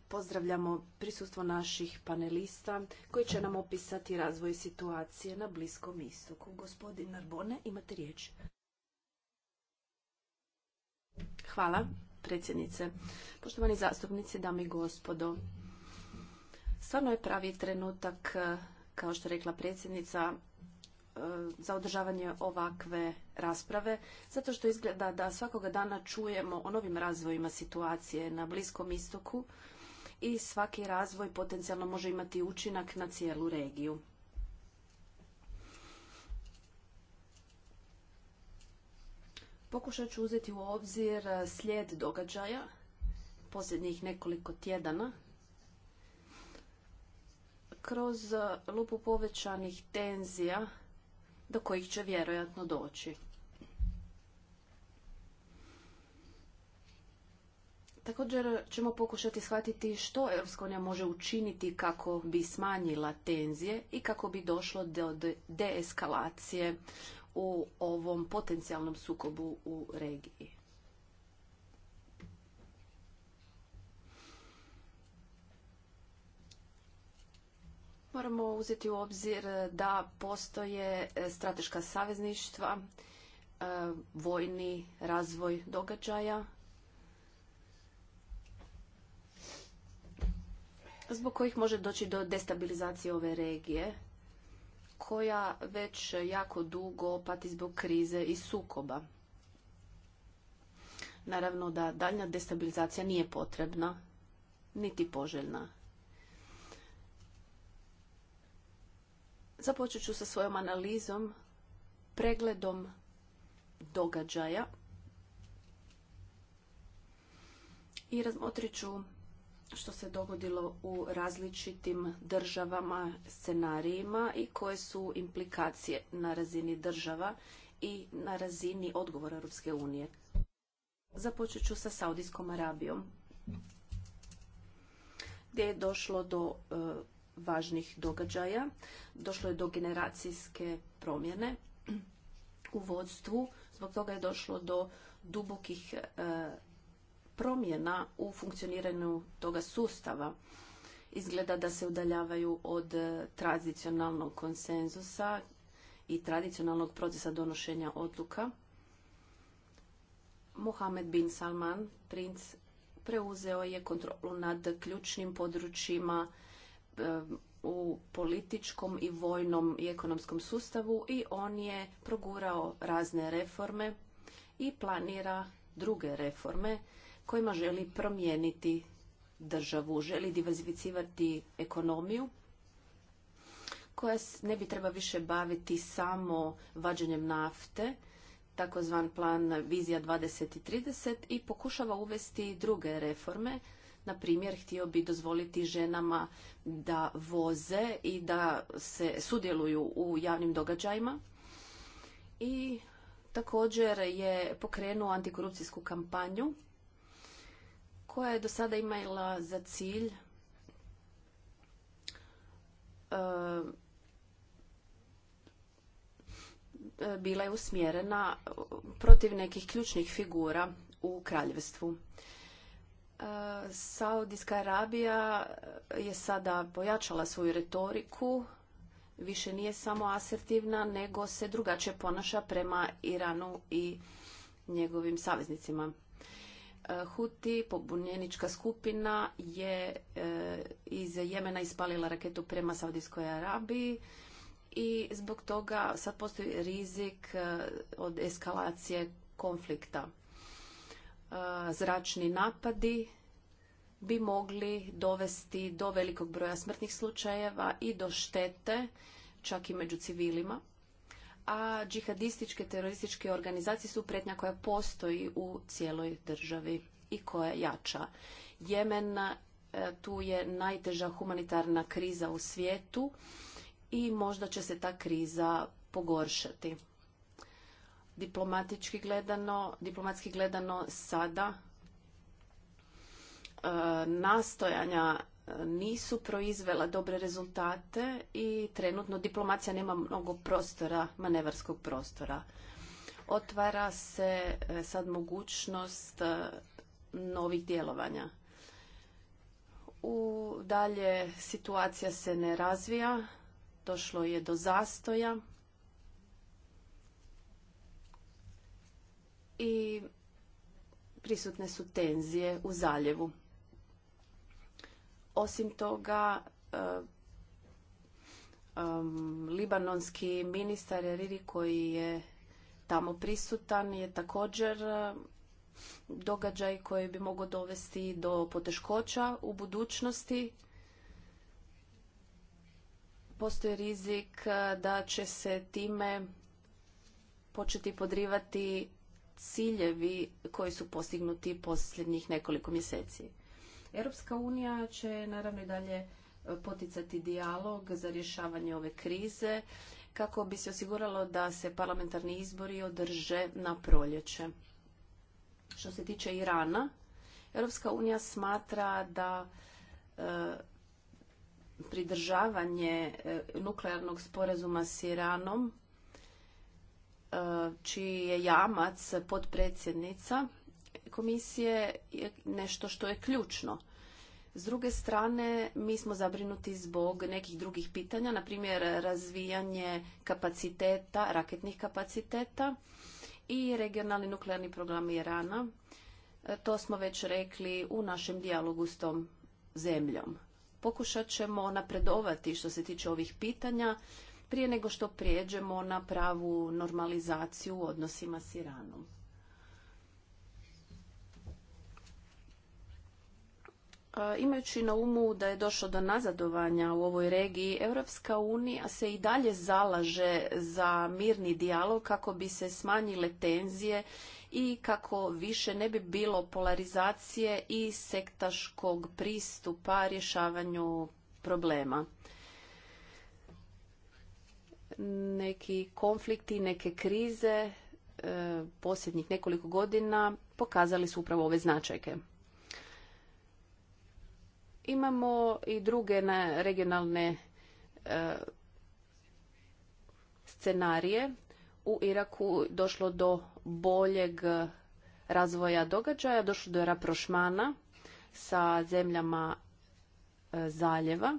Pozdravljamo prisustvo naših panelista koji će nam opisati razvoj situacije na Bliskom istoku. Gospodin Narbone, imate riječ. Hvala, predsjednice. Poštovani zastupnici, dame i gospodo, stvarno je pravi trenutak, kao što je rekla predsjednica, e, za održavanje ovakve rasprave, zato što izgleda da svakoga dana čujemo o novim razvojima situacije na Bliskom istoku, i svaki razvoj potencijalno može imati učinak na cijelu regiju. Pokušat ću uzeti u obzir slijed događaja posljednjih nekoliko tjedana kroz lupu povećanih tenzija do kojih će vjerojatno doći. Također ćemo pokušati shvatiti što EU može učiniti kako bi smanjila tenzije i kako bi došlo do deeskalacije u ovom potencijalnom sukobu u regiji. Moramo uzeti u obzir da postoje strateška savezništva, e, vojni razvoj događaja zbog kojih može doći do destabilizacije ove regije koja već jako dugo pati zbog krize i sukoba. Naravno da daljna destabilizacija nije potrebna, niti poželjna. Započet ću sa svojom analizom, pregledom događaja i razmotrit ću što se dogodilo u različitim državama, scenarijima i koje su implikacije na razini država i na razini odgovora Europske unije. Započet ću sa Saudijskom Arabijom gdje je došlo do e, važnih događaja, došlo je do generacijske promjene u vodstvu, zbog toga je došlo do dubokih e, promjena u funkcioniranju toga sustava. Izgleda da se udaljavaju od e, tradicionalnog konsenzusa i tradicionalnog procesa donošenja odluka. Mohamed bin Salman, princ, preuzeo je kontrolu nad ključnim područjima e, u političkom i vojnom i ekonomskom sustavu i on je progurao razne reforme i planira druge reforme kojima želi promijeniti državu, želi diversificirati ekonomiju koja ne bi treba više baviti samo vađenjem nafte, takozvan plan Vizija 2030 i pokušava uvesti druge reforme. Na primjer, htio bi dozvoliti ženama da voze i da se sudjeluju u javnim događajima. I također je pokrenuo antikorupcijsku kampanju koja je do sada imala za cilj e, e, bila je usmjerena protiv nekih ključnih figura u kraljevstvu. E, Saudijska Arabija je sada pojačala svoju retoriku, više nije samo asertivna, nego se drugačije ponaša prema Iranu i njegovim saveznicima. Huti, pobunjenička skupina, je e, iz Jemena ispalila raketu prema Saudijskoj Arabiji i zbog toga sad postoji rizik e, od eskalacije konflikta. E, zračni napadi bi mogli dovesti do velikog broja smrtnih slučajeva i do štete čak i među civilima a džihadističke terorističke organizacije su pretnja koja postoji u cijeloj državi i koja jača. Jemen e, tu je najteža humanitarna kriza u svijetu i možda će se ta kriza pogoršati. Diplomatički gledano, diplomatski gledano sada e, nastojanja nisu proizvela dobre rezultate i trenutno diplomacija nema mnogo prostora, manevarskog prostora. Otvara se e, sad mogućnost e, novih djelovanja. U dalje situacija se ne razvija, došlo je do zastoja i prisutne su tenzije u zaljevu. Osim toga, e, libanonski ministar Riri koji je tamo prisutan je također e, događaj koji bi mogao dovesti do poteškoća u budućnosti. Postoji rizik e, da će se time početi podrivati ciljevi koji su postignuti posljednjih nekoliko mjeseci. Europska unija će naravno i dalje e, poticati dijalog za rješavanje ove krize kako bi se osiguralo da se parlamentarni izbori održe na proljeće. Što se tiče Irana, Europska unija smatra da e, pridržavanje e, nuklearnog sporazuma s Iranom, čiji je jamac podpredsjednica komisije je nešto što je ključno. S druge strane, mi smo zabrinuti zbog nekih drugih pitanja, na primjer razvijanje kapaciteta, raketnih kapaciteta i regionalni nuklearni program Irana. E, to smo već rekli u našem dijalogu s tom zemljom. Pokušat ćemo napredovati što se tiče ovih pitanja prije nego što prijeđemo na pravu normalizaciju u odnosima s Iranom. Imajući na umu da je došlo do nazadovanja u ovoj regiji, Europska unija se i dalje zalaže za mirni dijalog kako bi se smanjile tenzije i kako više ne bi bilo polarizacije i sektaškog pristupa rješavanju problema. Neki konflikti, neke krize e, posljednjih nekoliko godina pokazali su upravo ove značajke. Imamo i druge na regionalne e, scenarije. U Iraku došlo do boljeg razvoja događaja, došlo do raprošmana sa zemljama e, zaljeva.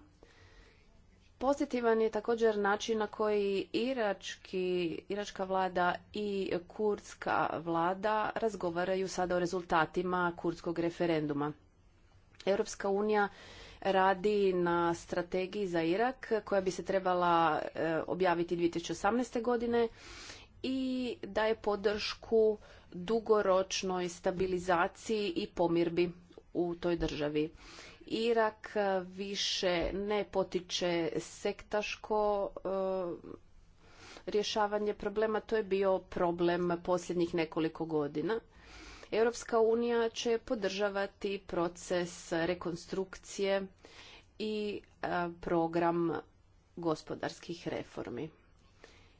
Pozitivan je također način na koji irački, iračka vlada i kurdska vlada razgovaraju sada o rezultatima kurdskog referenduma. Europska unija radi na strategiji za Irak koja bi se trebala eh, objaviti 2018. godine i daje podršku dugoročnoj stabilizaciji i pomirbi u toj državi. Irak eh, više ne potiče sektaško eh, rješavanje problema, to je bio problem posljednjih nekoliko godina. Europska unija će podržavati proces rekonstrukcije i e, program gospodarskih reformi.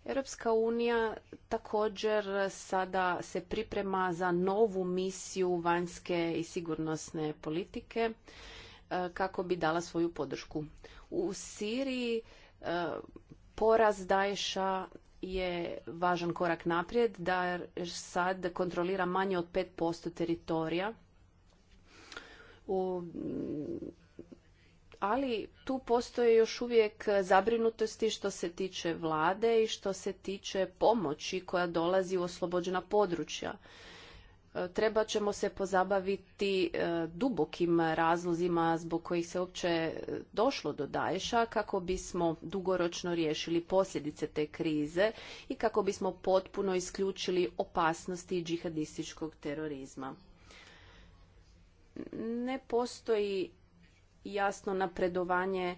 Europska unija također sada se priprema za novu misiju vanjske i sigurnosne politike e, kako bi dala svoju podršku. U Siriji e, poraz Daješa je važan korak naprijed da sad kontrolira manje od 5% teritorija. U, ali tu postoje još uvijek zabrinutosti što se tiče vlade i što se tiče pomoći koja dolazi u oslobođena područja. E, treba ćemo se pozabaviti e, dubokim razlozima zbog kojih se uopće e, došlo do Daješa kako bismo dugoročno riješili posljedice te krize i kako bismo potpuno isključili opasnosti džihadističkog terorizma. Ne postoji jasno napredovanje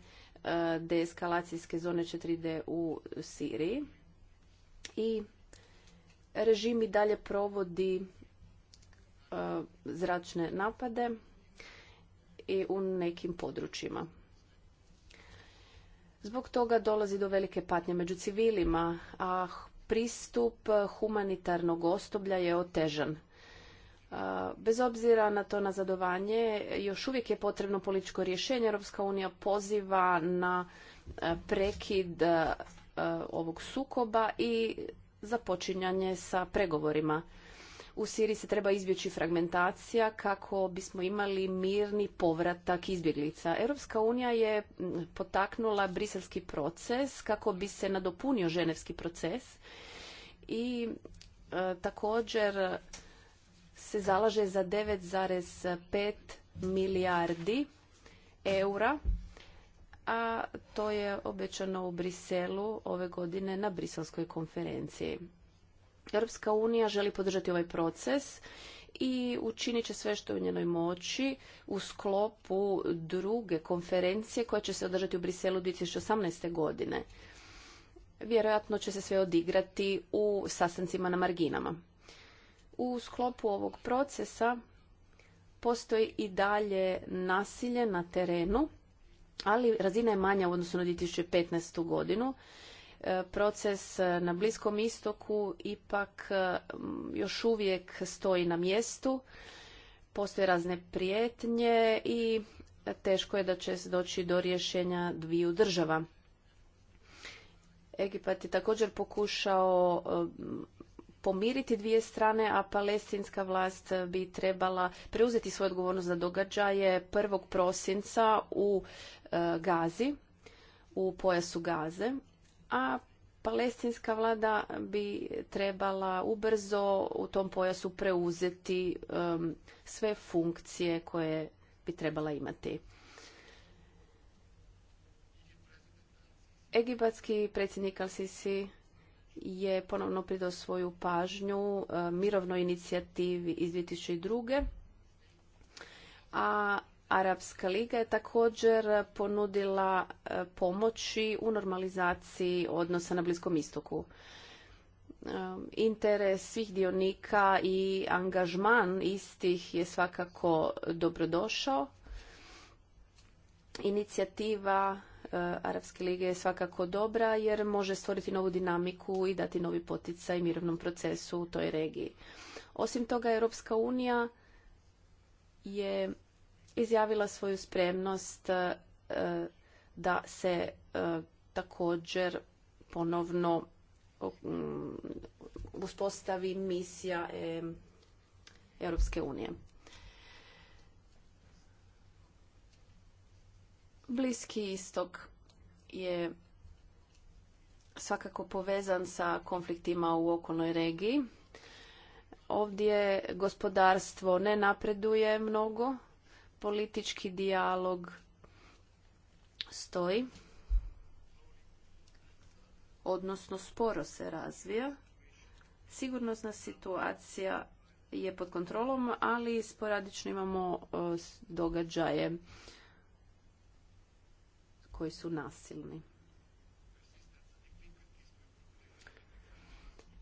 deeskalacijske zone 4D u Siriji i režim i dalje provodi E, zračne napade i u nekim područjima. Zbog toga dolazi do velike patnje među civilima, a pristup humanitarnog ostoblja je otežan. E, bez obzira na to nazadovanje, još uvijek je potrebno političko rješenje. Europska unija poziva na e, prekid ovog sukoba i započinjanje sa pregovorima. U Siriji se treba izbjeći fragmentacija kako bismo imali mirni povratak izbjeglica. Europska unija je potaknula briselski proces kako bi se nadopunio ženevski proces i e, također se zalaže za 9,5 milijardi eura a to je obećano u Briselu ove godine na briselskoj konferenciji. Europska unija želi podržati ovaj proces i učinit će sve što je u njenoj moći u sklopu druge konferencije koja će se održati u Briselu 2018. godine. Vjerojatno će se sve odigrati u sastancima na marginama. U sklopu ovog procesa postoji i dalje nasilje na terenu, ali razina je manja u odnosu na 2015. godinu proces na Bliskom istoku ipak mm, još uvijek stoji na mjestu. Postoje razne prijetnje i teško je da će se doći do rješenja dviju država. Egipat je također pokušao mm, pomiriti dvije strane, a palestinska vlast bi trebala preuzeti svoju odgovornost za događaje 1. prosinca u e, Gazi, u pojasu Gaze a palestinska vlada bi trebala ubrzo u tom pojasu preuzeti um, sve funkcije koje bi trebala imati. Egipatski predsjednik Al-Sisi je ponovno pridao svoju pažnju uh, mirovnoj inicijativi iz 2002. A Arapska liga je također ponudila e, pomoći u normalizaciji odnosa na Bliskom istoku. E, interes svih dionika i angažman istih je svakako dobrodošao. Inicijativa e, Arapske lige je svakako dobra jer može stvoriti novu dinamiku i dati novi poticaj mirovnom procesu u toj regiji. Osim toga, Europska unija je izjavila svoju spremnost e, da se e, također ponovno mm, uspostavi misija e, Europske unije. Bliski istok je svakako povezan sa konfliktima u okolnoj regiji. Ovdje gospodarstvo ne napreduje mnogo, politički dijalog stoji, odnosno sporo se razvija. Sigurnosna situacija je pod kontrolom, ali sporadično imamo e, događaje koji su nasilni.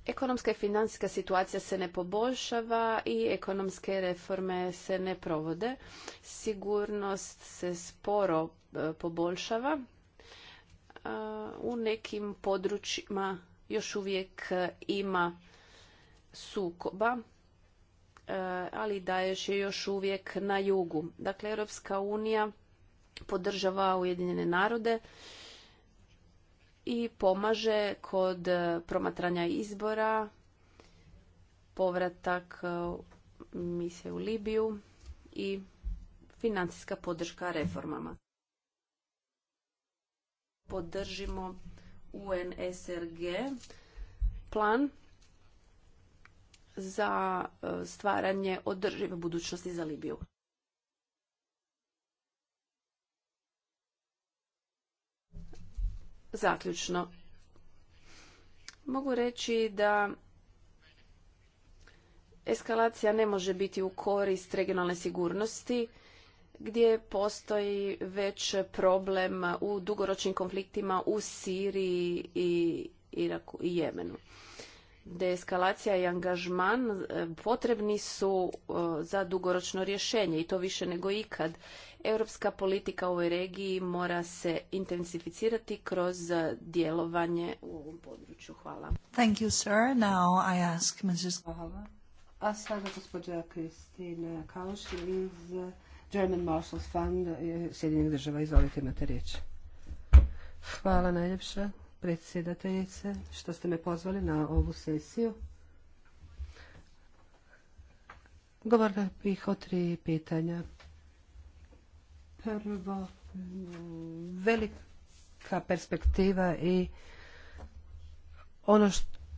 Ekonomska i financijska situacija se ne poboljšava i ekonomske reforme se ne provode. Sigurnost se sporo e, poboljšava. E, u nekim područjima još uvijek ima sukoba, e, ali Daješ je još uvijek na jugu. Dakle, Europska unija podržava Ujedinjene narode i pomaže kod e, promatranja izbora, povratak e, misije u Libiju i financijska podrška reformama. Podržimo UNSRG plan za e, stvaranje održive budućnosti za Libiju. Zaključno, mogu reći da eskalacija ne može biti u korist regionalne sigurnosti gdje postoji već problem u dugoročnim konfliktima u Siriji i Iraku i Jemenu deeskalacija i angažman e, potrebni su e, za dugoročno rješenje i to više nego ikad. Europska politika u ovoj regiji mora se intensificirati kroz djelovanje u ovom području. Hvala. Thank you, sir. Now I ask Mrs. Hvala. A sada gospođa Kristina Kauš iz German Marshall Fund e, Sjedinjenih država. Izvolite, imate riječ. Hvala najljepša predsjedateljice što ste me pozvali na ovu sesiju. Govorila bih o tri pitanja. Prvo, velika perspektiva i ono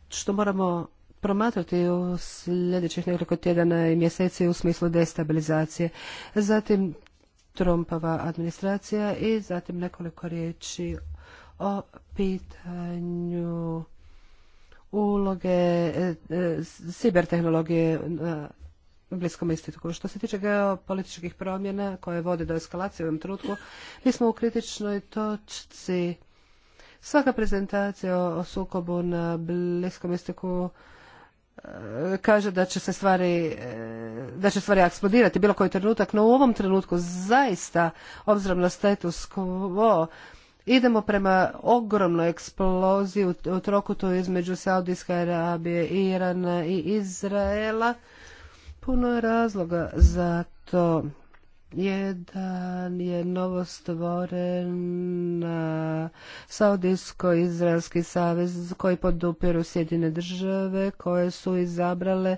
što moramo promatrati u sljedećih nekoliko tjedana i mjeseci u smislu destabilizacije. Zatim Trumpova administracija i zatim nekoliko riječi o pitanju uloge e, e, sibertehnologije u Bliskom istoku. Što se tiče geopolitičkih promjena koje vode do eskalacije u ovom trutku, mi smo u kritičnoj točci. Svaka prezentacija o sukobu na Bliskom istoku e, kaže da će se stvari da će stvari eksplodirati bilo koji trenutak, no u ovom trenutku zaista obzirom na status quo idemo prema ogromnoj eksploziji u trokutu između Saudijske Arabije, Irana i Izraela. Puno je razloga za to. Jedan je novostvoren Saudijsko-Izraelski savez koji podupiru Sjedine države koje su izabrale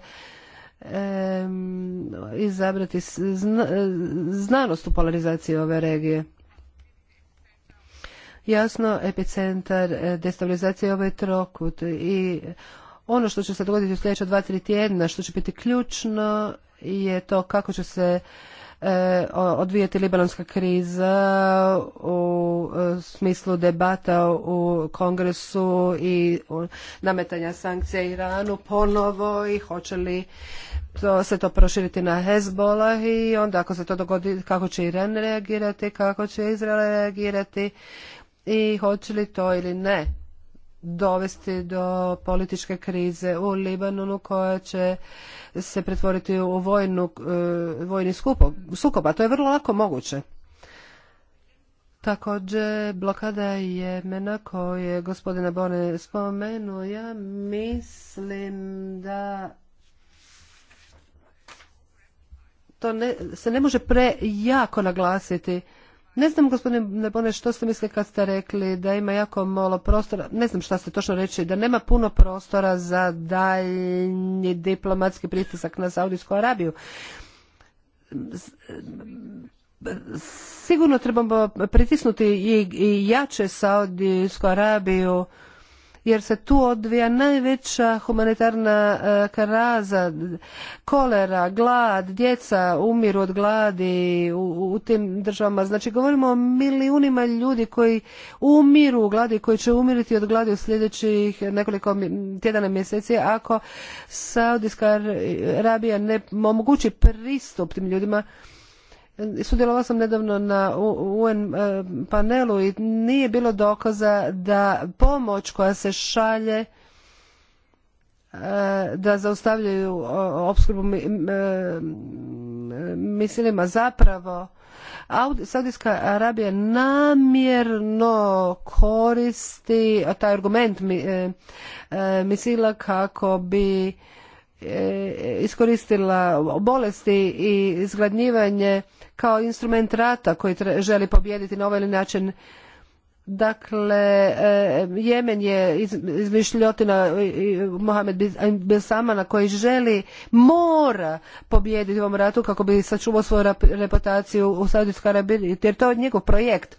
izabrati e, znanost u polarizaciji ove regije jasno epicentar e, destabilizacije ovaj trokut i ono što će se dogoditi u sljedeća dva, tri tjedna, što će biti ključno je to kako će se e, odvijati libanonska kriza u e, smislu debata u kongresu i nametanja sankcija Iranu ponovo i hoće li se to proširiti na Hezbola i onda ako se to dogodi kako će Iran reagirati, kako će Izrael reagirati i hoće li to ili ne dovesti do političke krize u Libanonu koja će se pretvoriti u vojnu, e, vojni sukob, sukoba. to je vrlo lako moguće. Također, blokada Jemena koju je gospodina Bone spomenuo, ja mislim da to ne, se ne može prejako naglasiti ne znam, gospodine Bone, što ste mislili kad ste rekli da ima jako malo prostora, ne znam šta ste točno reći, da nema puno prostora za daljnji diplomatski pritisak na Saudijsku Arabiju. Sigurno trebamo pritisnuti i, i jače Saudijsku Arabiju jer se tu odvija najveća humanitarna e, karaza, kolera, glad, djeca umiru od gladi u, tim državama. Znači govorimo o milijunima ljudi koji umiru u gladi, koji će umiriti od gladi u sljedećih nekoliko tjedana mjeseci ako Saudijska Arabija ne omogući pristup tim ljudima Sudjelovao sam nedavno na UN e, panelu i nije bilo dokaza da pomoć koja se šalje e, da zaustavljaju opskrbu e, misilima zapravo Saudijska Arabija namjerno koristi taj argument misila kako bi iskoristila bolesti i izgladnjivanje kao instrument rata koji želi pobijediti na ovaj ili način Dakle, e, Jemen je izmišljotina e, Mohamed Bilsamana koji želi, mora pobijediti u ovom ratu kako bi sačuvao svoju reputaciju u Saudijskoj Arabiji, jer to je njegov projekt.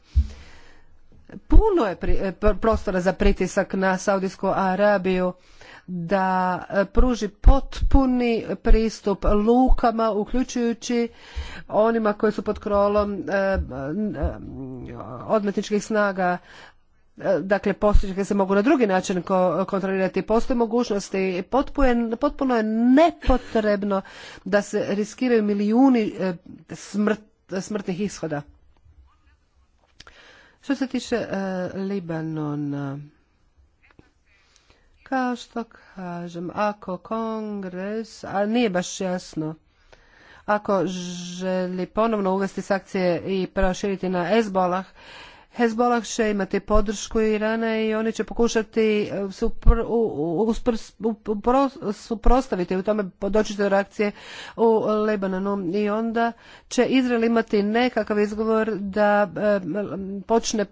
Puno je e, prostora za pritisak na Saudijsku Arabiju da e, pruži potpuni pristup lukama, uključujući onima koji su pod krolom e, e, odmetničkih snaga dakle postojeće se mogu na drugi način kontrolirati. Postoje mogućnosti. Potpuno je nepotrebno da se riskiraju milijuni smrtnih ishoda. Što se tiče Libanona, kao što kažem, ako kongres, a nije baš jasno, ako želi ponovno uvesti akcije i proširiti na Hezbolah, Hezbolah će imati podršku Irana i oni će pokušati e, su suprostaviti u tome doći do reakcije u Lebanonu i onda će Izrael imati nekakav izgovor da e, počne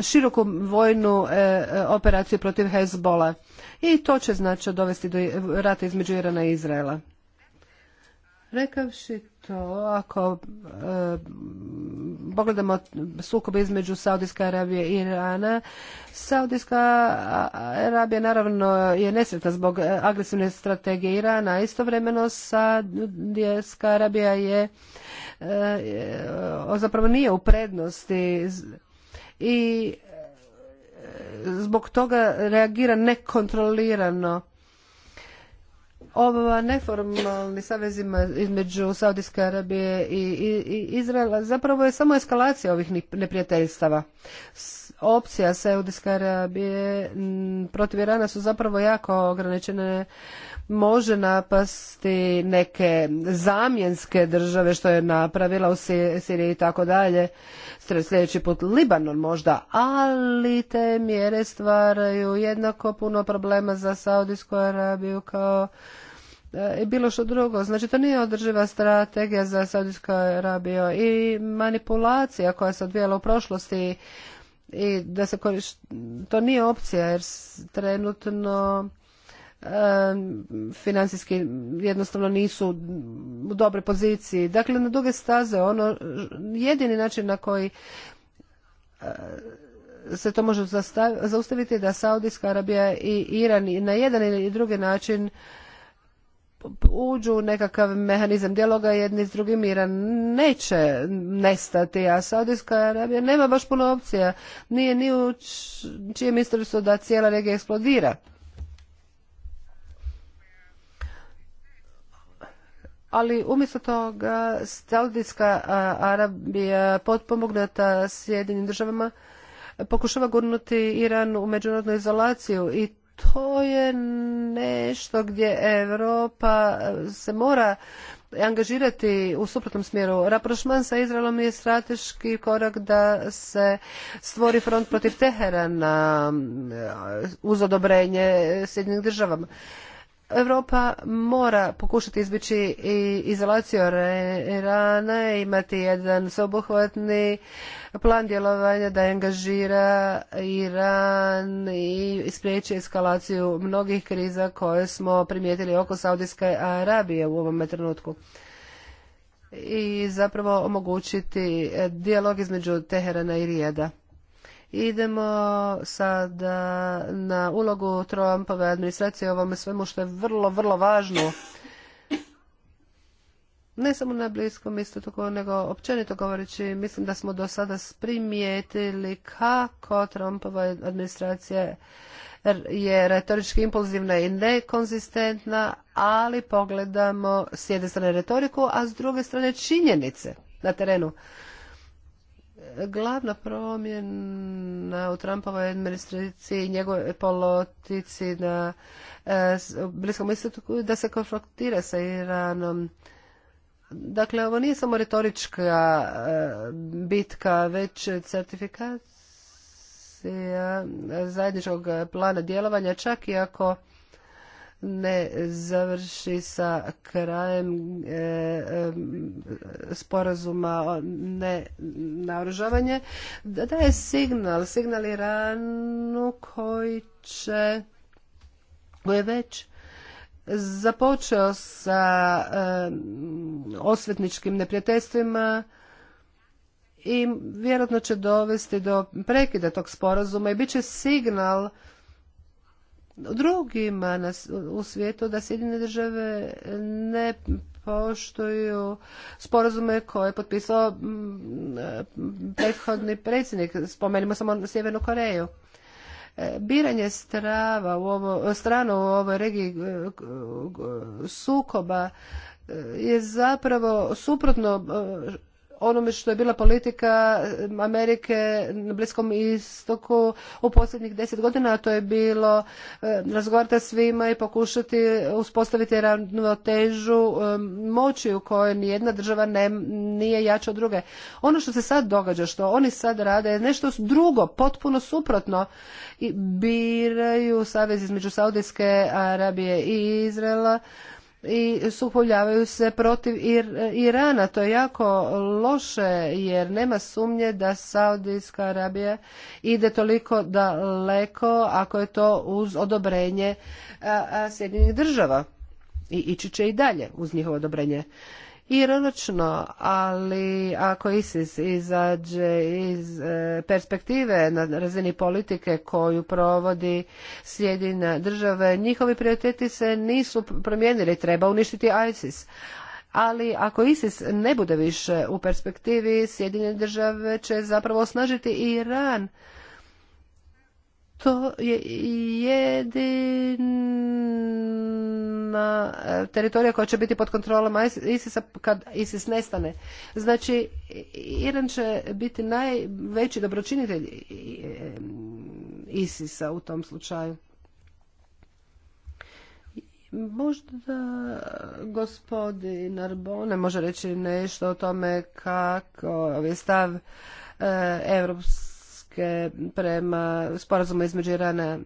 široku vojnu e, e, operaciju protiv Hezbola. I to će znači dovesti do rata između Irana i Izraela. Rekavši to, ako e, pogledamo sukob između Saudijske Arabije i Irana, Saudijska Arabija naravno je nesretna zbog agresivne strategije Irana, a istovremeno Saudijska Arabija je zapravo nije u prednosti i e, zbog toga reagira nekontrolirano. Ova neformalni savezima između Saudijske Arabije i, Izraela zapravo je samo eskalacija ovih neprijateljstava. Opcija Saudijske Arabije protiv Irana su zapravo jako ograničene može napasti neke zamjenske države što je napravila u Siriji i tako dalje. Sljedeći put Libanon možda, ali te mjere stvaraju jednako puno problema za Saudijsku Arabiju kao e, i bilo što drugo. Znači to nije održiva strategija za Saudijsku Arabiju i manipulacija koja se odvijala u prošlosti i da se koriš... to nije opcija jer trenutno financijski jednostavno nisu u dobroj poziciji. Dakle, na duge staze, ono jedini način na koji e, se to može zaustaviti je da Saudijska Arabija i Iran na jedan ili drugi način uđu u nekakav mehanizam dijaloga jedni s drugim Iran neće nestati, a Saudijska Arabija nema baš puno opcija. Nije ni u čijem interesu da cijela regija eksplodira. ali umjesto toga Saudijska Arabija potpomognuta Sjedinim državama pokušava gurnuti Iran u međunarodnu izolaciju i to je nešto gdje Europa se mora angažirati u suprotnom smjeru. Raprošman sa Izraelom je strateški korak da se stvori front protiv Teherana uz odobrenje Sjedinjenih državama. Europa mora pokušati izbjeći i izolaciju Irana, imati jedan sveobuhvatni plan djelovanja da angažira Iran i spriječi eskalaciju mnogih kriza koje smo primijetili oko Saudijske Arabije u ovome trenutku i zapravo omogućiti dijalog između Teherana i Rijeda. Idemo sada na ulogu Trumpove administracije ovome svemu što je vrlo, vrlo važno. Ne samo na bliskom istoku, nego općenito govoreći, mislim da smo do sada primijetili kako Trumpova administracija je retorički impulzivna i nekonzistentna, ali pogledamo s jedne strane retoriku, a s druge strane činjenice na terenu. Glavna promjena u Trumpovoj administraciji i njegove politici na e, Bliskom istoku da se konfrontira sa Iranom. Dakle, ovo nije samo retorička e, bitka, već certifikacija zajedničkog plana djelovanja, čak i ako ne završi sa krajem e, e, sporazuma o ne naoružavanje, da daje signal, signal Iranu koji će, koji je već započeo sa e, osvetničkim neprijateljstvima i vjerojatno će dovesti do prekida tog sporazuma i bit će signal drugima u svijetu da Sjedine države ne poštuju sporazume koje je potpisao prethodni predsjednik. Spomenimo samo Sjevernu Koreju. E, biranje strava u ovo, u ovoj regiji sukoba e, je zapravo suprotno e, onome što je bila politika eh, Amerike na Bliskom istoku u posljednjih deset godina, a to je bilo eh, razgovarati svima i pokušati uspostaviti ravnotežu eh, moći u kojoj nijedna država ne, nije jača od druge. Ono što se sad događa, što oni sad rade je nešto drugo, potpuno suprotno. I biraju savez između Saudijske Arabije i Izraela i suhuljavaju se protiv Irana. To je jako loše jer nema sumnje da Saudijska Arabija ide toliko daleko ako je to uz odobrenje Sjedinjenih država i ići će i dalje uz njihovo odobrenje ironično, ali ako ISIS izađe iz e, perspektive na razini politike koju provodi Sjedina države, njihovi prioriteti se nisu promijenili, treba uništiti ISIS. Ali ako ISIS ne bude više u perspektivi, Sjedinjene države će zapravo osnažiti Iran to je jedina e, teritorija koja će biti pod kontrolom ISIS-a kad ISIS nestane. Znači, Iran će biti najveći dobročinitelj e, isis u tom slučaju. Možda gospodin Arbone može reći nešto o tome kako je ovaj stav e, Evropske E, prema sporazumu između Irana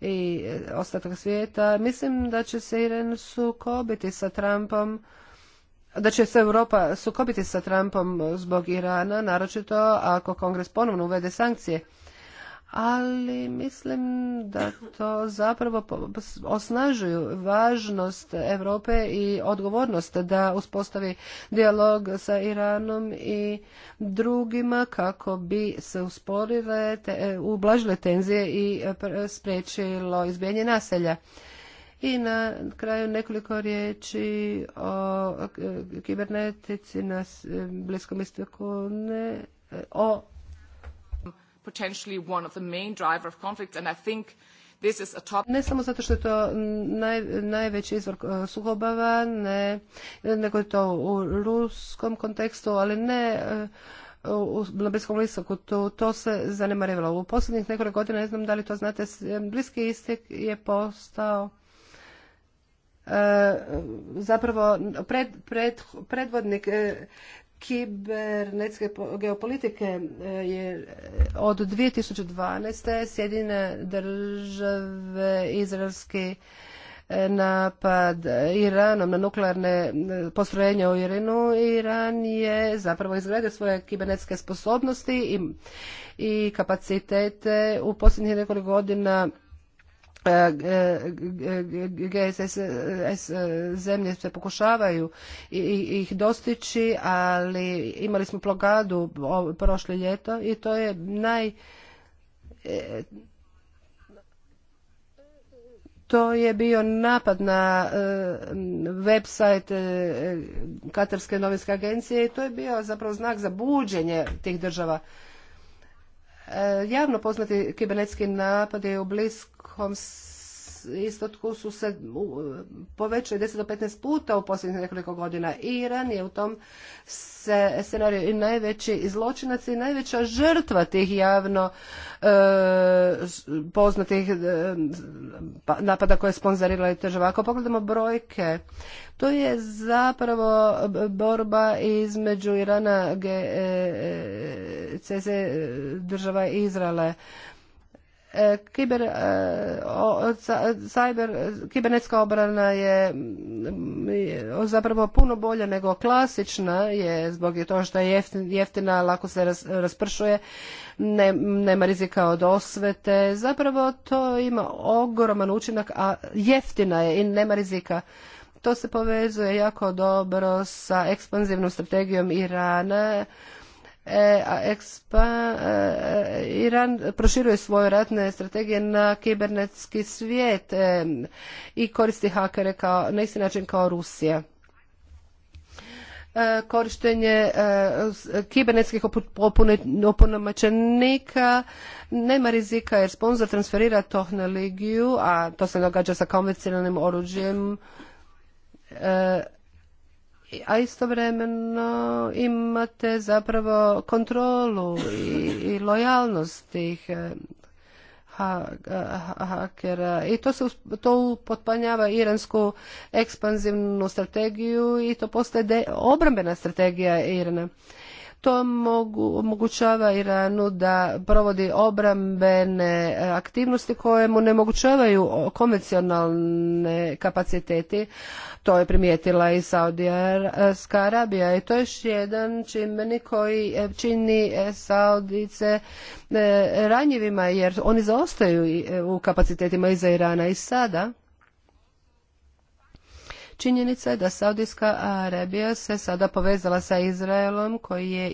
i ostatak svijeta. Mislim da će se Iran sukobiti sa Trumpom da će se Europa sukobiti sa Trumpom zbog Irana, naročito ako Kongres ponovno uvede sankcije ali mislim da to zapravo osnažuju važnost Europe i odgovornost da uspostavi dijalog sa Iranom i drugima kako bi se usporile, te, ublažile tenzije i spriječilo izbijanje naselja. I na kraju nekoliko riječi o kibernetici na Bliskom istoku, o potentially one of the main driver of conflict and I think this is a top... Ne samo zato što je to najveći izvor eh, sukobava, ne, nego je to u ruskom kontekstu, ali ne eh, u, na Bliskom listoku, to, se zanemarivalo. U posljednjih nekoliko godina, ne znam da li to znate, eh, Bliski istek je postao zapravo pred, predvodnik kibernetske geopolitike e, je e, od 2012. Sjedine države izraelski e, napad Iranom na nuklearne postrojenja u Irinu. Iran je zapravo izgradio svoje kibernetske sposobnosti i kapacitete u posljednjih nekoliko godina E, GSS zemlje se pokušavaju ih dostići, ali imali smo plogadu prošle ljeto i to je naj e, to je bio napad na e, website Katarske novinske agencije i to je bio zapravo znak za buđenje tih država. Javno poznati kibernetski napad je u blisku nekom istotku su se povećali 10 do 15 puta u posljednjih nekoliko godina. Iran je u tom se scenariju i najveći zločinac i najveća žrtva tih javno e, poznatih e, pa, napada koje je sponzorirala država. Ako pogledamo brojke, to je zapravo borba između Irana, GCC, e, e, država Izraele E, kiber, e, cyber, kibernetska obrana mm, je zapravo puno bolja nego klasična je zbog je to što je jeftina, lako se raspršuje, nema rizika od osvete. Zapravo to ima ogroman učinak, a jeftina je i nema rizika. To se povezuje jako dobro sa ekspanzivnom strategijom Irana Ekspa, e, e, Iran proširuje svoje ratne strategije na kibernetski svijet e, i koristi hakere kao, na isti način kao Rusija korištenje kibernetskih opunomačenika nema rizika jer sponzor transferira to na ligiju, a to se događa sa konvencionalnim oružjem a istovremeno imate zapravo kontrolu i, lojalnost tih eh, ha, ha, hakera i to se to potpanjava iransku ekspanzivnu strategiju i to postaje obrambena strategija Irana. To mogu, omogućava Iranu da provodi obrambene e, aktivnosti koje mu ne omogućavaju konvencionalne kapaciteti. To je primijetila i Saudijska Arabija i to je još jedan čimbenik koji e, čini e, Saudice ranjivima jer oni zaostaju u kapacitetima iza Irana i sada Činjenica je da Saudijska Arabija se sada povezala sa Izraelom koji je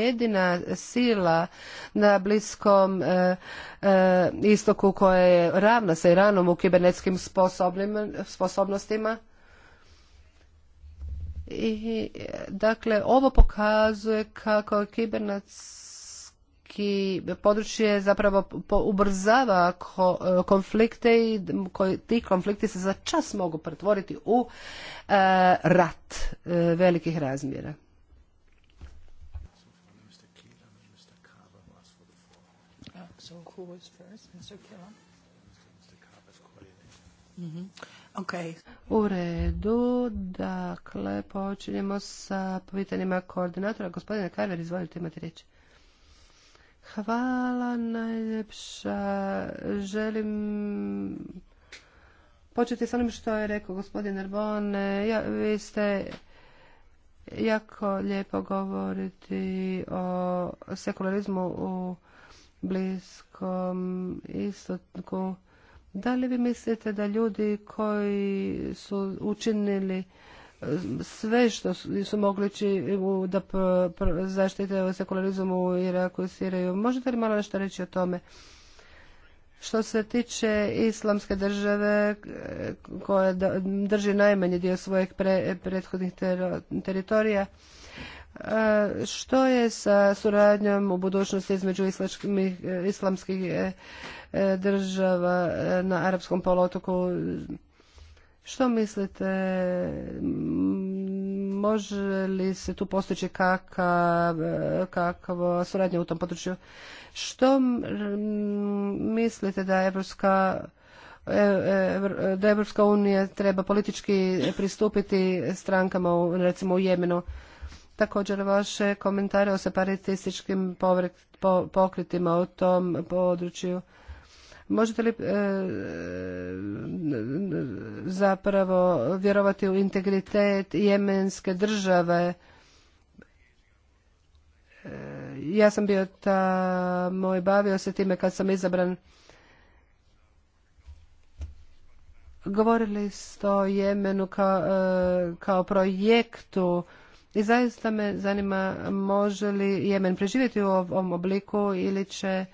jedina sila na bliskom e, e, istoku koja je ravna sa Iranom u kibernetskim sposobnostima. I, e, dakle, ovo pokazuje kako kibernetska neki područje zapravo ubrzava e, konflikte i koji, ti konflikti se za čas mogu pretvoriti u e, rat e, velikih razmjera. Mm-hmm. U redu, dakle, počinjemo sa pitanjima koordinatora. Gospodine Karver, izvolite, imati riječ. Hvala najljepša. Želim početi s onim što je rekao gospodin Erbone. Ja, vi ste jako lijepo govoriti o sekularizmu u bliskom istotku. Da li vi mislite da ljudi koji su učinili sve što su mogli da zaštite sekularizam u Iraku i Siriju. Možete li malo nešto reći o tome? Što se tiče islamske države e, koja drži najmanji dio svojih prethodnih teritorija, e, što je sa suradnjom u budućnosti između e, islamskih država na arapskom polotoku? Što mislite, može li se tu postići kakva, kakva suradnja u tom području? Što mislite da Evropska e, e, da Evropska unija treba politički pristupiti strankama u, recimo u Jemenu. Također vaše komentare o separatističkim pokritima u tom području Možete li e, zapravo vjerovati u integritet jemenske države? E, ja sam bio ta moj bavio se time kad sam izabran govorili ste o Jemenu kao, e, kao projektu i zaista me zanima može li Jemen preživjeti u ovom obliku ili će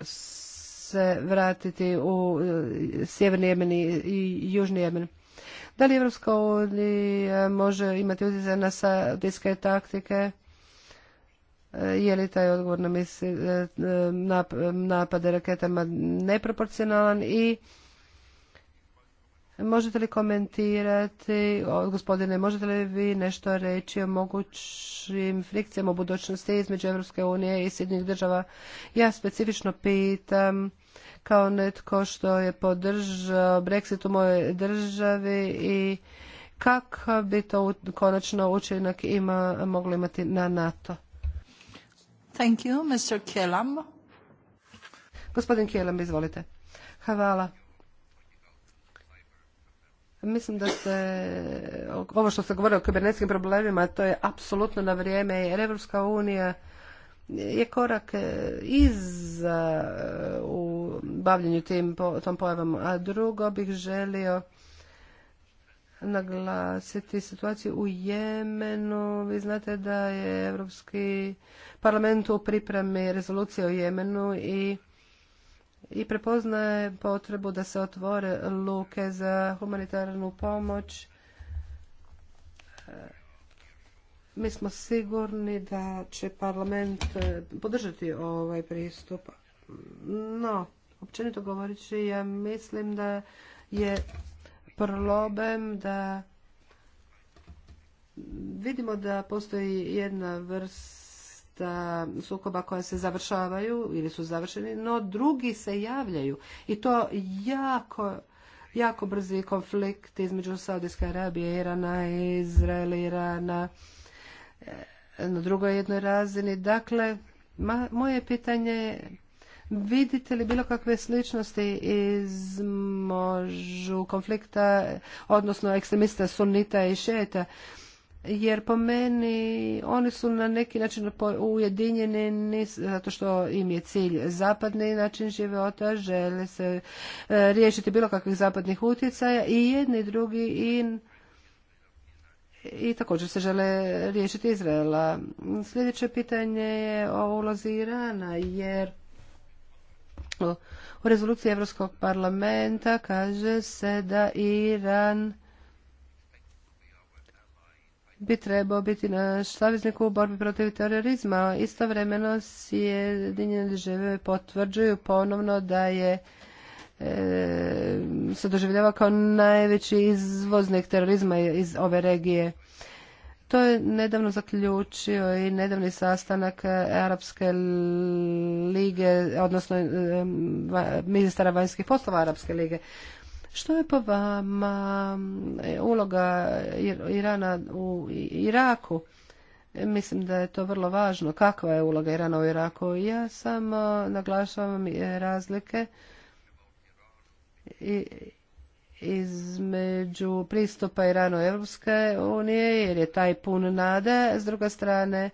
se vratiti u e, Sjeverni Jemen i Južni Jemen. Da li Evropska unija može imati utjecaj na saudijske taktike? E, je li taj odgovor na misli e, napade raketama neproporcionalan i Možete li komentirati, gospodine, možete li vi nešto reći o mogućim frikcijama u budućnosti između Europske unije i Sjedinjenih država? Ja specifično pitam kao netko što je podržao Brexit u mojoj državi i kakav bi to konačno učinak ima, moglo imati na NATO? Thank you, Mr. Gospodin Kjellam, izvolite. Hvala. Mislim da se ovo što se govori o kibernetskim problemima, to je apsolutno na vrijeme jer Evropska unija je korak e, iz e, u bavljenju tim, tom pojavom. A drugo bih želio naglasiti situaciju u Jemenu. Vi znate da je Europski parlament u pripremi rezolucije o Jemenu i i prepoznaje potrebu da se otvore luke za humanitarnu pomoć. E, mi smo sigurni da će parlament e, podržati ovaj pristup. No, općenito govoreći, ja mislim da je problem da vidimo da postoji jedna vrsta vrsta e, sukoba koja se završavaju ili su završeni, no drugi se javljaju i to jako jako brzi konflikt između Saudijske Arabije, Irana, Izraela, Irana e, na drugoj jednoj razini. Dakle, moje pitanje je Vidite li bilo kakve sličnosti možu konflikta, odnosno ekstremista sunnita i šeta jer po meni oni su na neki način ujedinjeni zato što im je cilj zapadni način života, žele se e, riješiti bilo kakvih zapadnih utjecaja i jedni i drugi i i također se žele riješiti Izraela. Sljedeće pitanje je o ulozi Irana, jer u rezoluciji Europskog parlamenta kaže se da Iran bi trebao biti naš saveznik u borbi protiv terorizma. Istovremeno Sjedinjene države potvrđuju ponovno da je e, se doživljava kao najveći izvoznik terorizma iz ove regije. To je nedavno zaključio i nedavni sastanak Arapske lige, odnosno e, ministara vanjskih poslova Arapske lige. Što je po vama e, uloga Irana u Iraku? Mislim da je to vrlo važno. Kakva je uloga Irana u Iraku? Ja samo naglašavam e, razlike između pristupa u Europske unije, jer je taj pun nade, s druge strane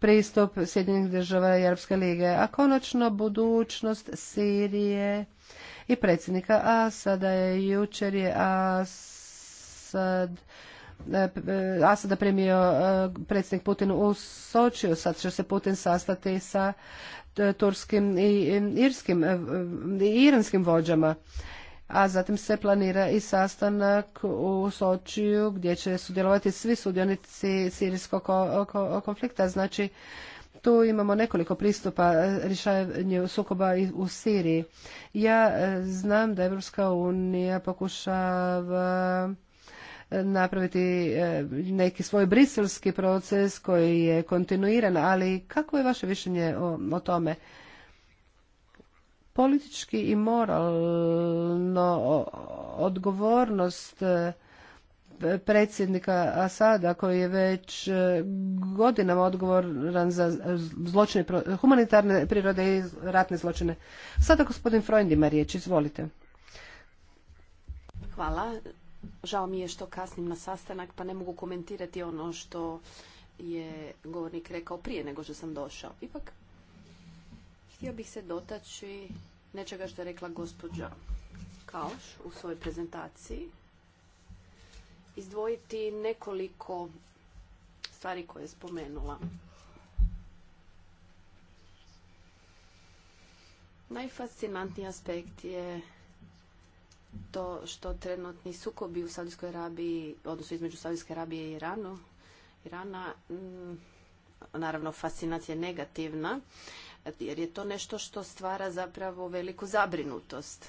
pristup Sjedinjenih država i Europske lige, a konačno budućnost Sirije i predsjednika Asada. Jučer je Asad e, e, Asada primio e, predsjednik Putin u Sočiju. Sad će se Putin sastati sa turskim i irskim, i iranskim vođama. A zatim se planira i sastanak u Sočiju gdje će sudjelovati svi sudionici sirijskog konflikta. Znači, tu imamo nekoliko pristupa e, rješavanju sukoba u Siriji. Ja e, znam da Evropska unija pokušava e, napraviti neki svoj briselski proces koji je kontinuiran, ali kako je vaše mišljenje o, o tome? Politički i moralno odgovornost predsjednika Asada koji je već e, godinama odgovoran za zločine, humanitarne prirode i ratne zločine. Sada gospodin Freund ima riječ, izvolite. Hvala. Žao mi je što kasnim na sastanak pa ne mogu komentirati ono što je govornik rekao prije nego što sam došao. Ipak, htio bih se dotaći nečega što je rekla gospođa Kaoš u svojoj prezentaciji izdvojiti nekoliko stvari koje je spomenula. Najfascinantniji aspekt je to što trenutni sukobi u Saudijskoj Arabiji, odnosno između Saudijske Arabije i Iranu, Irana, mm, naravno fascinacija je negativna, jer je to nešto što stvara zapravo veliku zabrinutost.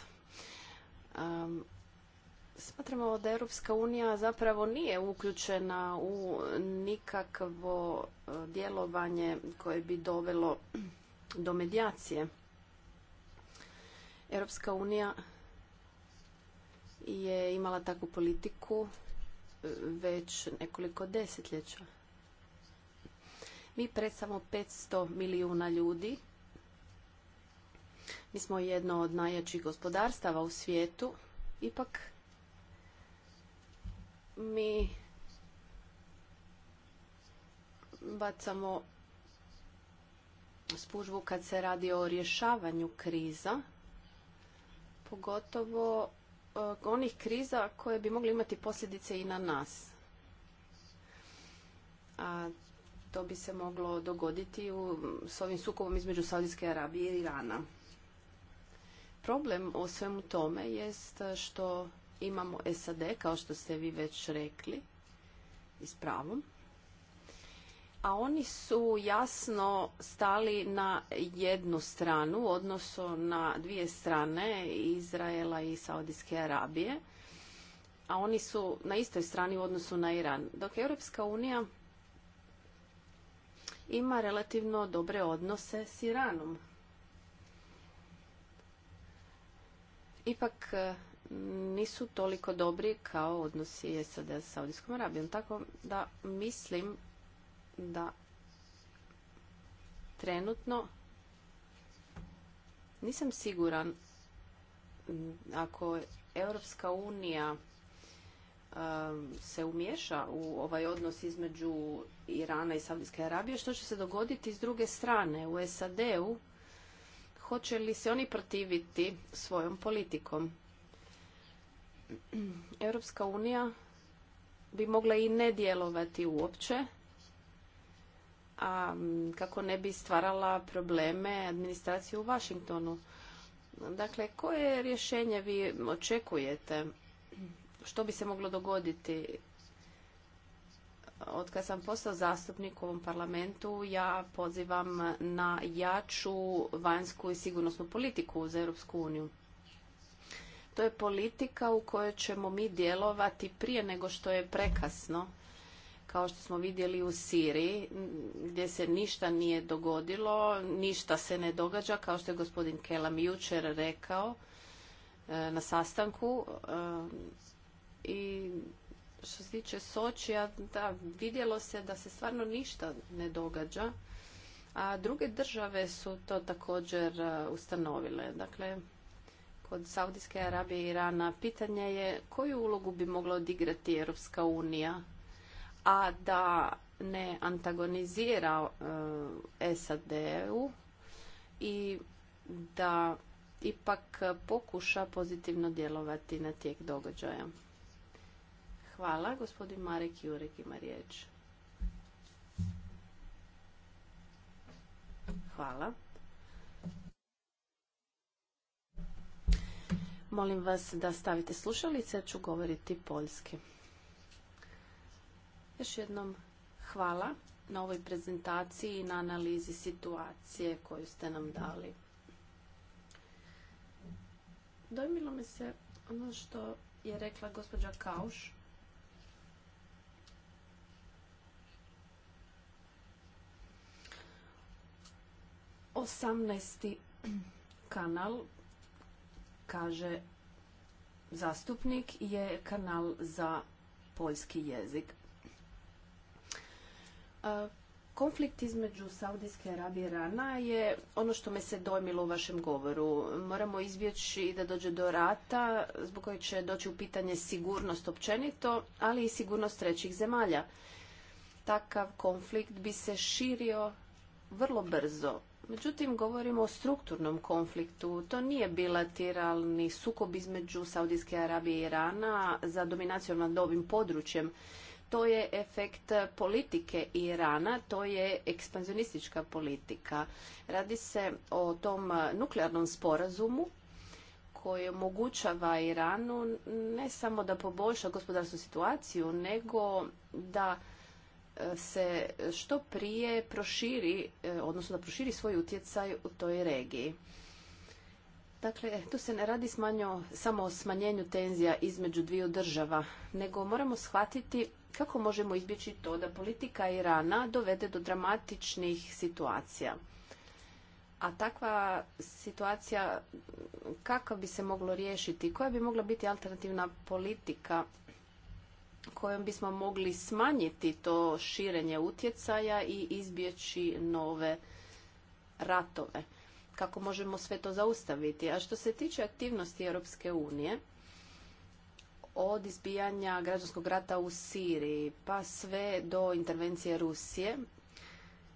Smatramo da Europska unija zapravo nije uključena u nikakvo e, djelovanje koje bi dovelo do medijacije. Europska unija je imala takvu politiku e, već nekoliko desetljeća. Mi predstavamo 500 milijuna ljudi. Mi smo jedno od najjačih gospodarstava u svijetu. Ipak mi bacamo spužbu kad se radi o rješavanju kriza, pogotovo e, onih kriza koje bi mogli imati posljedice i na nas. A to bi se moglo dogoditi u, s ovim sukobom između Saudijske Arabije i Irana. Problem o svemu tome jest što imamo SAD, kao što ste vi već rekli, i s pravom. A oni su jasno stali na jednu stranu, odnosno na dvije strane, Izraela i Saudijske Arabije. A oni su na istoj strani u odnosu na Iran. Dok Europska unija ima relativno dobre odnose s Iranom. Ipak nisu toliko dobri kao odnosi SAD sa Saudijskom Arabijom. Tako da mislim da trenutno nisam siguran ako Europska unija um, se umješa u ovaj odnos između Irana i Saudijske Arabije, što će se dogoditi s druge strane u SAD-u? Hoće li se oni protiviti svojom politikom? Europska unija bi mogla i ne djelovati uopće, a kako ne bi stvarala probleme administracije u Vašingtonu. Dakle, koje rješenje vi očekujete? Što bi se moglo dogoditi? Od kad sam postao zastupnik u ovom parlamentu, ja pozivam na jaču vanjsku i sigurnosnu politiku za Europsku uniju. To je politika u kojoj ćemo mi djelovati prije nego što je prekasno, kao što smo vidjeli u Siriji, gdje se ništa nije dogodilo, ništa se ne događa, kao što je gospodin Kelam jučer rekao e, na sastanku. E, I što se tiče Sočija, da, vidjelo se da se stvarno ništa ne događa, a druge države su to također e, ustanovile. Dakle, od Saudijske Arabije i Irana. Pitanje je koju ulogu bi mogla odigrati Europska unija, a da ne antagonizira e, SAD-u i da ipak pokuša pozitivno djelovati na tijek događaja. Hvala. Gospodin Marek Jurek ima riječ. Hvala. Molim vas da stavite slušalice, ja ću govoriti poljski. Još jednom hvala na ovoj prezentaciji i na analizi situacije koju ste nam dali. Dojmilo mi se ono što je rekla gospođa Kauš. Osamnaesti kanal kaže zastupnik, je kanal za poljski jezik. E, konflikt između Saudijske Arabije i je ono što me se dojmilo u vašem govoru. Moramo izbjeći da dođe do rata zbog koje će doći u pitanje sigurnost općenito, ali i sigurnost trećih zemalja. Takav konflikt bi se širio vrlo brzo Međutim, govorimo o strukturnom konfliktu. To nije bilateralni sukob između Saudijske Arabije i Irana za dominaciju nad ovim područjem. To je efekt politike Irana, to je ekspanzionistička politika. Radi se o tom nuklearnom sporazumu koji omogućava Iranu ne samo da poboljša gospodarsku situaciju, nego da se što prije proširi, e, odnosno da proširi svoj utjecaj u toj regiji. Dakle, e, tu se ne radi smanjo, samo o smanjenju tenzija između dviju država, nego moramo shvatiti kako možemo izbjeći to da politika Irana dovede do dramatičnih situacija. A takva situacija, kako bi se moglo riješiti, koja bi mogla biti alternativna politika kojom bismo mogli smanjiti to širenje utjecaja i izbjeći nove ratove. Kako možemo sve to zaustaviti? A što se tiče aktivnosti Europske unije, od izbijanja građanskog rata u Siriji pa sve do intervencije Rusije,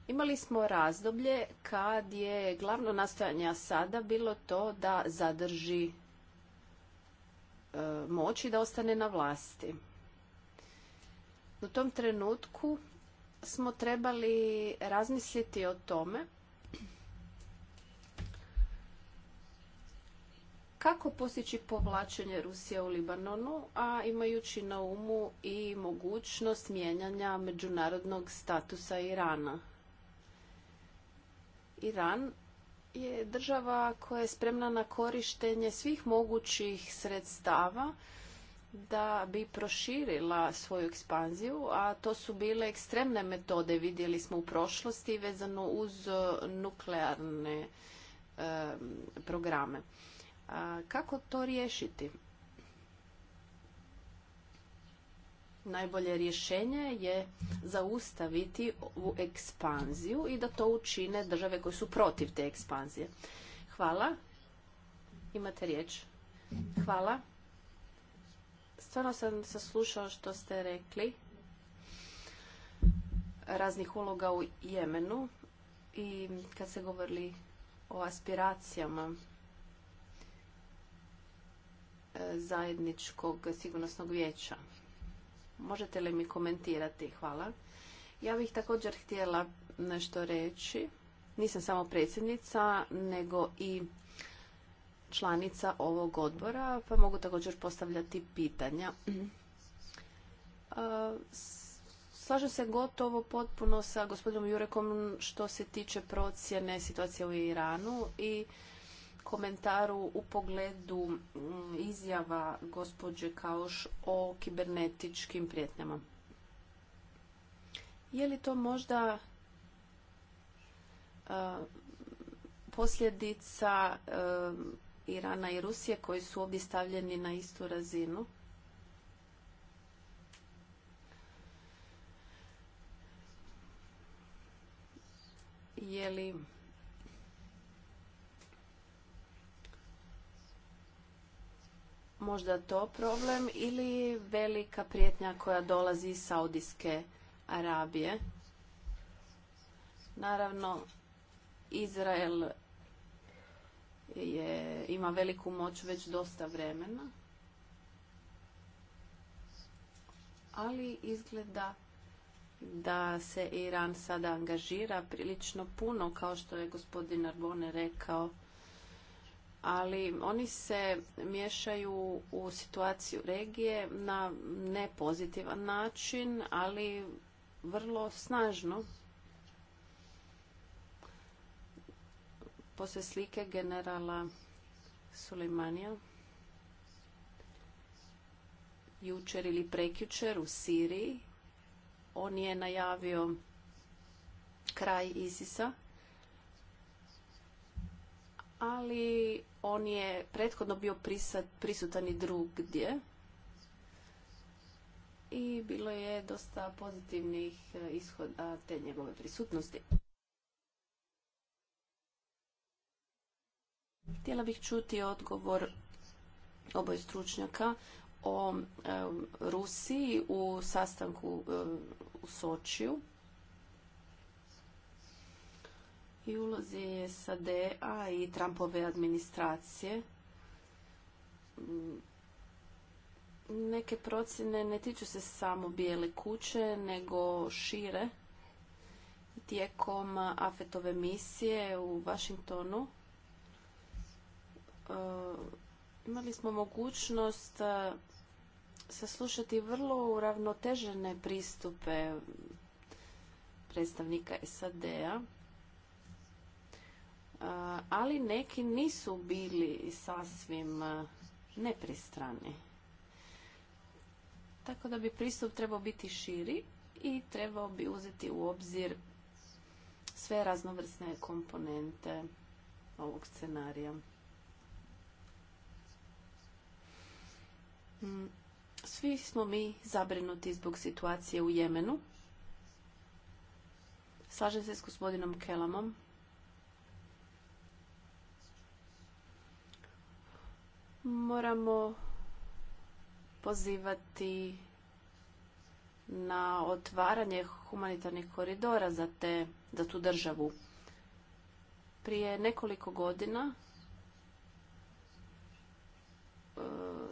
imali smo razdoblje kad je glavno nastojanje sada bilo to da zadrži e, moć i da ostane na vlasti. U tom trenutku smo trebali razmisliti o tome kako postići povlačenje Rusije u Libanonu, a imajući na umu i mogućnost mijenjanja međunarodnog statusa Irana. Iran je država koja je spremna na korištenje svih mogućih sredstava da bi proširila svoju ekspanziju, a to su bile ekstremne metode, vidjeli smo u prošlosti, vezano uz e, nuklearne e, programe. kako to riješiti? Najbolje rješenje je zaustaviti u ekspanziju i da to učine države koje su protiv te ekspanzije. Hvala. Imate riječ. Hvala. Stvarno sam saslušao što ste rekli raznih uloga u Jemenu i kad ste govorili o aspiracijama e, zajedničkog sigurnosnog vijeća. Možete li mi komentirati? Hvala. Ja bih također htjela nešto reći. Nisam samo predsjednica, nego i članica ovog odbora, pa mogu također postavljati pitanja. E, slažem se gotovo potpuno sa gospodinom Jurekom što se tiče procjene situacije u Iranu i komentaru u pogledu izjava gospođe Kauš o kibernetičkim prijetnjama. Je li to možda e, posljedica e, Irana i Rusije koji su ovdje stavljeni na istu razinu. Je možda to problem ili velika prijetnja koja dolazi iz Saudijske Arabije? Naravno, Izrael je, ima veliku moć već dosta vremena, ali izgleda da se Iran sada angažira prilično puno, kao što je gospodin Arbone rekao, ali oni se miješaju u situaciju regije na nepozitivan način, ali vrlo snažno. posle slike generala Sulejmanija jučer ili prekjučer u Siriji. On je najavio kraj Isisa, ali on je prethodno bio prisutan i drugdje. I bilo je dosta pozitivnih ishoda te njegove prisutnosti. Htjela bih čuti odgovor oboj stručnjaka o Rusiji u sastanku u Sočiju i ulozi SAD-a i Trumpove administracije. Neke procjene ne tiču se samo bijele kuće, nego šire. Tijekom Afetove misije u Vašingtonu Eh, imali smo mogućnost eh, saslušati vrlo uravnotežene pristupe predstavnika SAD-a, eh, ali neki nisu bili sasvim nepristrani. Tako da bi pristup trebao biti širi i trebao bi uzeti u obzir sve raznovrsne komponente ovog scenarija. Mm, svi smo mi zabrinuti zbog situacije u Jemenu. Slažem se s gospodinom Kelamom. Moramo pozivati na otvaranje humanitarnih koridora za, za tu državu. Prije nekoliko godina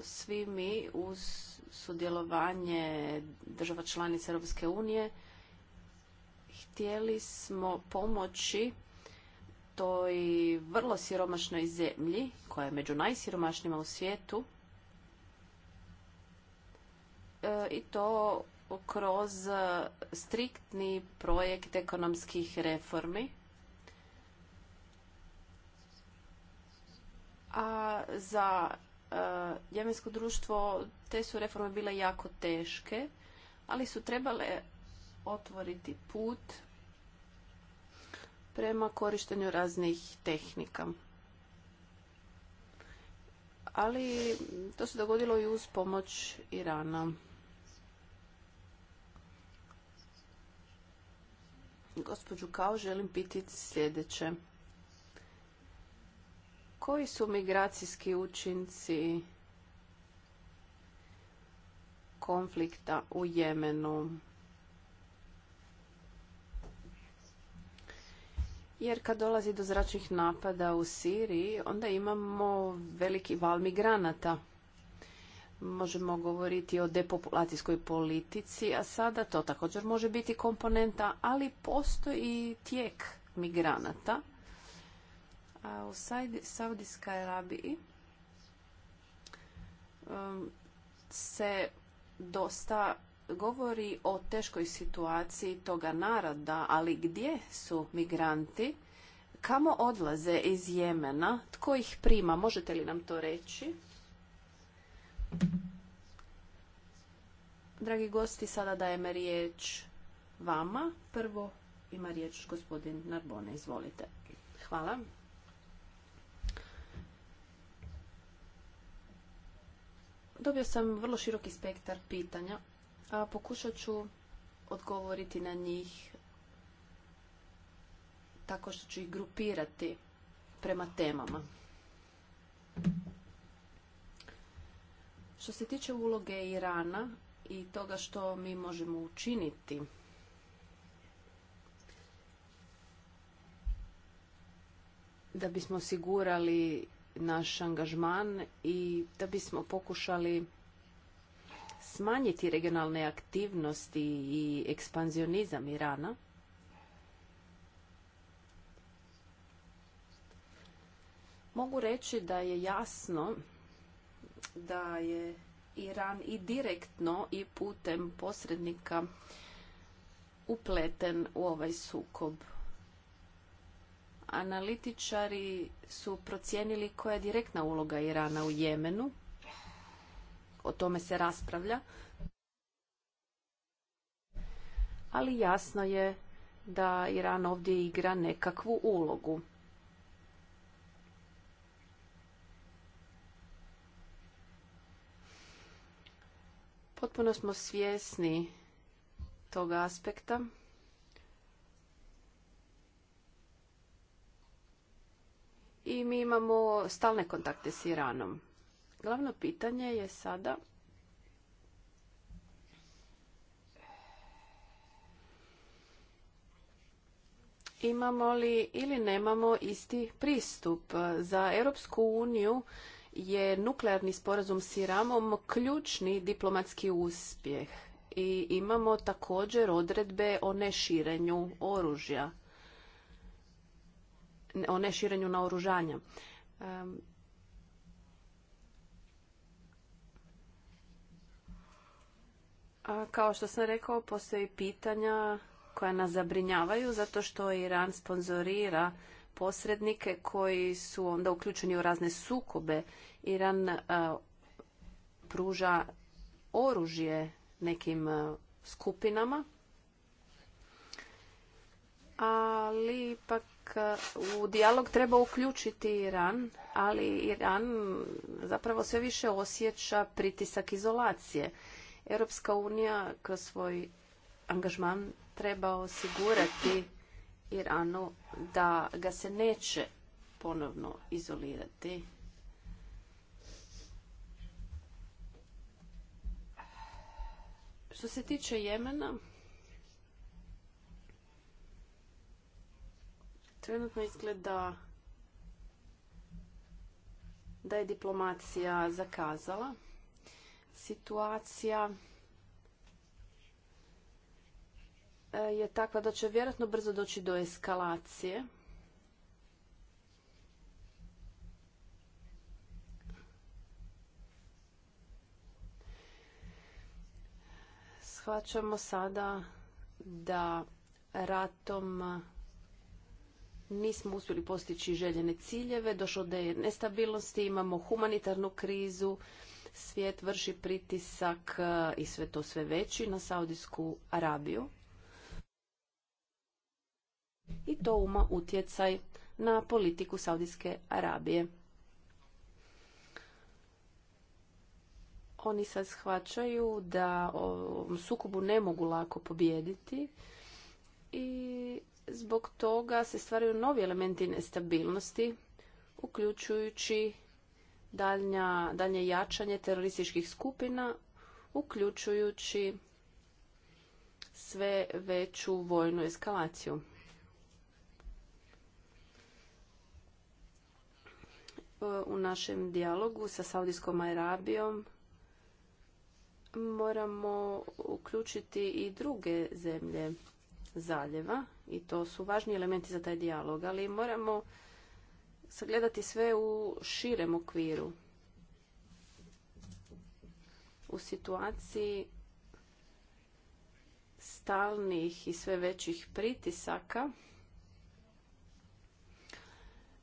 svi mi uz sudjelovanje država članica Europske unije htjeli smo pomoći toj vrlo siromašnoj zemlji koja je među najsiromašnijima u svijetu e, i to kroz striktni projekt ekonomskih reformi a za Eh, jemensko društvo, te su reforme bile jako teške, ali su trebale otvoriti put prema korištenju raznih tehnika. Ali to se dogodilo i uz pomoć Irana. Gospođu Kao želim pitati sljedeće. Koji su migracijski učinci konflikta u Jemenu? Jer kad dolazi do zračnih napada u Siriji, onda imamo veliki val migranata. Možemo govoriti o depopulacijskoj politici, a sada to također može biti komponenta, ali postoji tijek migranata a u Saudijskoj Arabiji um, se dosta govori o teškoj situaciji toga naroda, ali gdje su migranti? Kamo odlaze iz Jemena? Tko ih prima? Možete li nam to reći? Dragi gosti, sada dajem riječ vama. Prvo ima riječ gospodin Narbone. Izvolite. Hvala. Dobio sam vrlo široki spektar pitanja, a pokušat ću odgovoriti na njih tako što ću ih grupirati prema temama. Što se tiče uloge Irana i toga što mi možemo učiniti, da bismo osigurali naš angažman i da bismo pokušali smanjiti regionalne aktivnosti i ekspanzionizam Irana. Mogu reći da je jasno da je Iran i direktno i putem posrednika upleten u ovaj sukob analitičari su procijenili koja je direktna uloga Irana u Jemenu. O tome se raspravlja. Ali jasno je da Iran ovdje igra nekakvu ulogu. Potpuno smo svjesni toga aspekta. i mi imamo stalne kontakte s Iranom. Glavno pitanje je sada imamo li ili nemamo isti pristup. Za Europsku uniju je nuklearni sporazum s Iranom ključni diplomatski uspjeh i imamo također odredbe o neširenju oružja o neširenju naoružanja. kao što sam rekao, postoji pitanja koja nas zabrinjavaju zato što Iran sponzorira posrednike koji su onda uključeni u razne sukobe. Iran e, pruža oružje nekim e, skupinama, ali ipak E, u dijalog treba uključiti Iran, ali Iran zapravo sve više osjeća pritisak izolacije. Europska unija kroz svoj angažman treba osigurati Iranu da ga se neće ponovno izolirati. Što se tiče Jemena, Trenutno izgleda da je diplomacija zakazala. Situacija e, je takva da će vjerojatno brzo doći do eskalacije. Shvaćamo sada da ratom nismo uspjeli postići željene ciljeve, došlo do nestabilnosti, imamo humanitarnu krizu, svijet vrši pritisak e, i sve to sve veći na Saudijsku Arabiju. I to uma utjecaj na politiku Saudijske Arabije. Oni sad shvaćaju da sukobu ne mogu lako pobijediti i Zbog toga se stvaraju novi elementi nestabilnosti, uključujući daljnja, daljnje jačanje terorističkih skupina, uključujući sve veću vojnu eskalaciju. U našem dijalogu sa Saudijskom Arabijom moramo uključiti i druge zemlje zaljeva i to su važni elementi za taj dijalog, ali moramo sagledati sve u širem okviru. U situaciji stalnih i sve većih pritisaka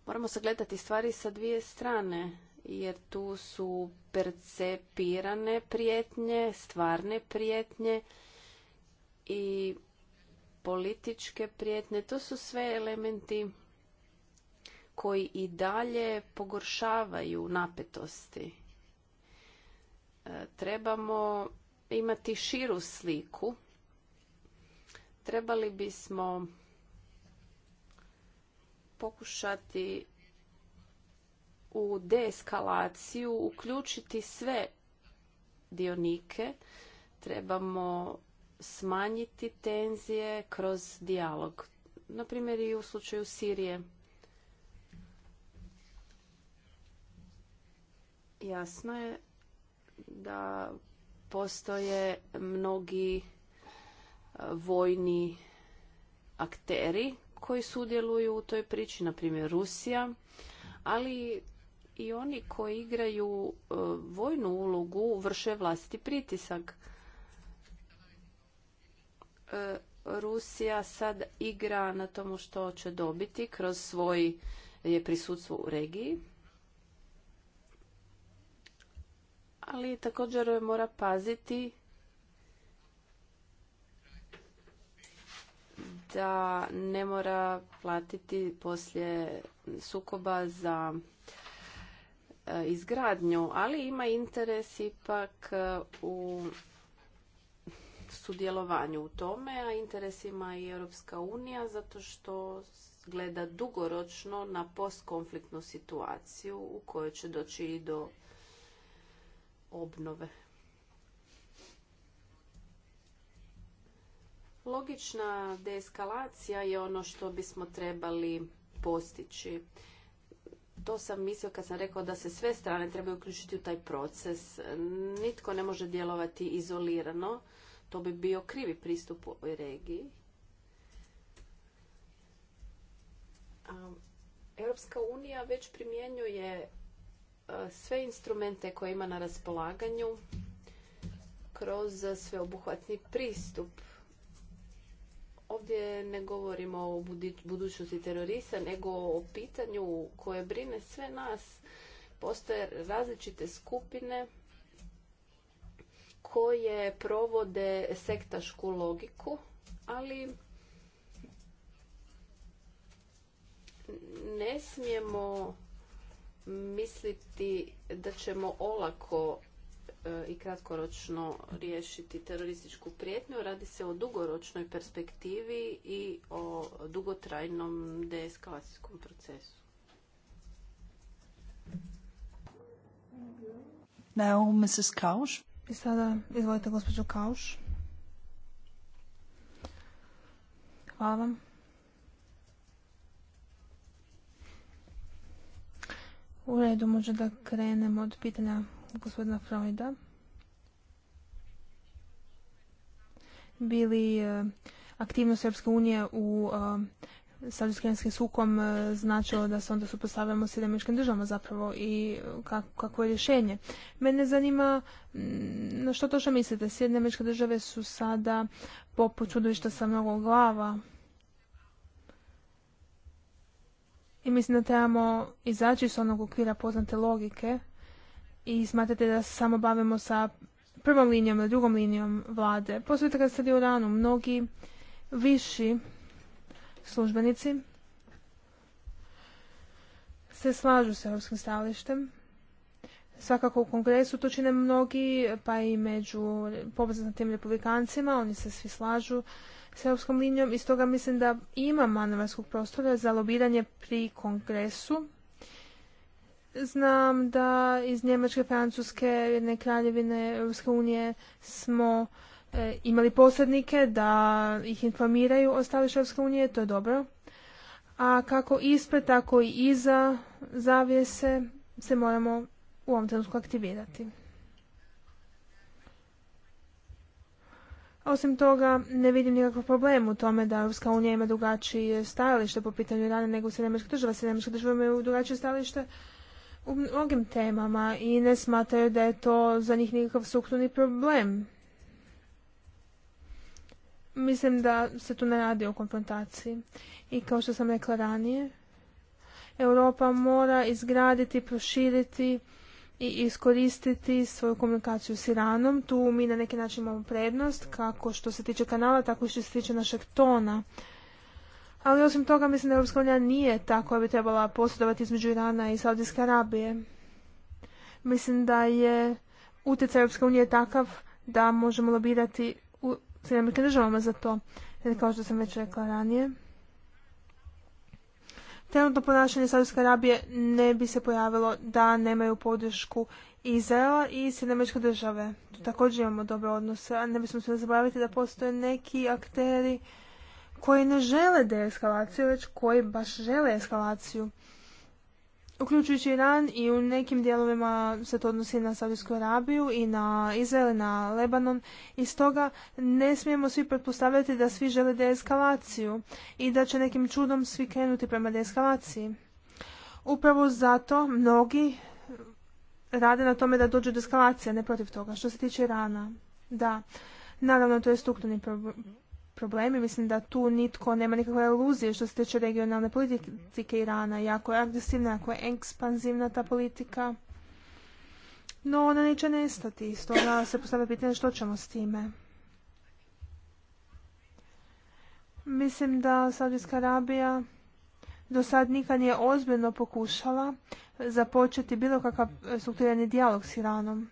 moramo sagledati stvari sa dvije strane jer tu su percepirane prijetnje, stvarne prijetnje i političke prijetne. to su sve elementi koji i dalje pogoršavaju napetosti. E, trebamo imati širu sliku. Trebali bismo pokušati u deeskalaciju uključiti sve dionike. Trebamo smanjiti tenzije kroz dijalog. Na primjer i u slučaju Sirije. Jasno je da postoje mnogi e, vojni akteri koji sudjeluju u toj priči, na primjer Rusija, ali i oni koji igraju e, vojnu ulogu vrše vlastiti pritisak. Rusija sad igra na tomu što će dobiti kroz svoj je prisutstvo u regiji. Ali također mora paziti da ne mora platiti poslije sukoba za e, izgradnju, ali ima interes ipak e, u djelovanju u tome, a interes ima i Europska unija zato što gleda dugoročno na postkonfliktnu situaciju u kojoj će doći i do obnove. Logična deeskalacija je ono što bismo trebali postići. To sam mislio kad sam rekao da se sve strane trebaju uključiti u taj proces. Nitko ne može djelovati izolirano. To bi bio krivi pristup u ovoj regiji. Europska unija već primjenjuje e, sve instrumente koje ima na raspolaganju kroz sveobuhvatni pristup. Ovdje ne govorimo o budućnosti terorista, nego o pitanju koje brine sve nas. Postoje različite skupine koje provode sektašku logiku, ali ne smijemo misliti da ćemo olako e, i kratkoročno riješiti terorističku prijetnju. Radi se o dugoročnoj perspektivi i o dugotrajnom deeskalacijskom procesu. Now, Mrs. Kausch. I sada izvolite gospođo Kauš. Hvala vam. U redu možda da krenemo od pitanja gospodina Freuda. Bili eh, aktivnost Srpske unije u eh, sa saudijskim sukom e, značilo da se onda supostavljamo s jedemičkim državama zapravo i kakvo je rješenje. Mene zanima mm, na što to što mislite. američke države su sada poput čudovišta sa mnogo glava i mislim da trebamo izaći s onog okvira poznate logike i smatrate da se samo bavimo sa prvom linijom ili drugom linijom vlade. Poslije kad se radi u ranu. mnogi viši službenici se slažu s europskim stajalištem. Svakako u kongresu to čine mnogi, pa i među poboznatim republikancima, oni se svi slažu s europskom linijom i stoga mislim da ima manevarskog prostora za lobiranje pri kongresu. Znam da iz Njemačke, Francuske, jedne kraljevine Europske unije smo E, imali posrednike da ih informiraju o stavu Europske unije, to je dobro. A kako ispred, tako i iza zavijese se moramo u ovom trenutku aktivirati. Osim toga, ne vidim nikakav problem u tome da Europska unija ima drugačije stajalište po pitanju rane nego Sjedinjenih država. Sjedinjenih država imaju drugačije stajalište u mnogim temama i ne smatraju da je to za njih nikakav strukturni problem Mislim da se tu ne radi o konfrontaciji. I kao što sam rekla ranije, Europa mora izgraditi, proširiti i iskoristiti svoju komunikaciju s Iranom. Tu mi na neki način imamo prednost, kako što se tiče kanala, tako što se tiče našeg tona. Ali osim toga mislim da Europska unija nije ta koja bi trebala posudovati između Irana i Saudijske Arabije. Mislim da je utjecaj Europske unije takav da možemo lobirati Sjednjim državama za to. Jer kao što sam već rekla ranije, trenutno ponašanje Saudijske Arabije ne bi se pojavilo da nemaju podršku Izraela i Sjedinamečke države. Tu također imamo dobre odnose, a ne bismo se zaboraviti da postoje neki akteri koji ne žele deeskalaciju, već koji baš žele eskalaciju uključujući Iran i u nekim dijelovima se to odnosi na Saudijsku Arabiju i na Izrael, na Lebanon. I stoga ne smijemo svi pretpostavljati da svi žele deeskalaciju i da će nekim čudom svi krenuti prema deeskalaciji. Upravo zato mnogi rade na tome da dođe do eskalacije, ne protiv toga. Što se tiče Irana, da, naravno to je strukturni problem problemi. Mislim da tu nitko nema nikakve iluzije što se tiče regionalne politike Irana. Jako je agresivna, jako je ekspanzivna ta politika. No ona neće nestati, stoga se postavlja pitanje što ćemo s time. Mislim da Saudijska Arabija do sad nikad nije ozbiljno pokušala započeti bilo kakav strukturirani dijalog s Iranom.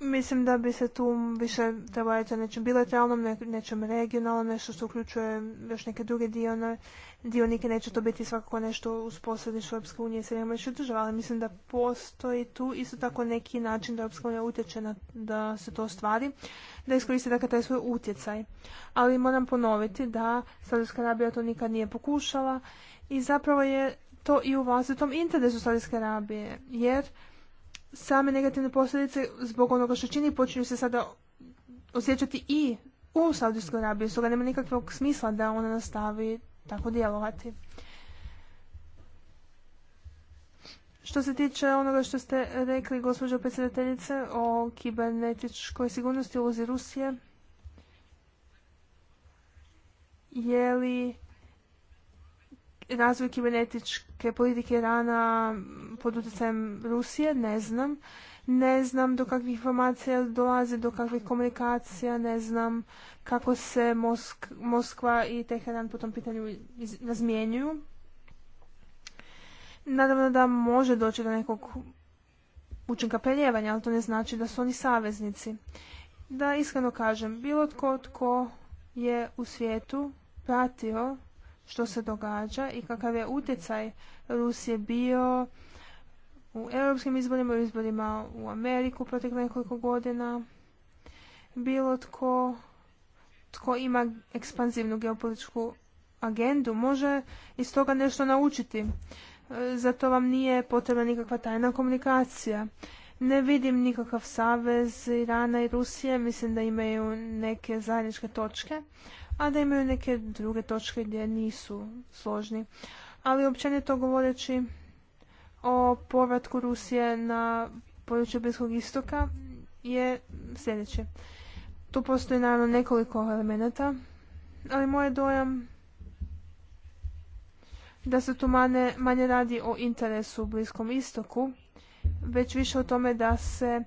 Mislim da bi se tu više trebalo o nečem bilateralnom, nečem regionalnom, nešto što uključuje još neke druge dione, dionike. Neće to biti svakako nešto uz posljedicu Europske unije i Sjedinjene država, ali mislim da postoji tu isto tako neki način da Europska unija utječe na, da se to stvari, da iskoriste dakle taj svoj utjecaj. Ali moram ponoviti da Saudijska Arabija to nikad nije pokušala i zapravo je to i u vlastitom interesu Saudijske Arabije, jer same negativne posljedice zbog onoga što čini počinju se sada osjećati i u Saudijskoj Arabiji, stoga nema nikakvog smisla da ona nastavi tako djelovati. Što se tiče onoga što ste rekli, gospođo predsjedateljice, o kibernetičkoj sigurnosti ulozi Rusije, je li razvoj kibernetičke politike Irana pod utjecajem Rusije, ne znam. Ne znam do kakvih informacija dolazi, do kakvih komunikacija, ne znam kako se Moskva i Teheran po tom pitanju razmjenjuju. Naravno da može doći do nekog učinka preljevanja, ali to ne znači da su oni saveznici. Da iskreno kažem, bilo tko tko je u svijetu pratio što se događa i kakav je utjecaj Rusije bio u europskim izborima i izborima u Ameriku protekle nekoliko godina. Bilo tko tko ima ekspanzivnu geopolitičku agendu može iz toga nešto naučiti. E, Zato vam nije potrebna nikakva tajna komunikacija. Ne vidim nikakav savez Irana i Rusije, mislim da imaju neke zajedničke točke, a da imaju neke druge točke gdje nisu složni. Ali općenito govoreći o povratku Rusije na područje Bliskog istoka je sljedeće. Tu postoji naravno nekoliko elemenata, ali moj dojam da se tu manje, manje radi o interesu u Bliskom istoku, već više o tome da se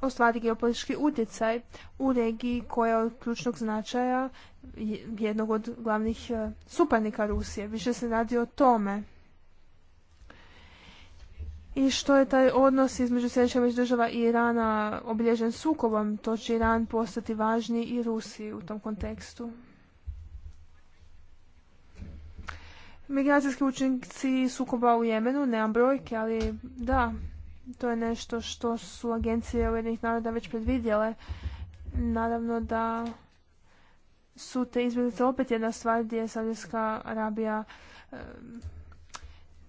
ostvari geopolitički utjecaj u regiji koja je od ključnog značaja jednog od glavnih e, suparnika Rusije. Više se radi o tome. I što je taj odnos između Sjedinjenih država i Irana obilježen sukobom, to će Iran postati važniji i Rusiji u tom kontekstu. Migracijski učinci sukoba u Jemenu, nemam brojke, ali da, to je nešto što su agencije Ujedinih naroda već predvidjele. Naravno da su te izbjeglice opet jedna stvar gdje je Saudijska Arabija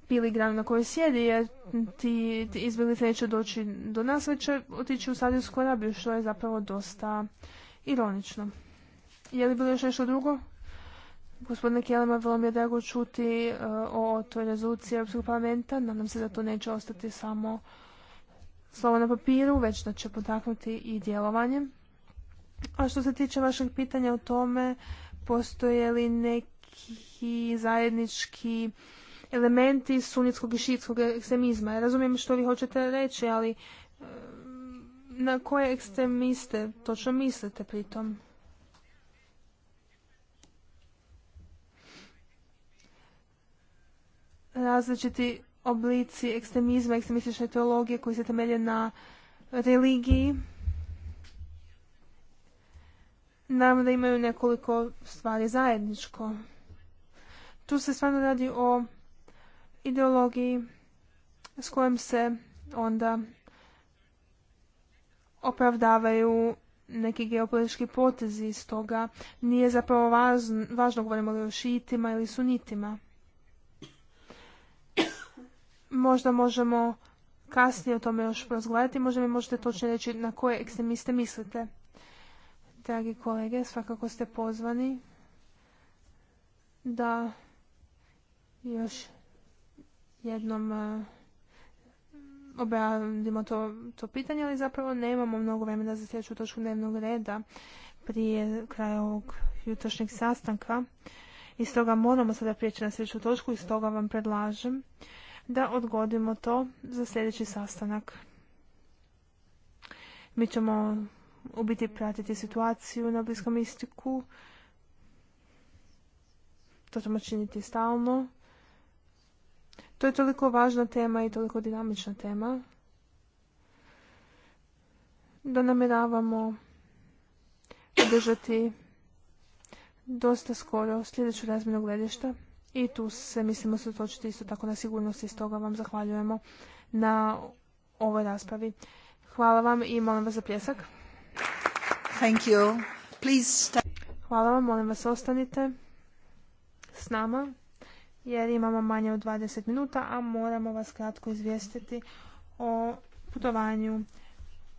pili gran na kojoj sjedi, jer ti, ti neće doći do nas, već će otići u Saudijsku Arabiju, što je zapravo dosta ironično. Je li bilo još nešto drugo? Gospodine Kelema, vrlo mi je drago čuti e, o toj rezoluciji Europskog parlamenta. Nadam se da to neće ostati samo slovo na papiru, već da će potaknuti i djelovanje. A što se tiče vašeg pitanja o tome, postoje li neki zajednički elementi sunnitskog i šitskog ekstremizma. Ja razumijem što vi hoćete reći, ali e, na koje ekstremiste točno mislite pritom? Različiti oblici ekstremizma, ekstremistične teologije koji se temelje na religiji. Naravno da imaju nekoliko stvari zajedničko. Tu se stvarno radi o ideologiji s kojom se onda opravdavaju neki geopolitički potezi, stoga nije zapravo važno, važno govorimo li o šitima ili sunitima. Možda možemo kasnije o tome još prozgledati. možda mi možete točno reći na koje ekstremiste mislite. Dragi kolege, svakako ste pozvani da još jednom objavimo to, to pitanje, ali zapravo nemamo mnogo vremena za sljedeću točku dnevnog reda prije kraja ovog jutrošnjeg sastanka. I stoga moramo sada prijeći na sljedeću točku i stoga vam predlažem da odgodimo to za sljedeći sastanak. Mi ćemo u biti pratiti situaciju na Bliskom istiku. To ćemo činiti stalno. To je toliko važna tema i toliko dinamična tema da namjeravamo održati dosta skoro sljedeću razmjenu gledišta i tu se mislimo se točiti isto tako na sigurnost i stoga vam zahvaljujemo na ovoj raspravi. Hvala vam i molim vas za pljesak. Thank you. Hvala vam, molim vas ostanite s nama jer imamo manje od 20 minuta, a moramo vas kratko izvijestiti o putovanju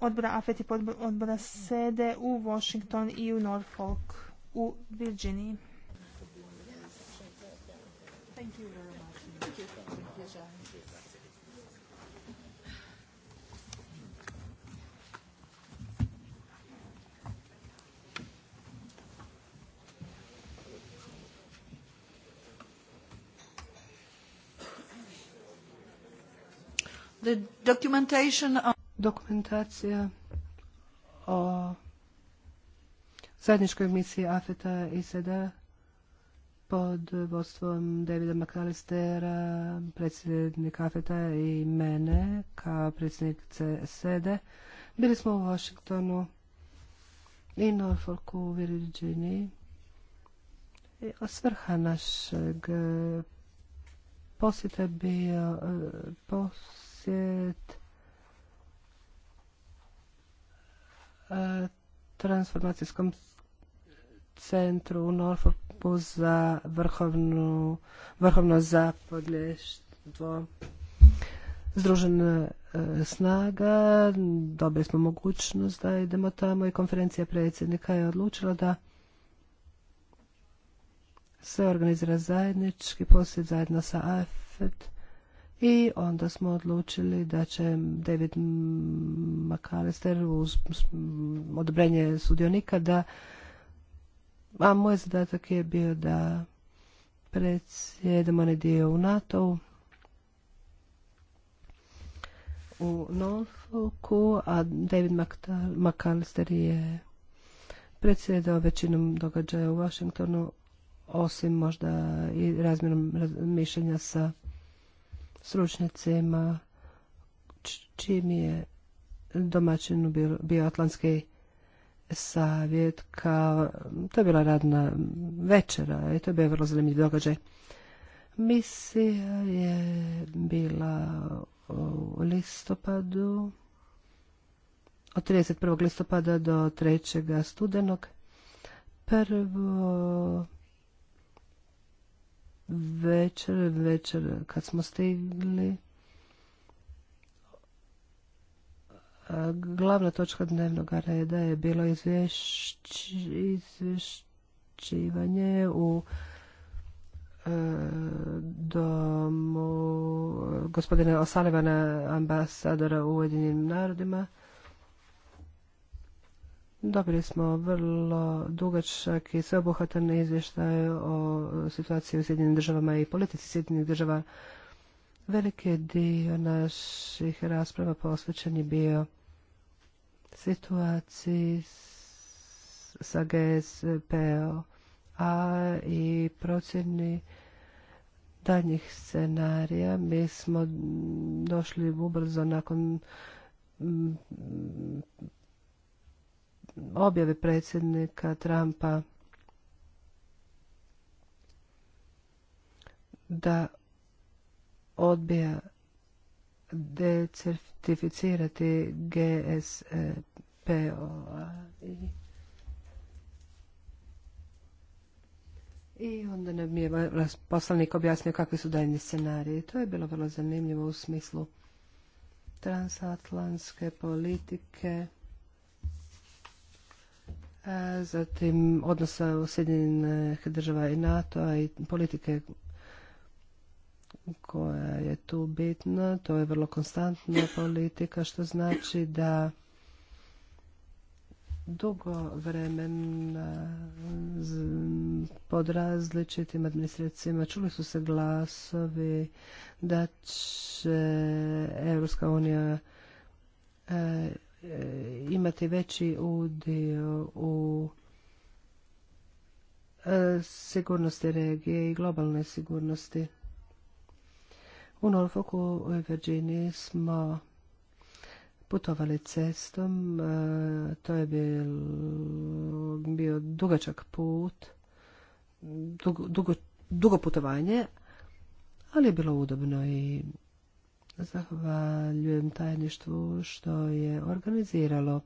odbora AFET i odbora SEDE u Washington i u Norfolk u Virginiji. Dokumentacija o zajedničkoj misiji AFETA i SEDA pod vodstvom Davida McAllistera, predsjednik AFETA i mene kao predsjednice SEDE. Bili smo u Washingtonu i Norfolku u Virginiji. Svrha našeg posjeta bio eh, posjeta svijet e, transformacijskom centru u Norfolku za vrhovno zapodlještvo Združena e, snaga. Dobili smo mogućnost da idemo tamo i konferencija predsjednika je odlučila da se organizira zajednički posjet zajedno sa AFED i onda smo odlučili da će David McAllister uz odobrenje sudionika da a moj zadatak je bio da predsjedamo onaj dio u NATO-u u Norfolku, a David McAllister je predsjedao većinom događaja u Washingtonu, osim možda i razmjerom mišljenja sa stručnjacima čim je domaćinu bio savjet kao, to je bila radna večera i to je bio vrlo zanimljiv događaj. Misija je bila u listopadu, od 31. listopada do 3. studenog. Prvo večer, večer kad smo stigli glavna točka dnevnog reda je bilo izvješćivanje u e, domu gospodina Osalivana ambasadora u Ujedinjenim narodima Dobili smo vrlo dugačak i sveobuhvatan izvještaj o situaciji u Sjedinim državama i politici Sjedinih država. Veliki dio naših rasprava posvećen je bio situaciji sa GSPO, a i procjeni danjih scenarija. Mi smo došli ubrzo nakon objave predsjednika Trumpa da odbija decertificirati GSPO i onda nam je poslanik objasnio kakvi su daljni scenariji. To je bilo vrlo zanimljivo u smislu transatlantske politike. E, zatim odnosa u Sjedinjenih država i NATO-a i politike koja je tu bitna. To je vrlo konstantna politika što znači da dugo vremena pod različitim administracijama čuli su se glasovi da će Europska unija e, Eh, imati veći udio u eh, sigurnosti regije i globalne sigurnosti. U Norfolku u Virginiji smo putovali cestom. Eh, to je bio dugačak put, dugo, dugo putovanje, ali je bilo udobno i Zahvaljujem tajništvu što je organiziralo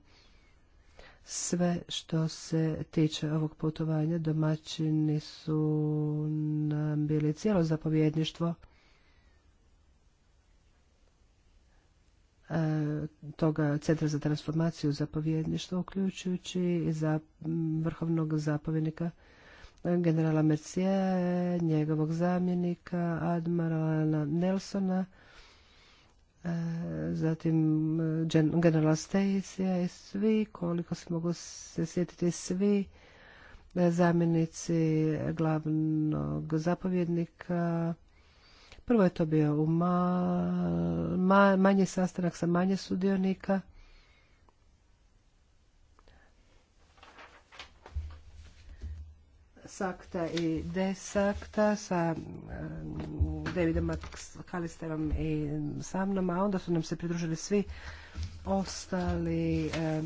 sve što se tiče ovog putovanja. Domaćini su nam bili cijelo zapovjedništvo. E, toga Centra za transformaciju zapovjedništva, uključujući i za vrhovnog zapovjednika e, generala Mercije, njegovog zamjenika, admirala Nelsona, zatim e, General Stacija i svi, koliko se mogu se sjetiti svi zamjenici glavnog zapovjednika. Prvo je to bio u manji sastanak sa manje sudionika. Sakta i Desakta sa e, Davidom Kalisterom i sa mnom, a onda su nam se pridružili svi ostali e,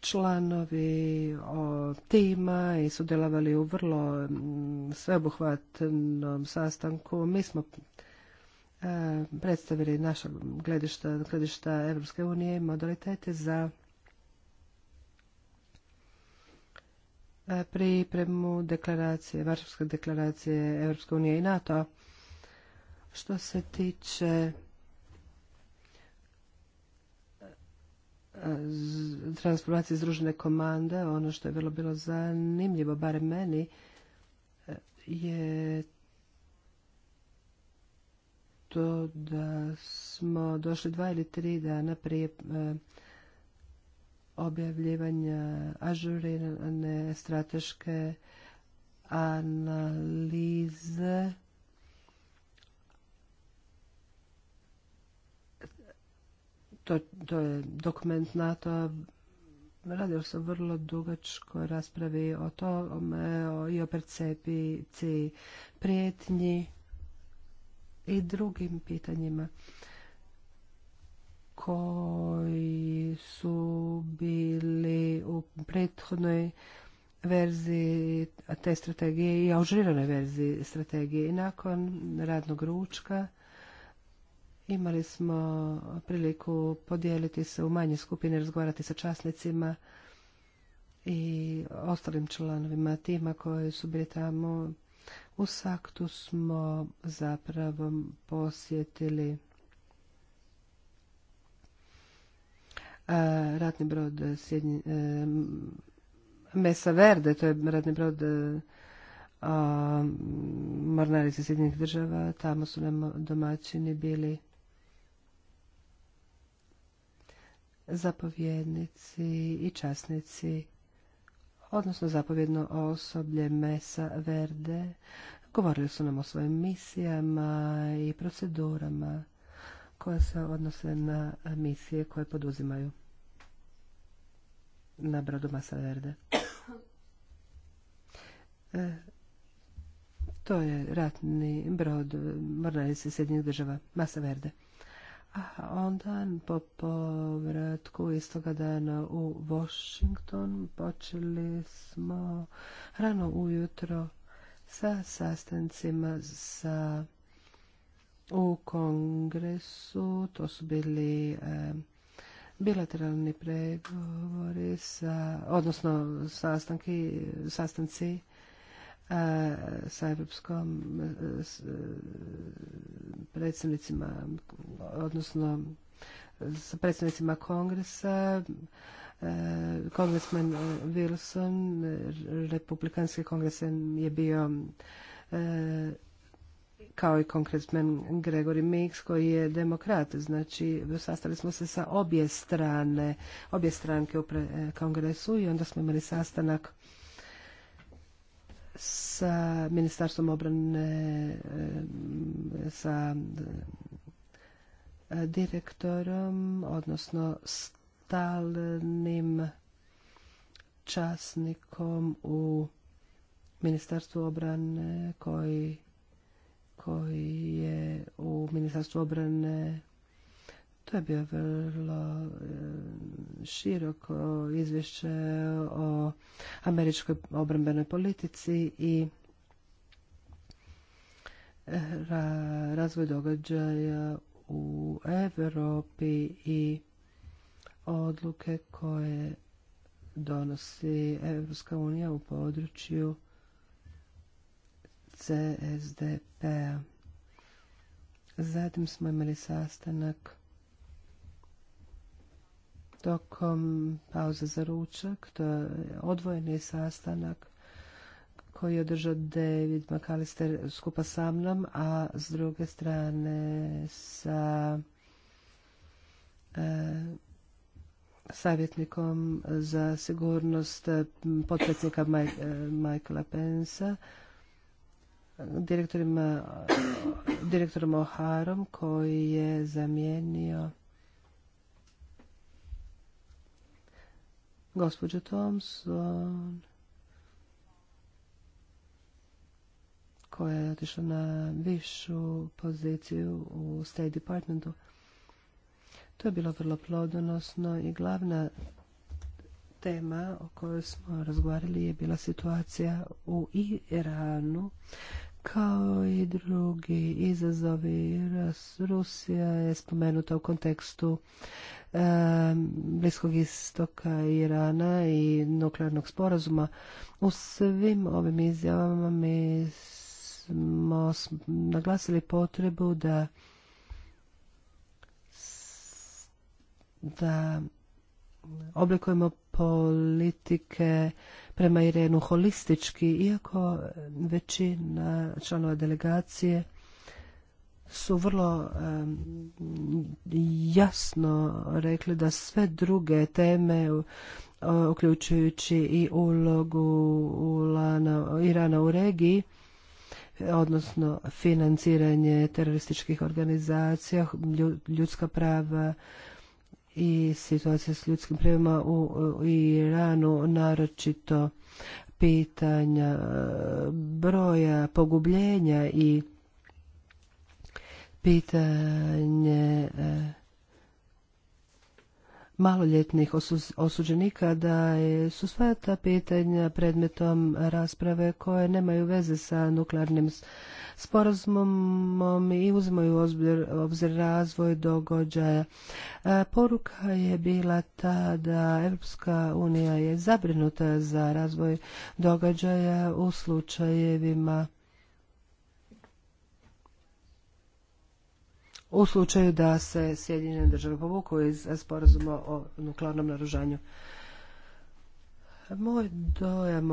članovi tima i sudjelovali u vrlo sveobuhvatnom sastanku. Mi smo e, predstavili naša gledišta, gledišta Evropske unije i modalitete za E, pripremu deklaracije, Varšavske deklaracije Europske unije i NATO. Što se tiče e, transformacije združene komande, ono što je bilo bilo zanimljivo, barem meni, e, je to da smo došli dva ili tri dana prije objavljivanja ažurirane strateške analize to, to je dokument NATO radilo se vrlo dugačko raspravi o tome i o percepciji prijetnji i drugim pitanjima koji su bili u prethodnoj verziji te strategije i ažuriranoj verziji strategije. I nakon radnog ručka imali smo priliku podijeliti se u manje skupine, razgovarati sa časnicima i ostalim članovima tima koji su bili tamo. U Saktu smo zapravo posjetili ratni brod e, e, Mesa Verde, to je ratni brod e, mornarice Sjedinjenih država, tamo su nam domaćini bili zapovjednici i časnici, odnosno zapovjedno osoblje Mesa Verde. Govorili su nam o svojim misijama i procedurama koja se odnose na misije koje poduzimaju na brodu Masa Verde. E, to je ratni brod mornarice Sjedinjenih država Masa Verde. A onda po povratku istoga dana u Washington počeli smo rano ujutro sa sastancima sa u kongresu. To su bili e, bilateralni pregovori sa, odnosno sastanki, sastanci e, sa evropskom e, predsjednicima odnosno sa predstavnicima kongresa. Kongresman Wilson, republikanski kongres je bio kao i konkretmen Gregory Mix koji je demokrat. Znači, sastali smo se sa obje strane, obje stranke u e, kongresu i onda smo imali sastanak sa Ministarstvom obrane, e, sa e, direktorom, odnosno stalnim časnikom u Ministarstvu obrane koji koji je u Ministarstvu obrane to je bio vrlo e, široko izvješće o američkoj obrambenoj politici i e, razvoj događaja u Europi i odluke koje donosi Europska unija u području CSDP-a. Zatim smo imali sastanak tokom pauze za ručak, to je odvojeni sastanak koji je održao David McAllister skupa sa mnom, a s druge strane sa e, savjetnikom za sigurnost potpredsjednika Maj, e, Pensa direktorima, direktorom Oharom koji je zamijenio gospođu Thompson koja je otišla na višu poziciju u State Departmentu. To je bilo vrlo plodonosno i glavna tema o kojoj smo razgovarali je bila situacija u Iranu kao i drugi izazovi. Rusija je spomenuta u kontekstu Bliskog istoka Irana i nuklearnog sporazuma. U svim ovim izjavama mi smo naglasili potrebu da da oblikujemo politike prema Irenu holistički, iako većina članova delegacije su vrlo jasno rekli da sve druge teme uključujući i ulogu Irana u regiji odnosno financiranje terorističkih organizacija, ljudska prava, i situacija s ljudskim pravima u Iranu, naročito pitanja e, broja pogubljenja i pitanje e, maloljetnih osuđenika da su sva ta pitanja predmetom rasprave koje nemaju veze sa nuklearnim sporazumom i uzimaju obzir, obzir razvoj događaja. E, poruka je bila ta da Europska unija je zabrinuta za razvoj događaja u slučajevima u slučaju da se Sjedinjene države povuku iz sporazuma o nuklearnom naružanju. Moj dojam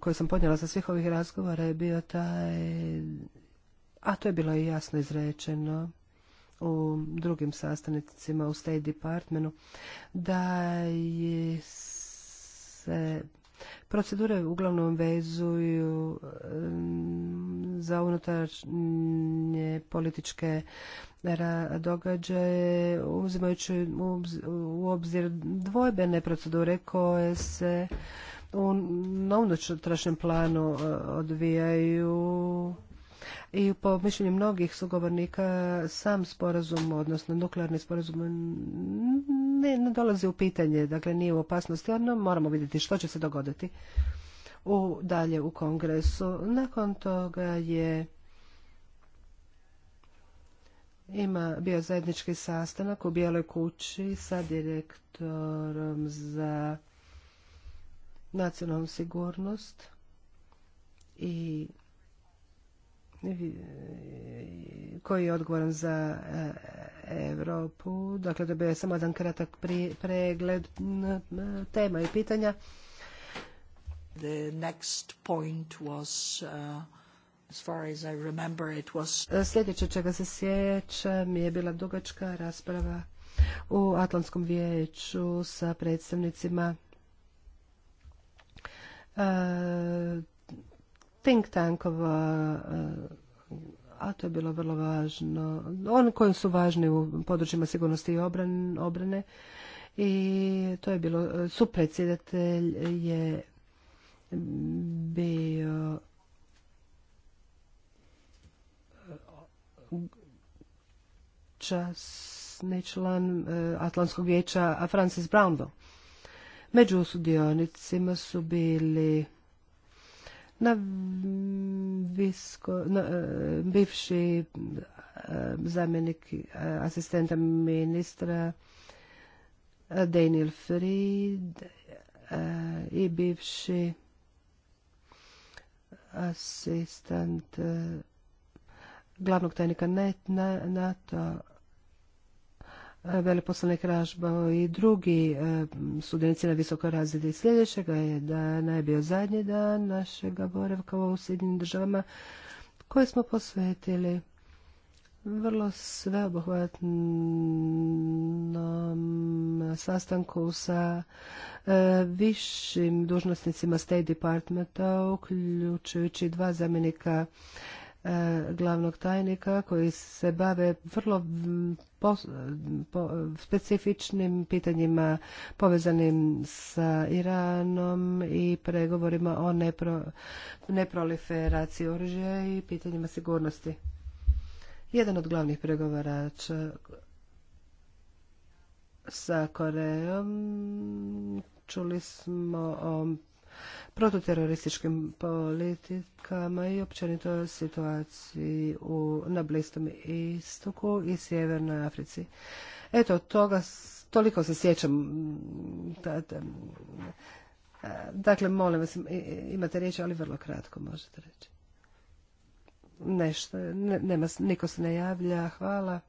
koji sam podnijela sa svih ovih razgovora je bio taj, a to je bilo i jasno izrečeno u drugim sastanicima u State Departmentu, da je se Procedure uglavnom vezuju za unutarnje političke događaje, uzimajući u obzir dvojbene procedure koje se u na planu e, odvijaju i po mišljenju mnogih sugovornika sam sporazum, odnosno nuklearni sporazum ne, dolazi u pitanje, dakle nije u opasnosti, ono moramo vidjeti što će se dogoditi u, dalje u kongresu. Nakon toga je ima bio zajednički sastanak u Bijeloj kući sa direktorom za nacionalnu sigurnost i koji je odgovoran za Europu. Dakle, dobio je samo jedan kratak pregled tema i pitanja. The next point was, uh, as I e, Sljedeće čega se sjećam je bila dugačka rasprava u Atlantskom vijeću sa predstavnicima e, think tankova, eh, a to je bilo vrlo važno, oni koji su važni u područjima sigurnosti i obrane. I to je bilo, eh, supredsjedatelj je bio eh, časni član Atlantskog vijeća Francis Brownville. Među sudionicima su bili na, visko, na e, bivši e, zamjenik e, asistenta ministra Daniel Fried i bivši asistent glavnog tajnika NATO veleposlanik Ražbao i drugi e, sudjenici na visokoj razini. Sljedećega je da je bio zadnji dan našeg boravka u Sjedinim državama koje smo posvetili vrlo sveobuhvatnom sastanku sa e, višim dužnosnicima State Departmenta, uključujući dva zamjenika E, glavnog tajnika koji se bave vrlo po, specifičnim pitanjima povezanim sa Iranom i pregovorima o neproliferaciji oružja i pitanjima sigurnosti. Jedan od glavnih pregovarača sa Koreom čuli smo o prototerorističkim politikama i općenito situaciji u, na Bliskom istoku i Sjevernoj Africi. Eto, toga, toliko se sjećam. Da, mm, mm, dakle, molim vas, imate riječ, ali vrlo kratko možete reći. Nešto, ne, nema, niko se ne javlja, hvala.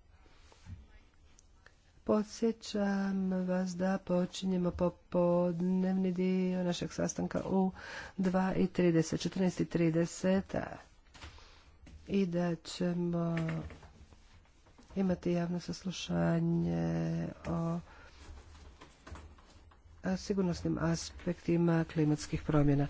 Podsjećam vas da počinjemo popodnevni dio našeg sastanka u 2.30, 14.30 i da ćemo imati javno saslušanje o sigurnosnim aspektima klimatskih promjena.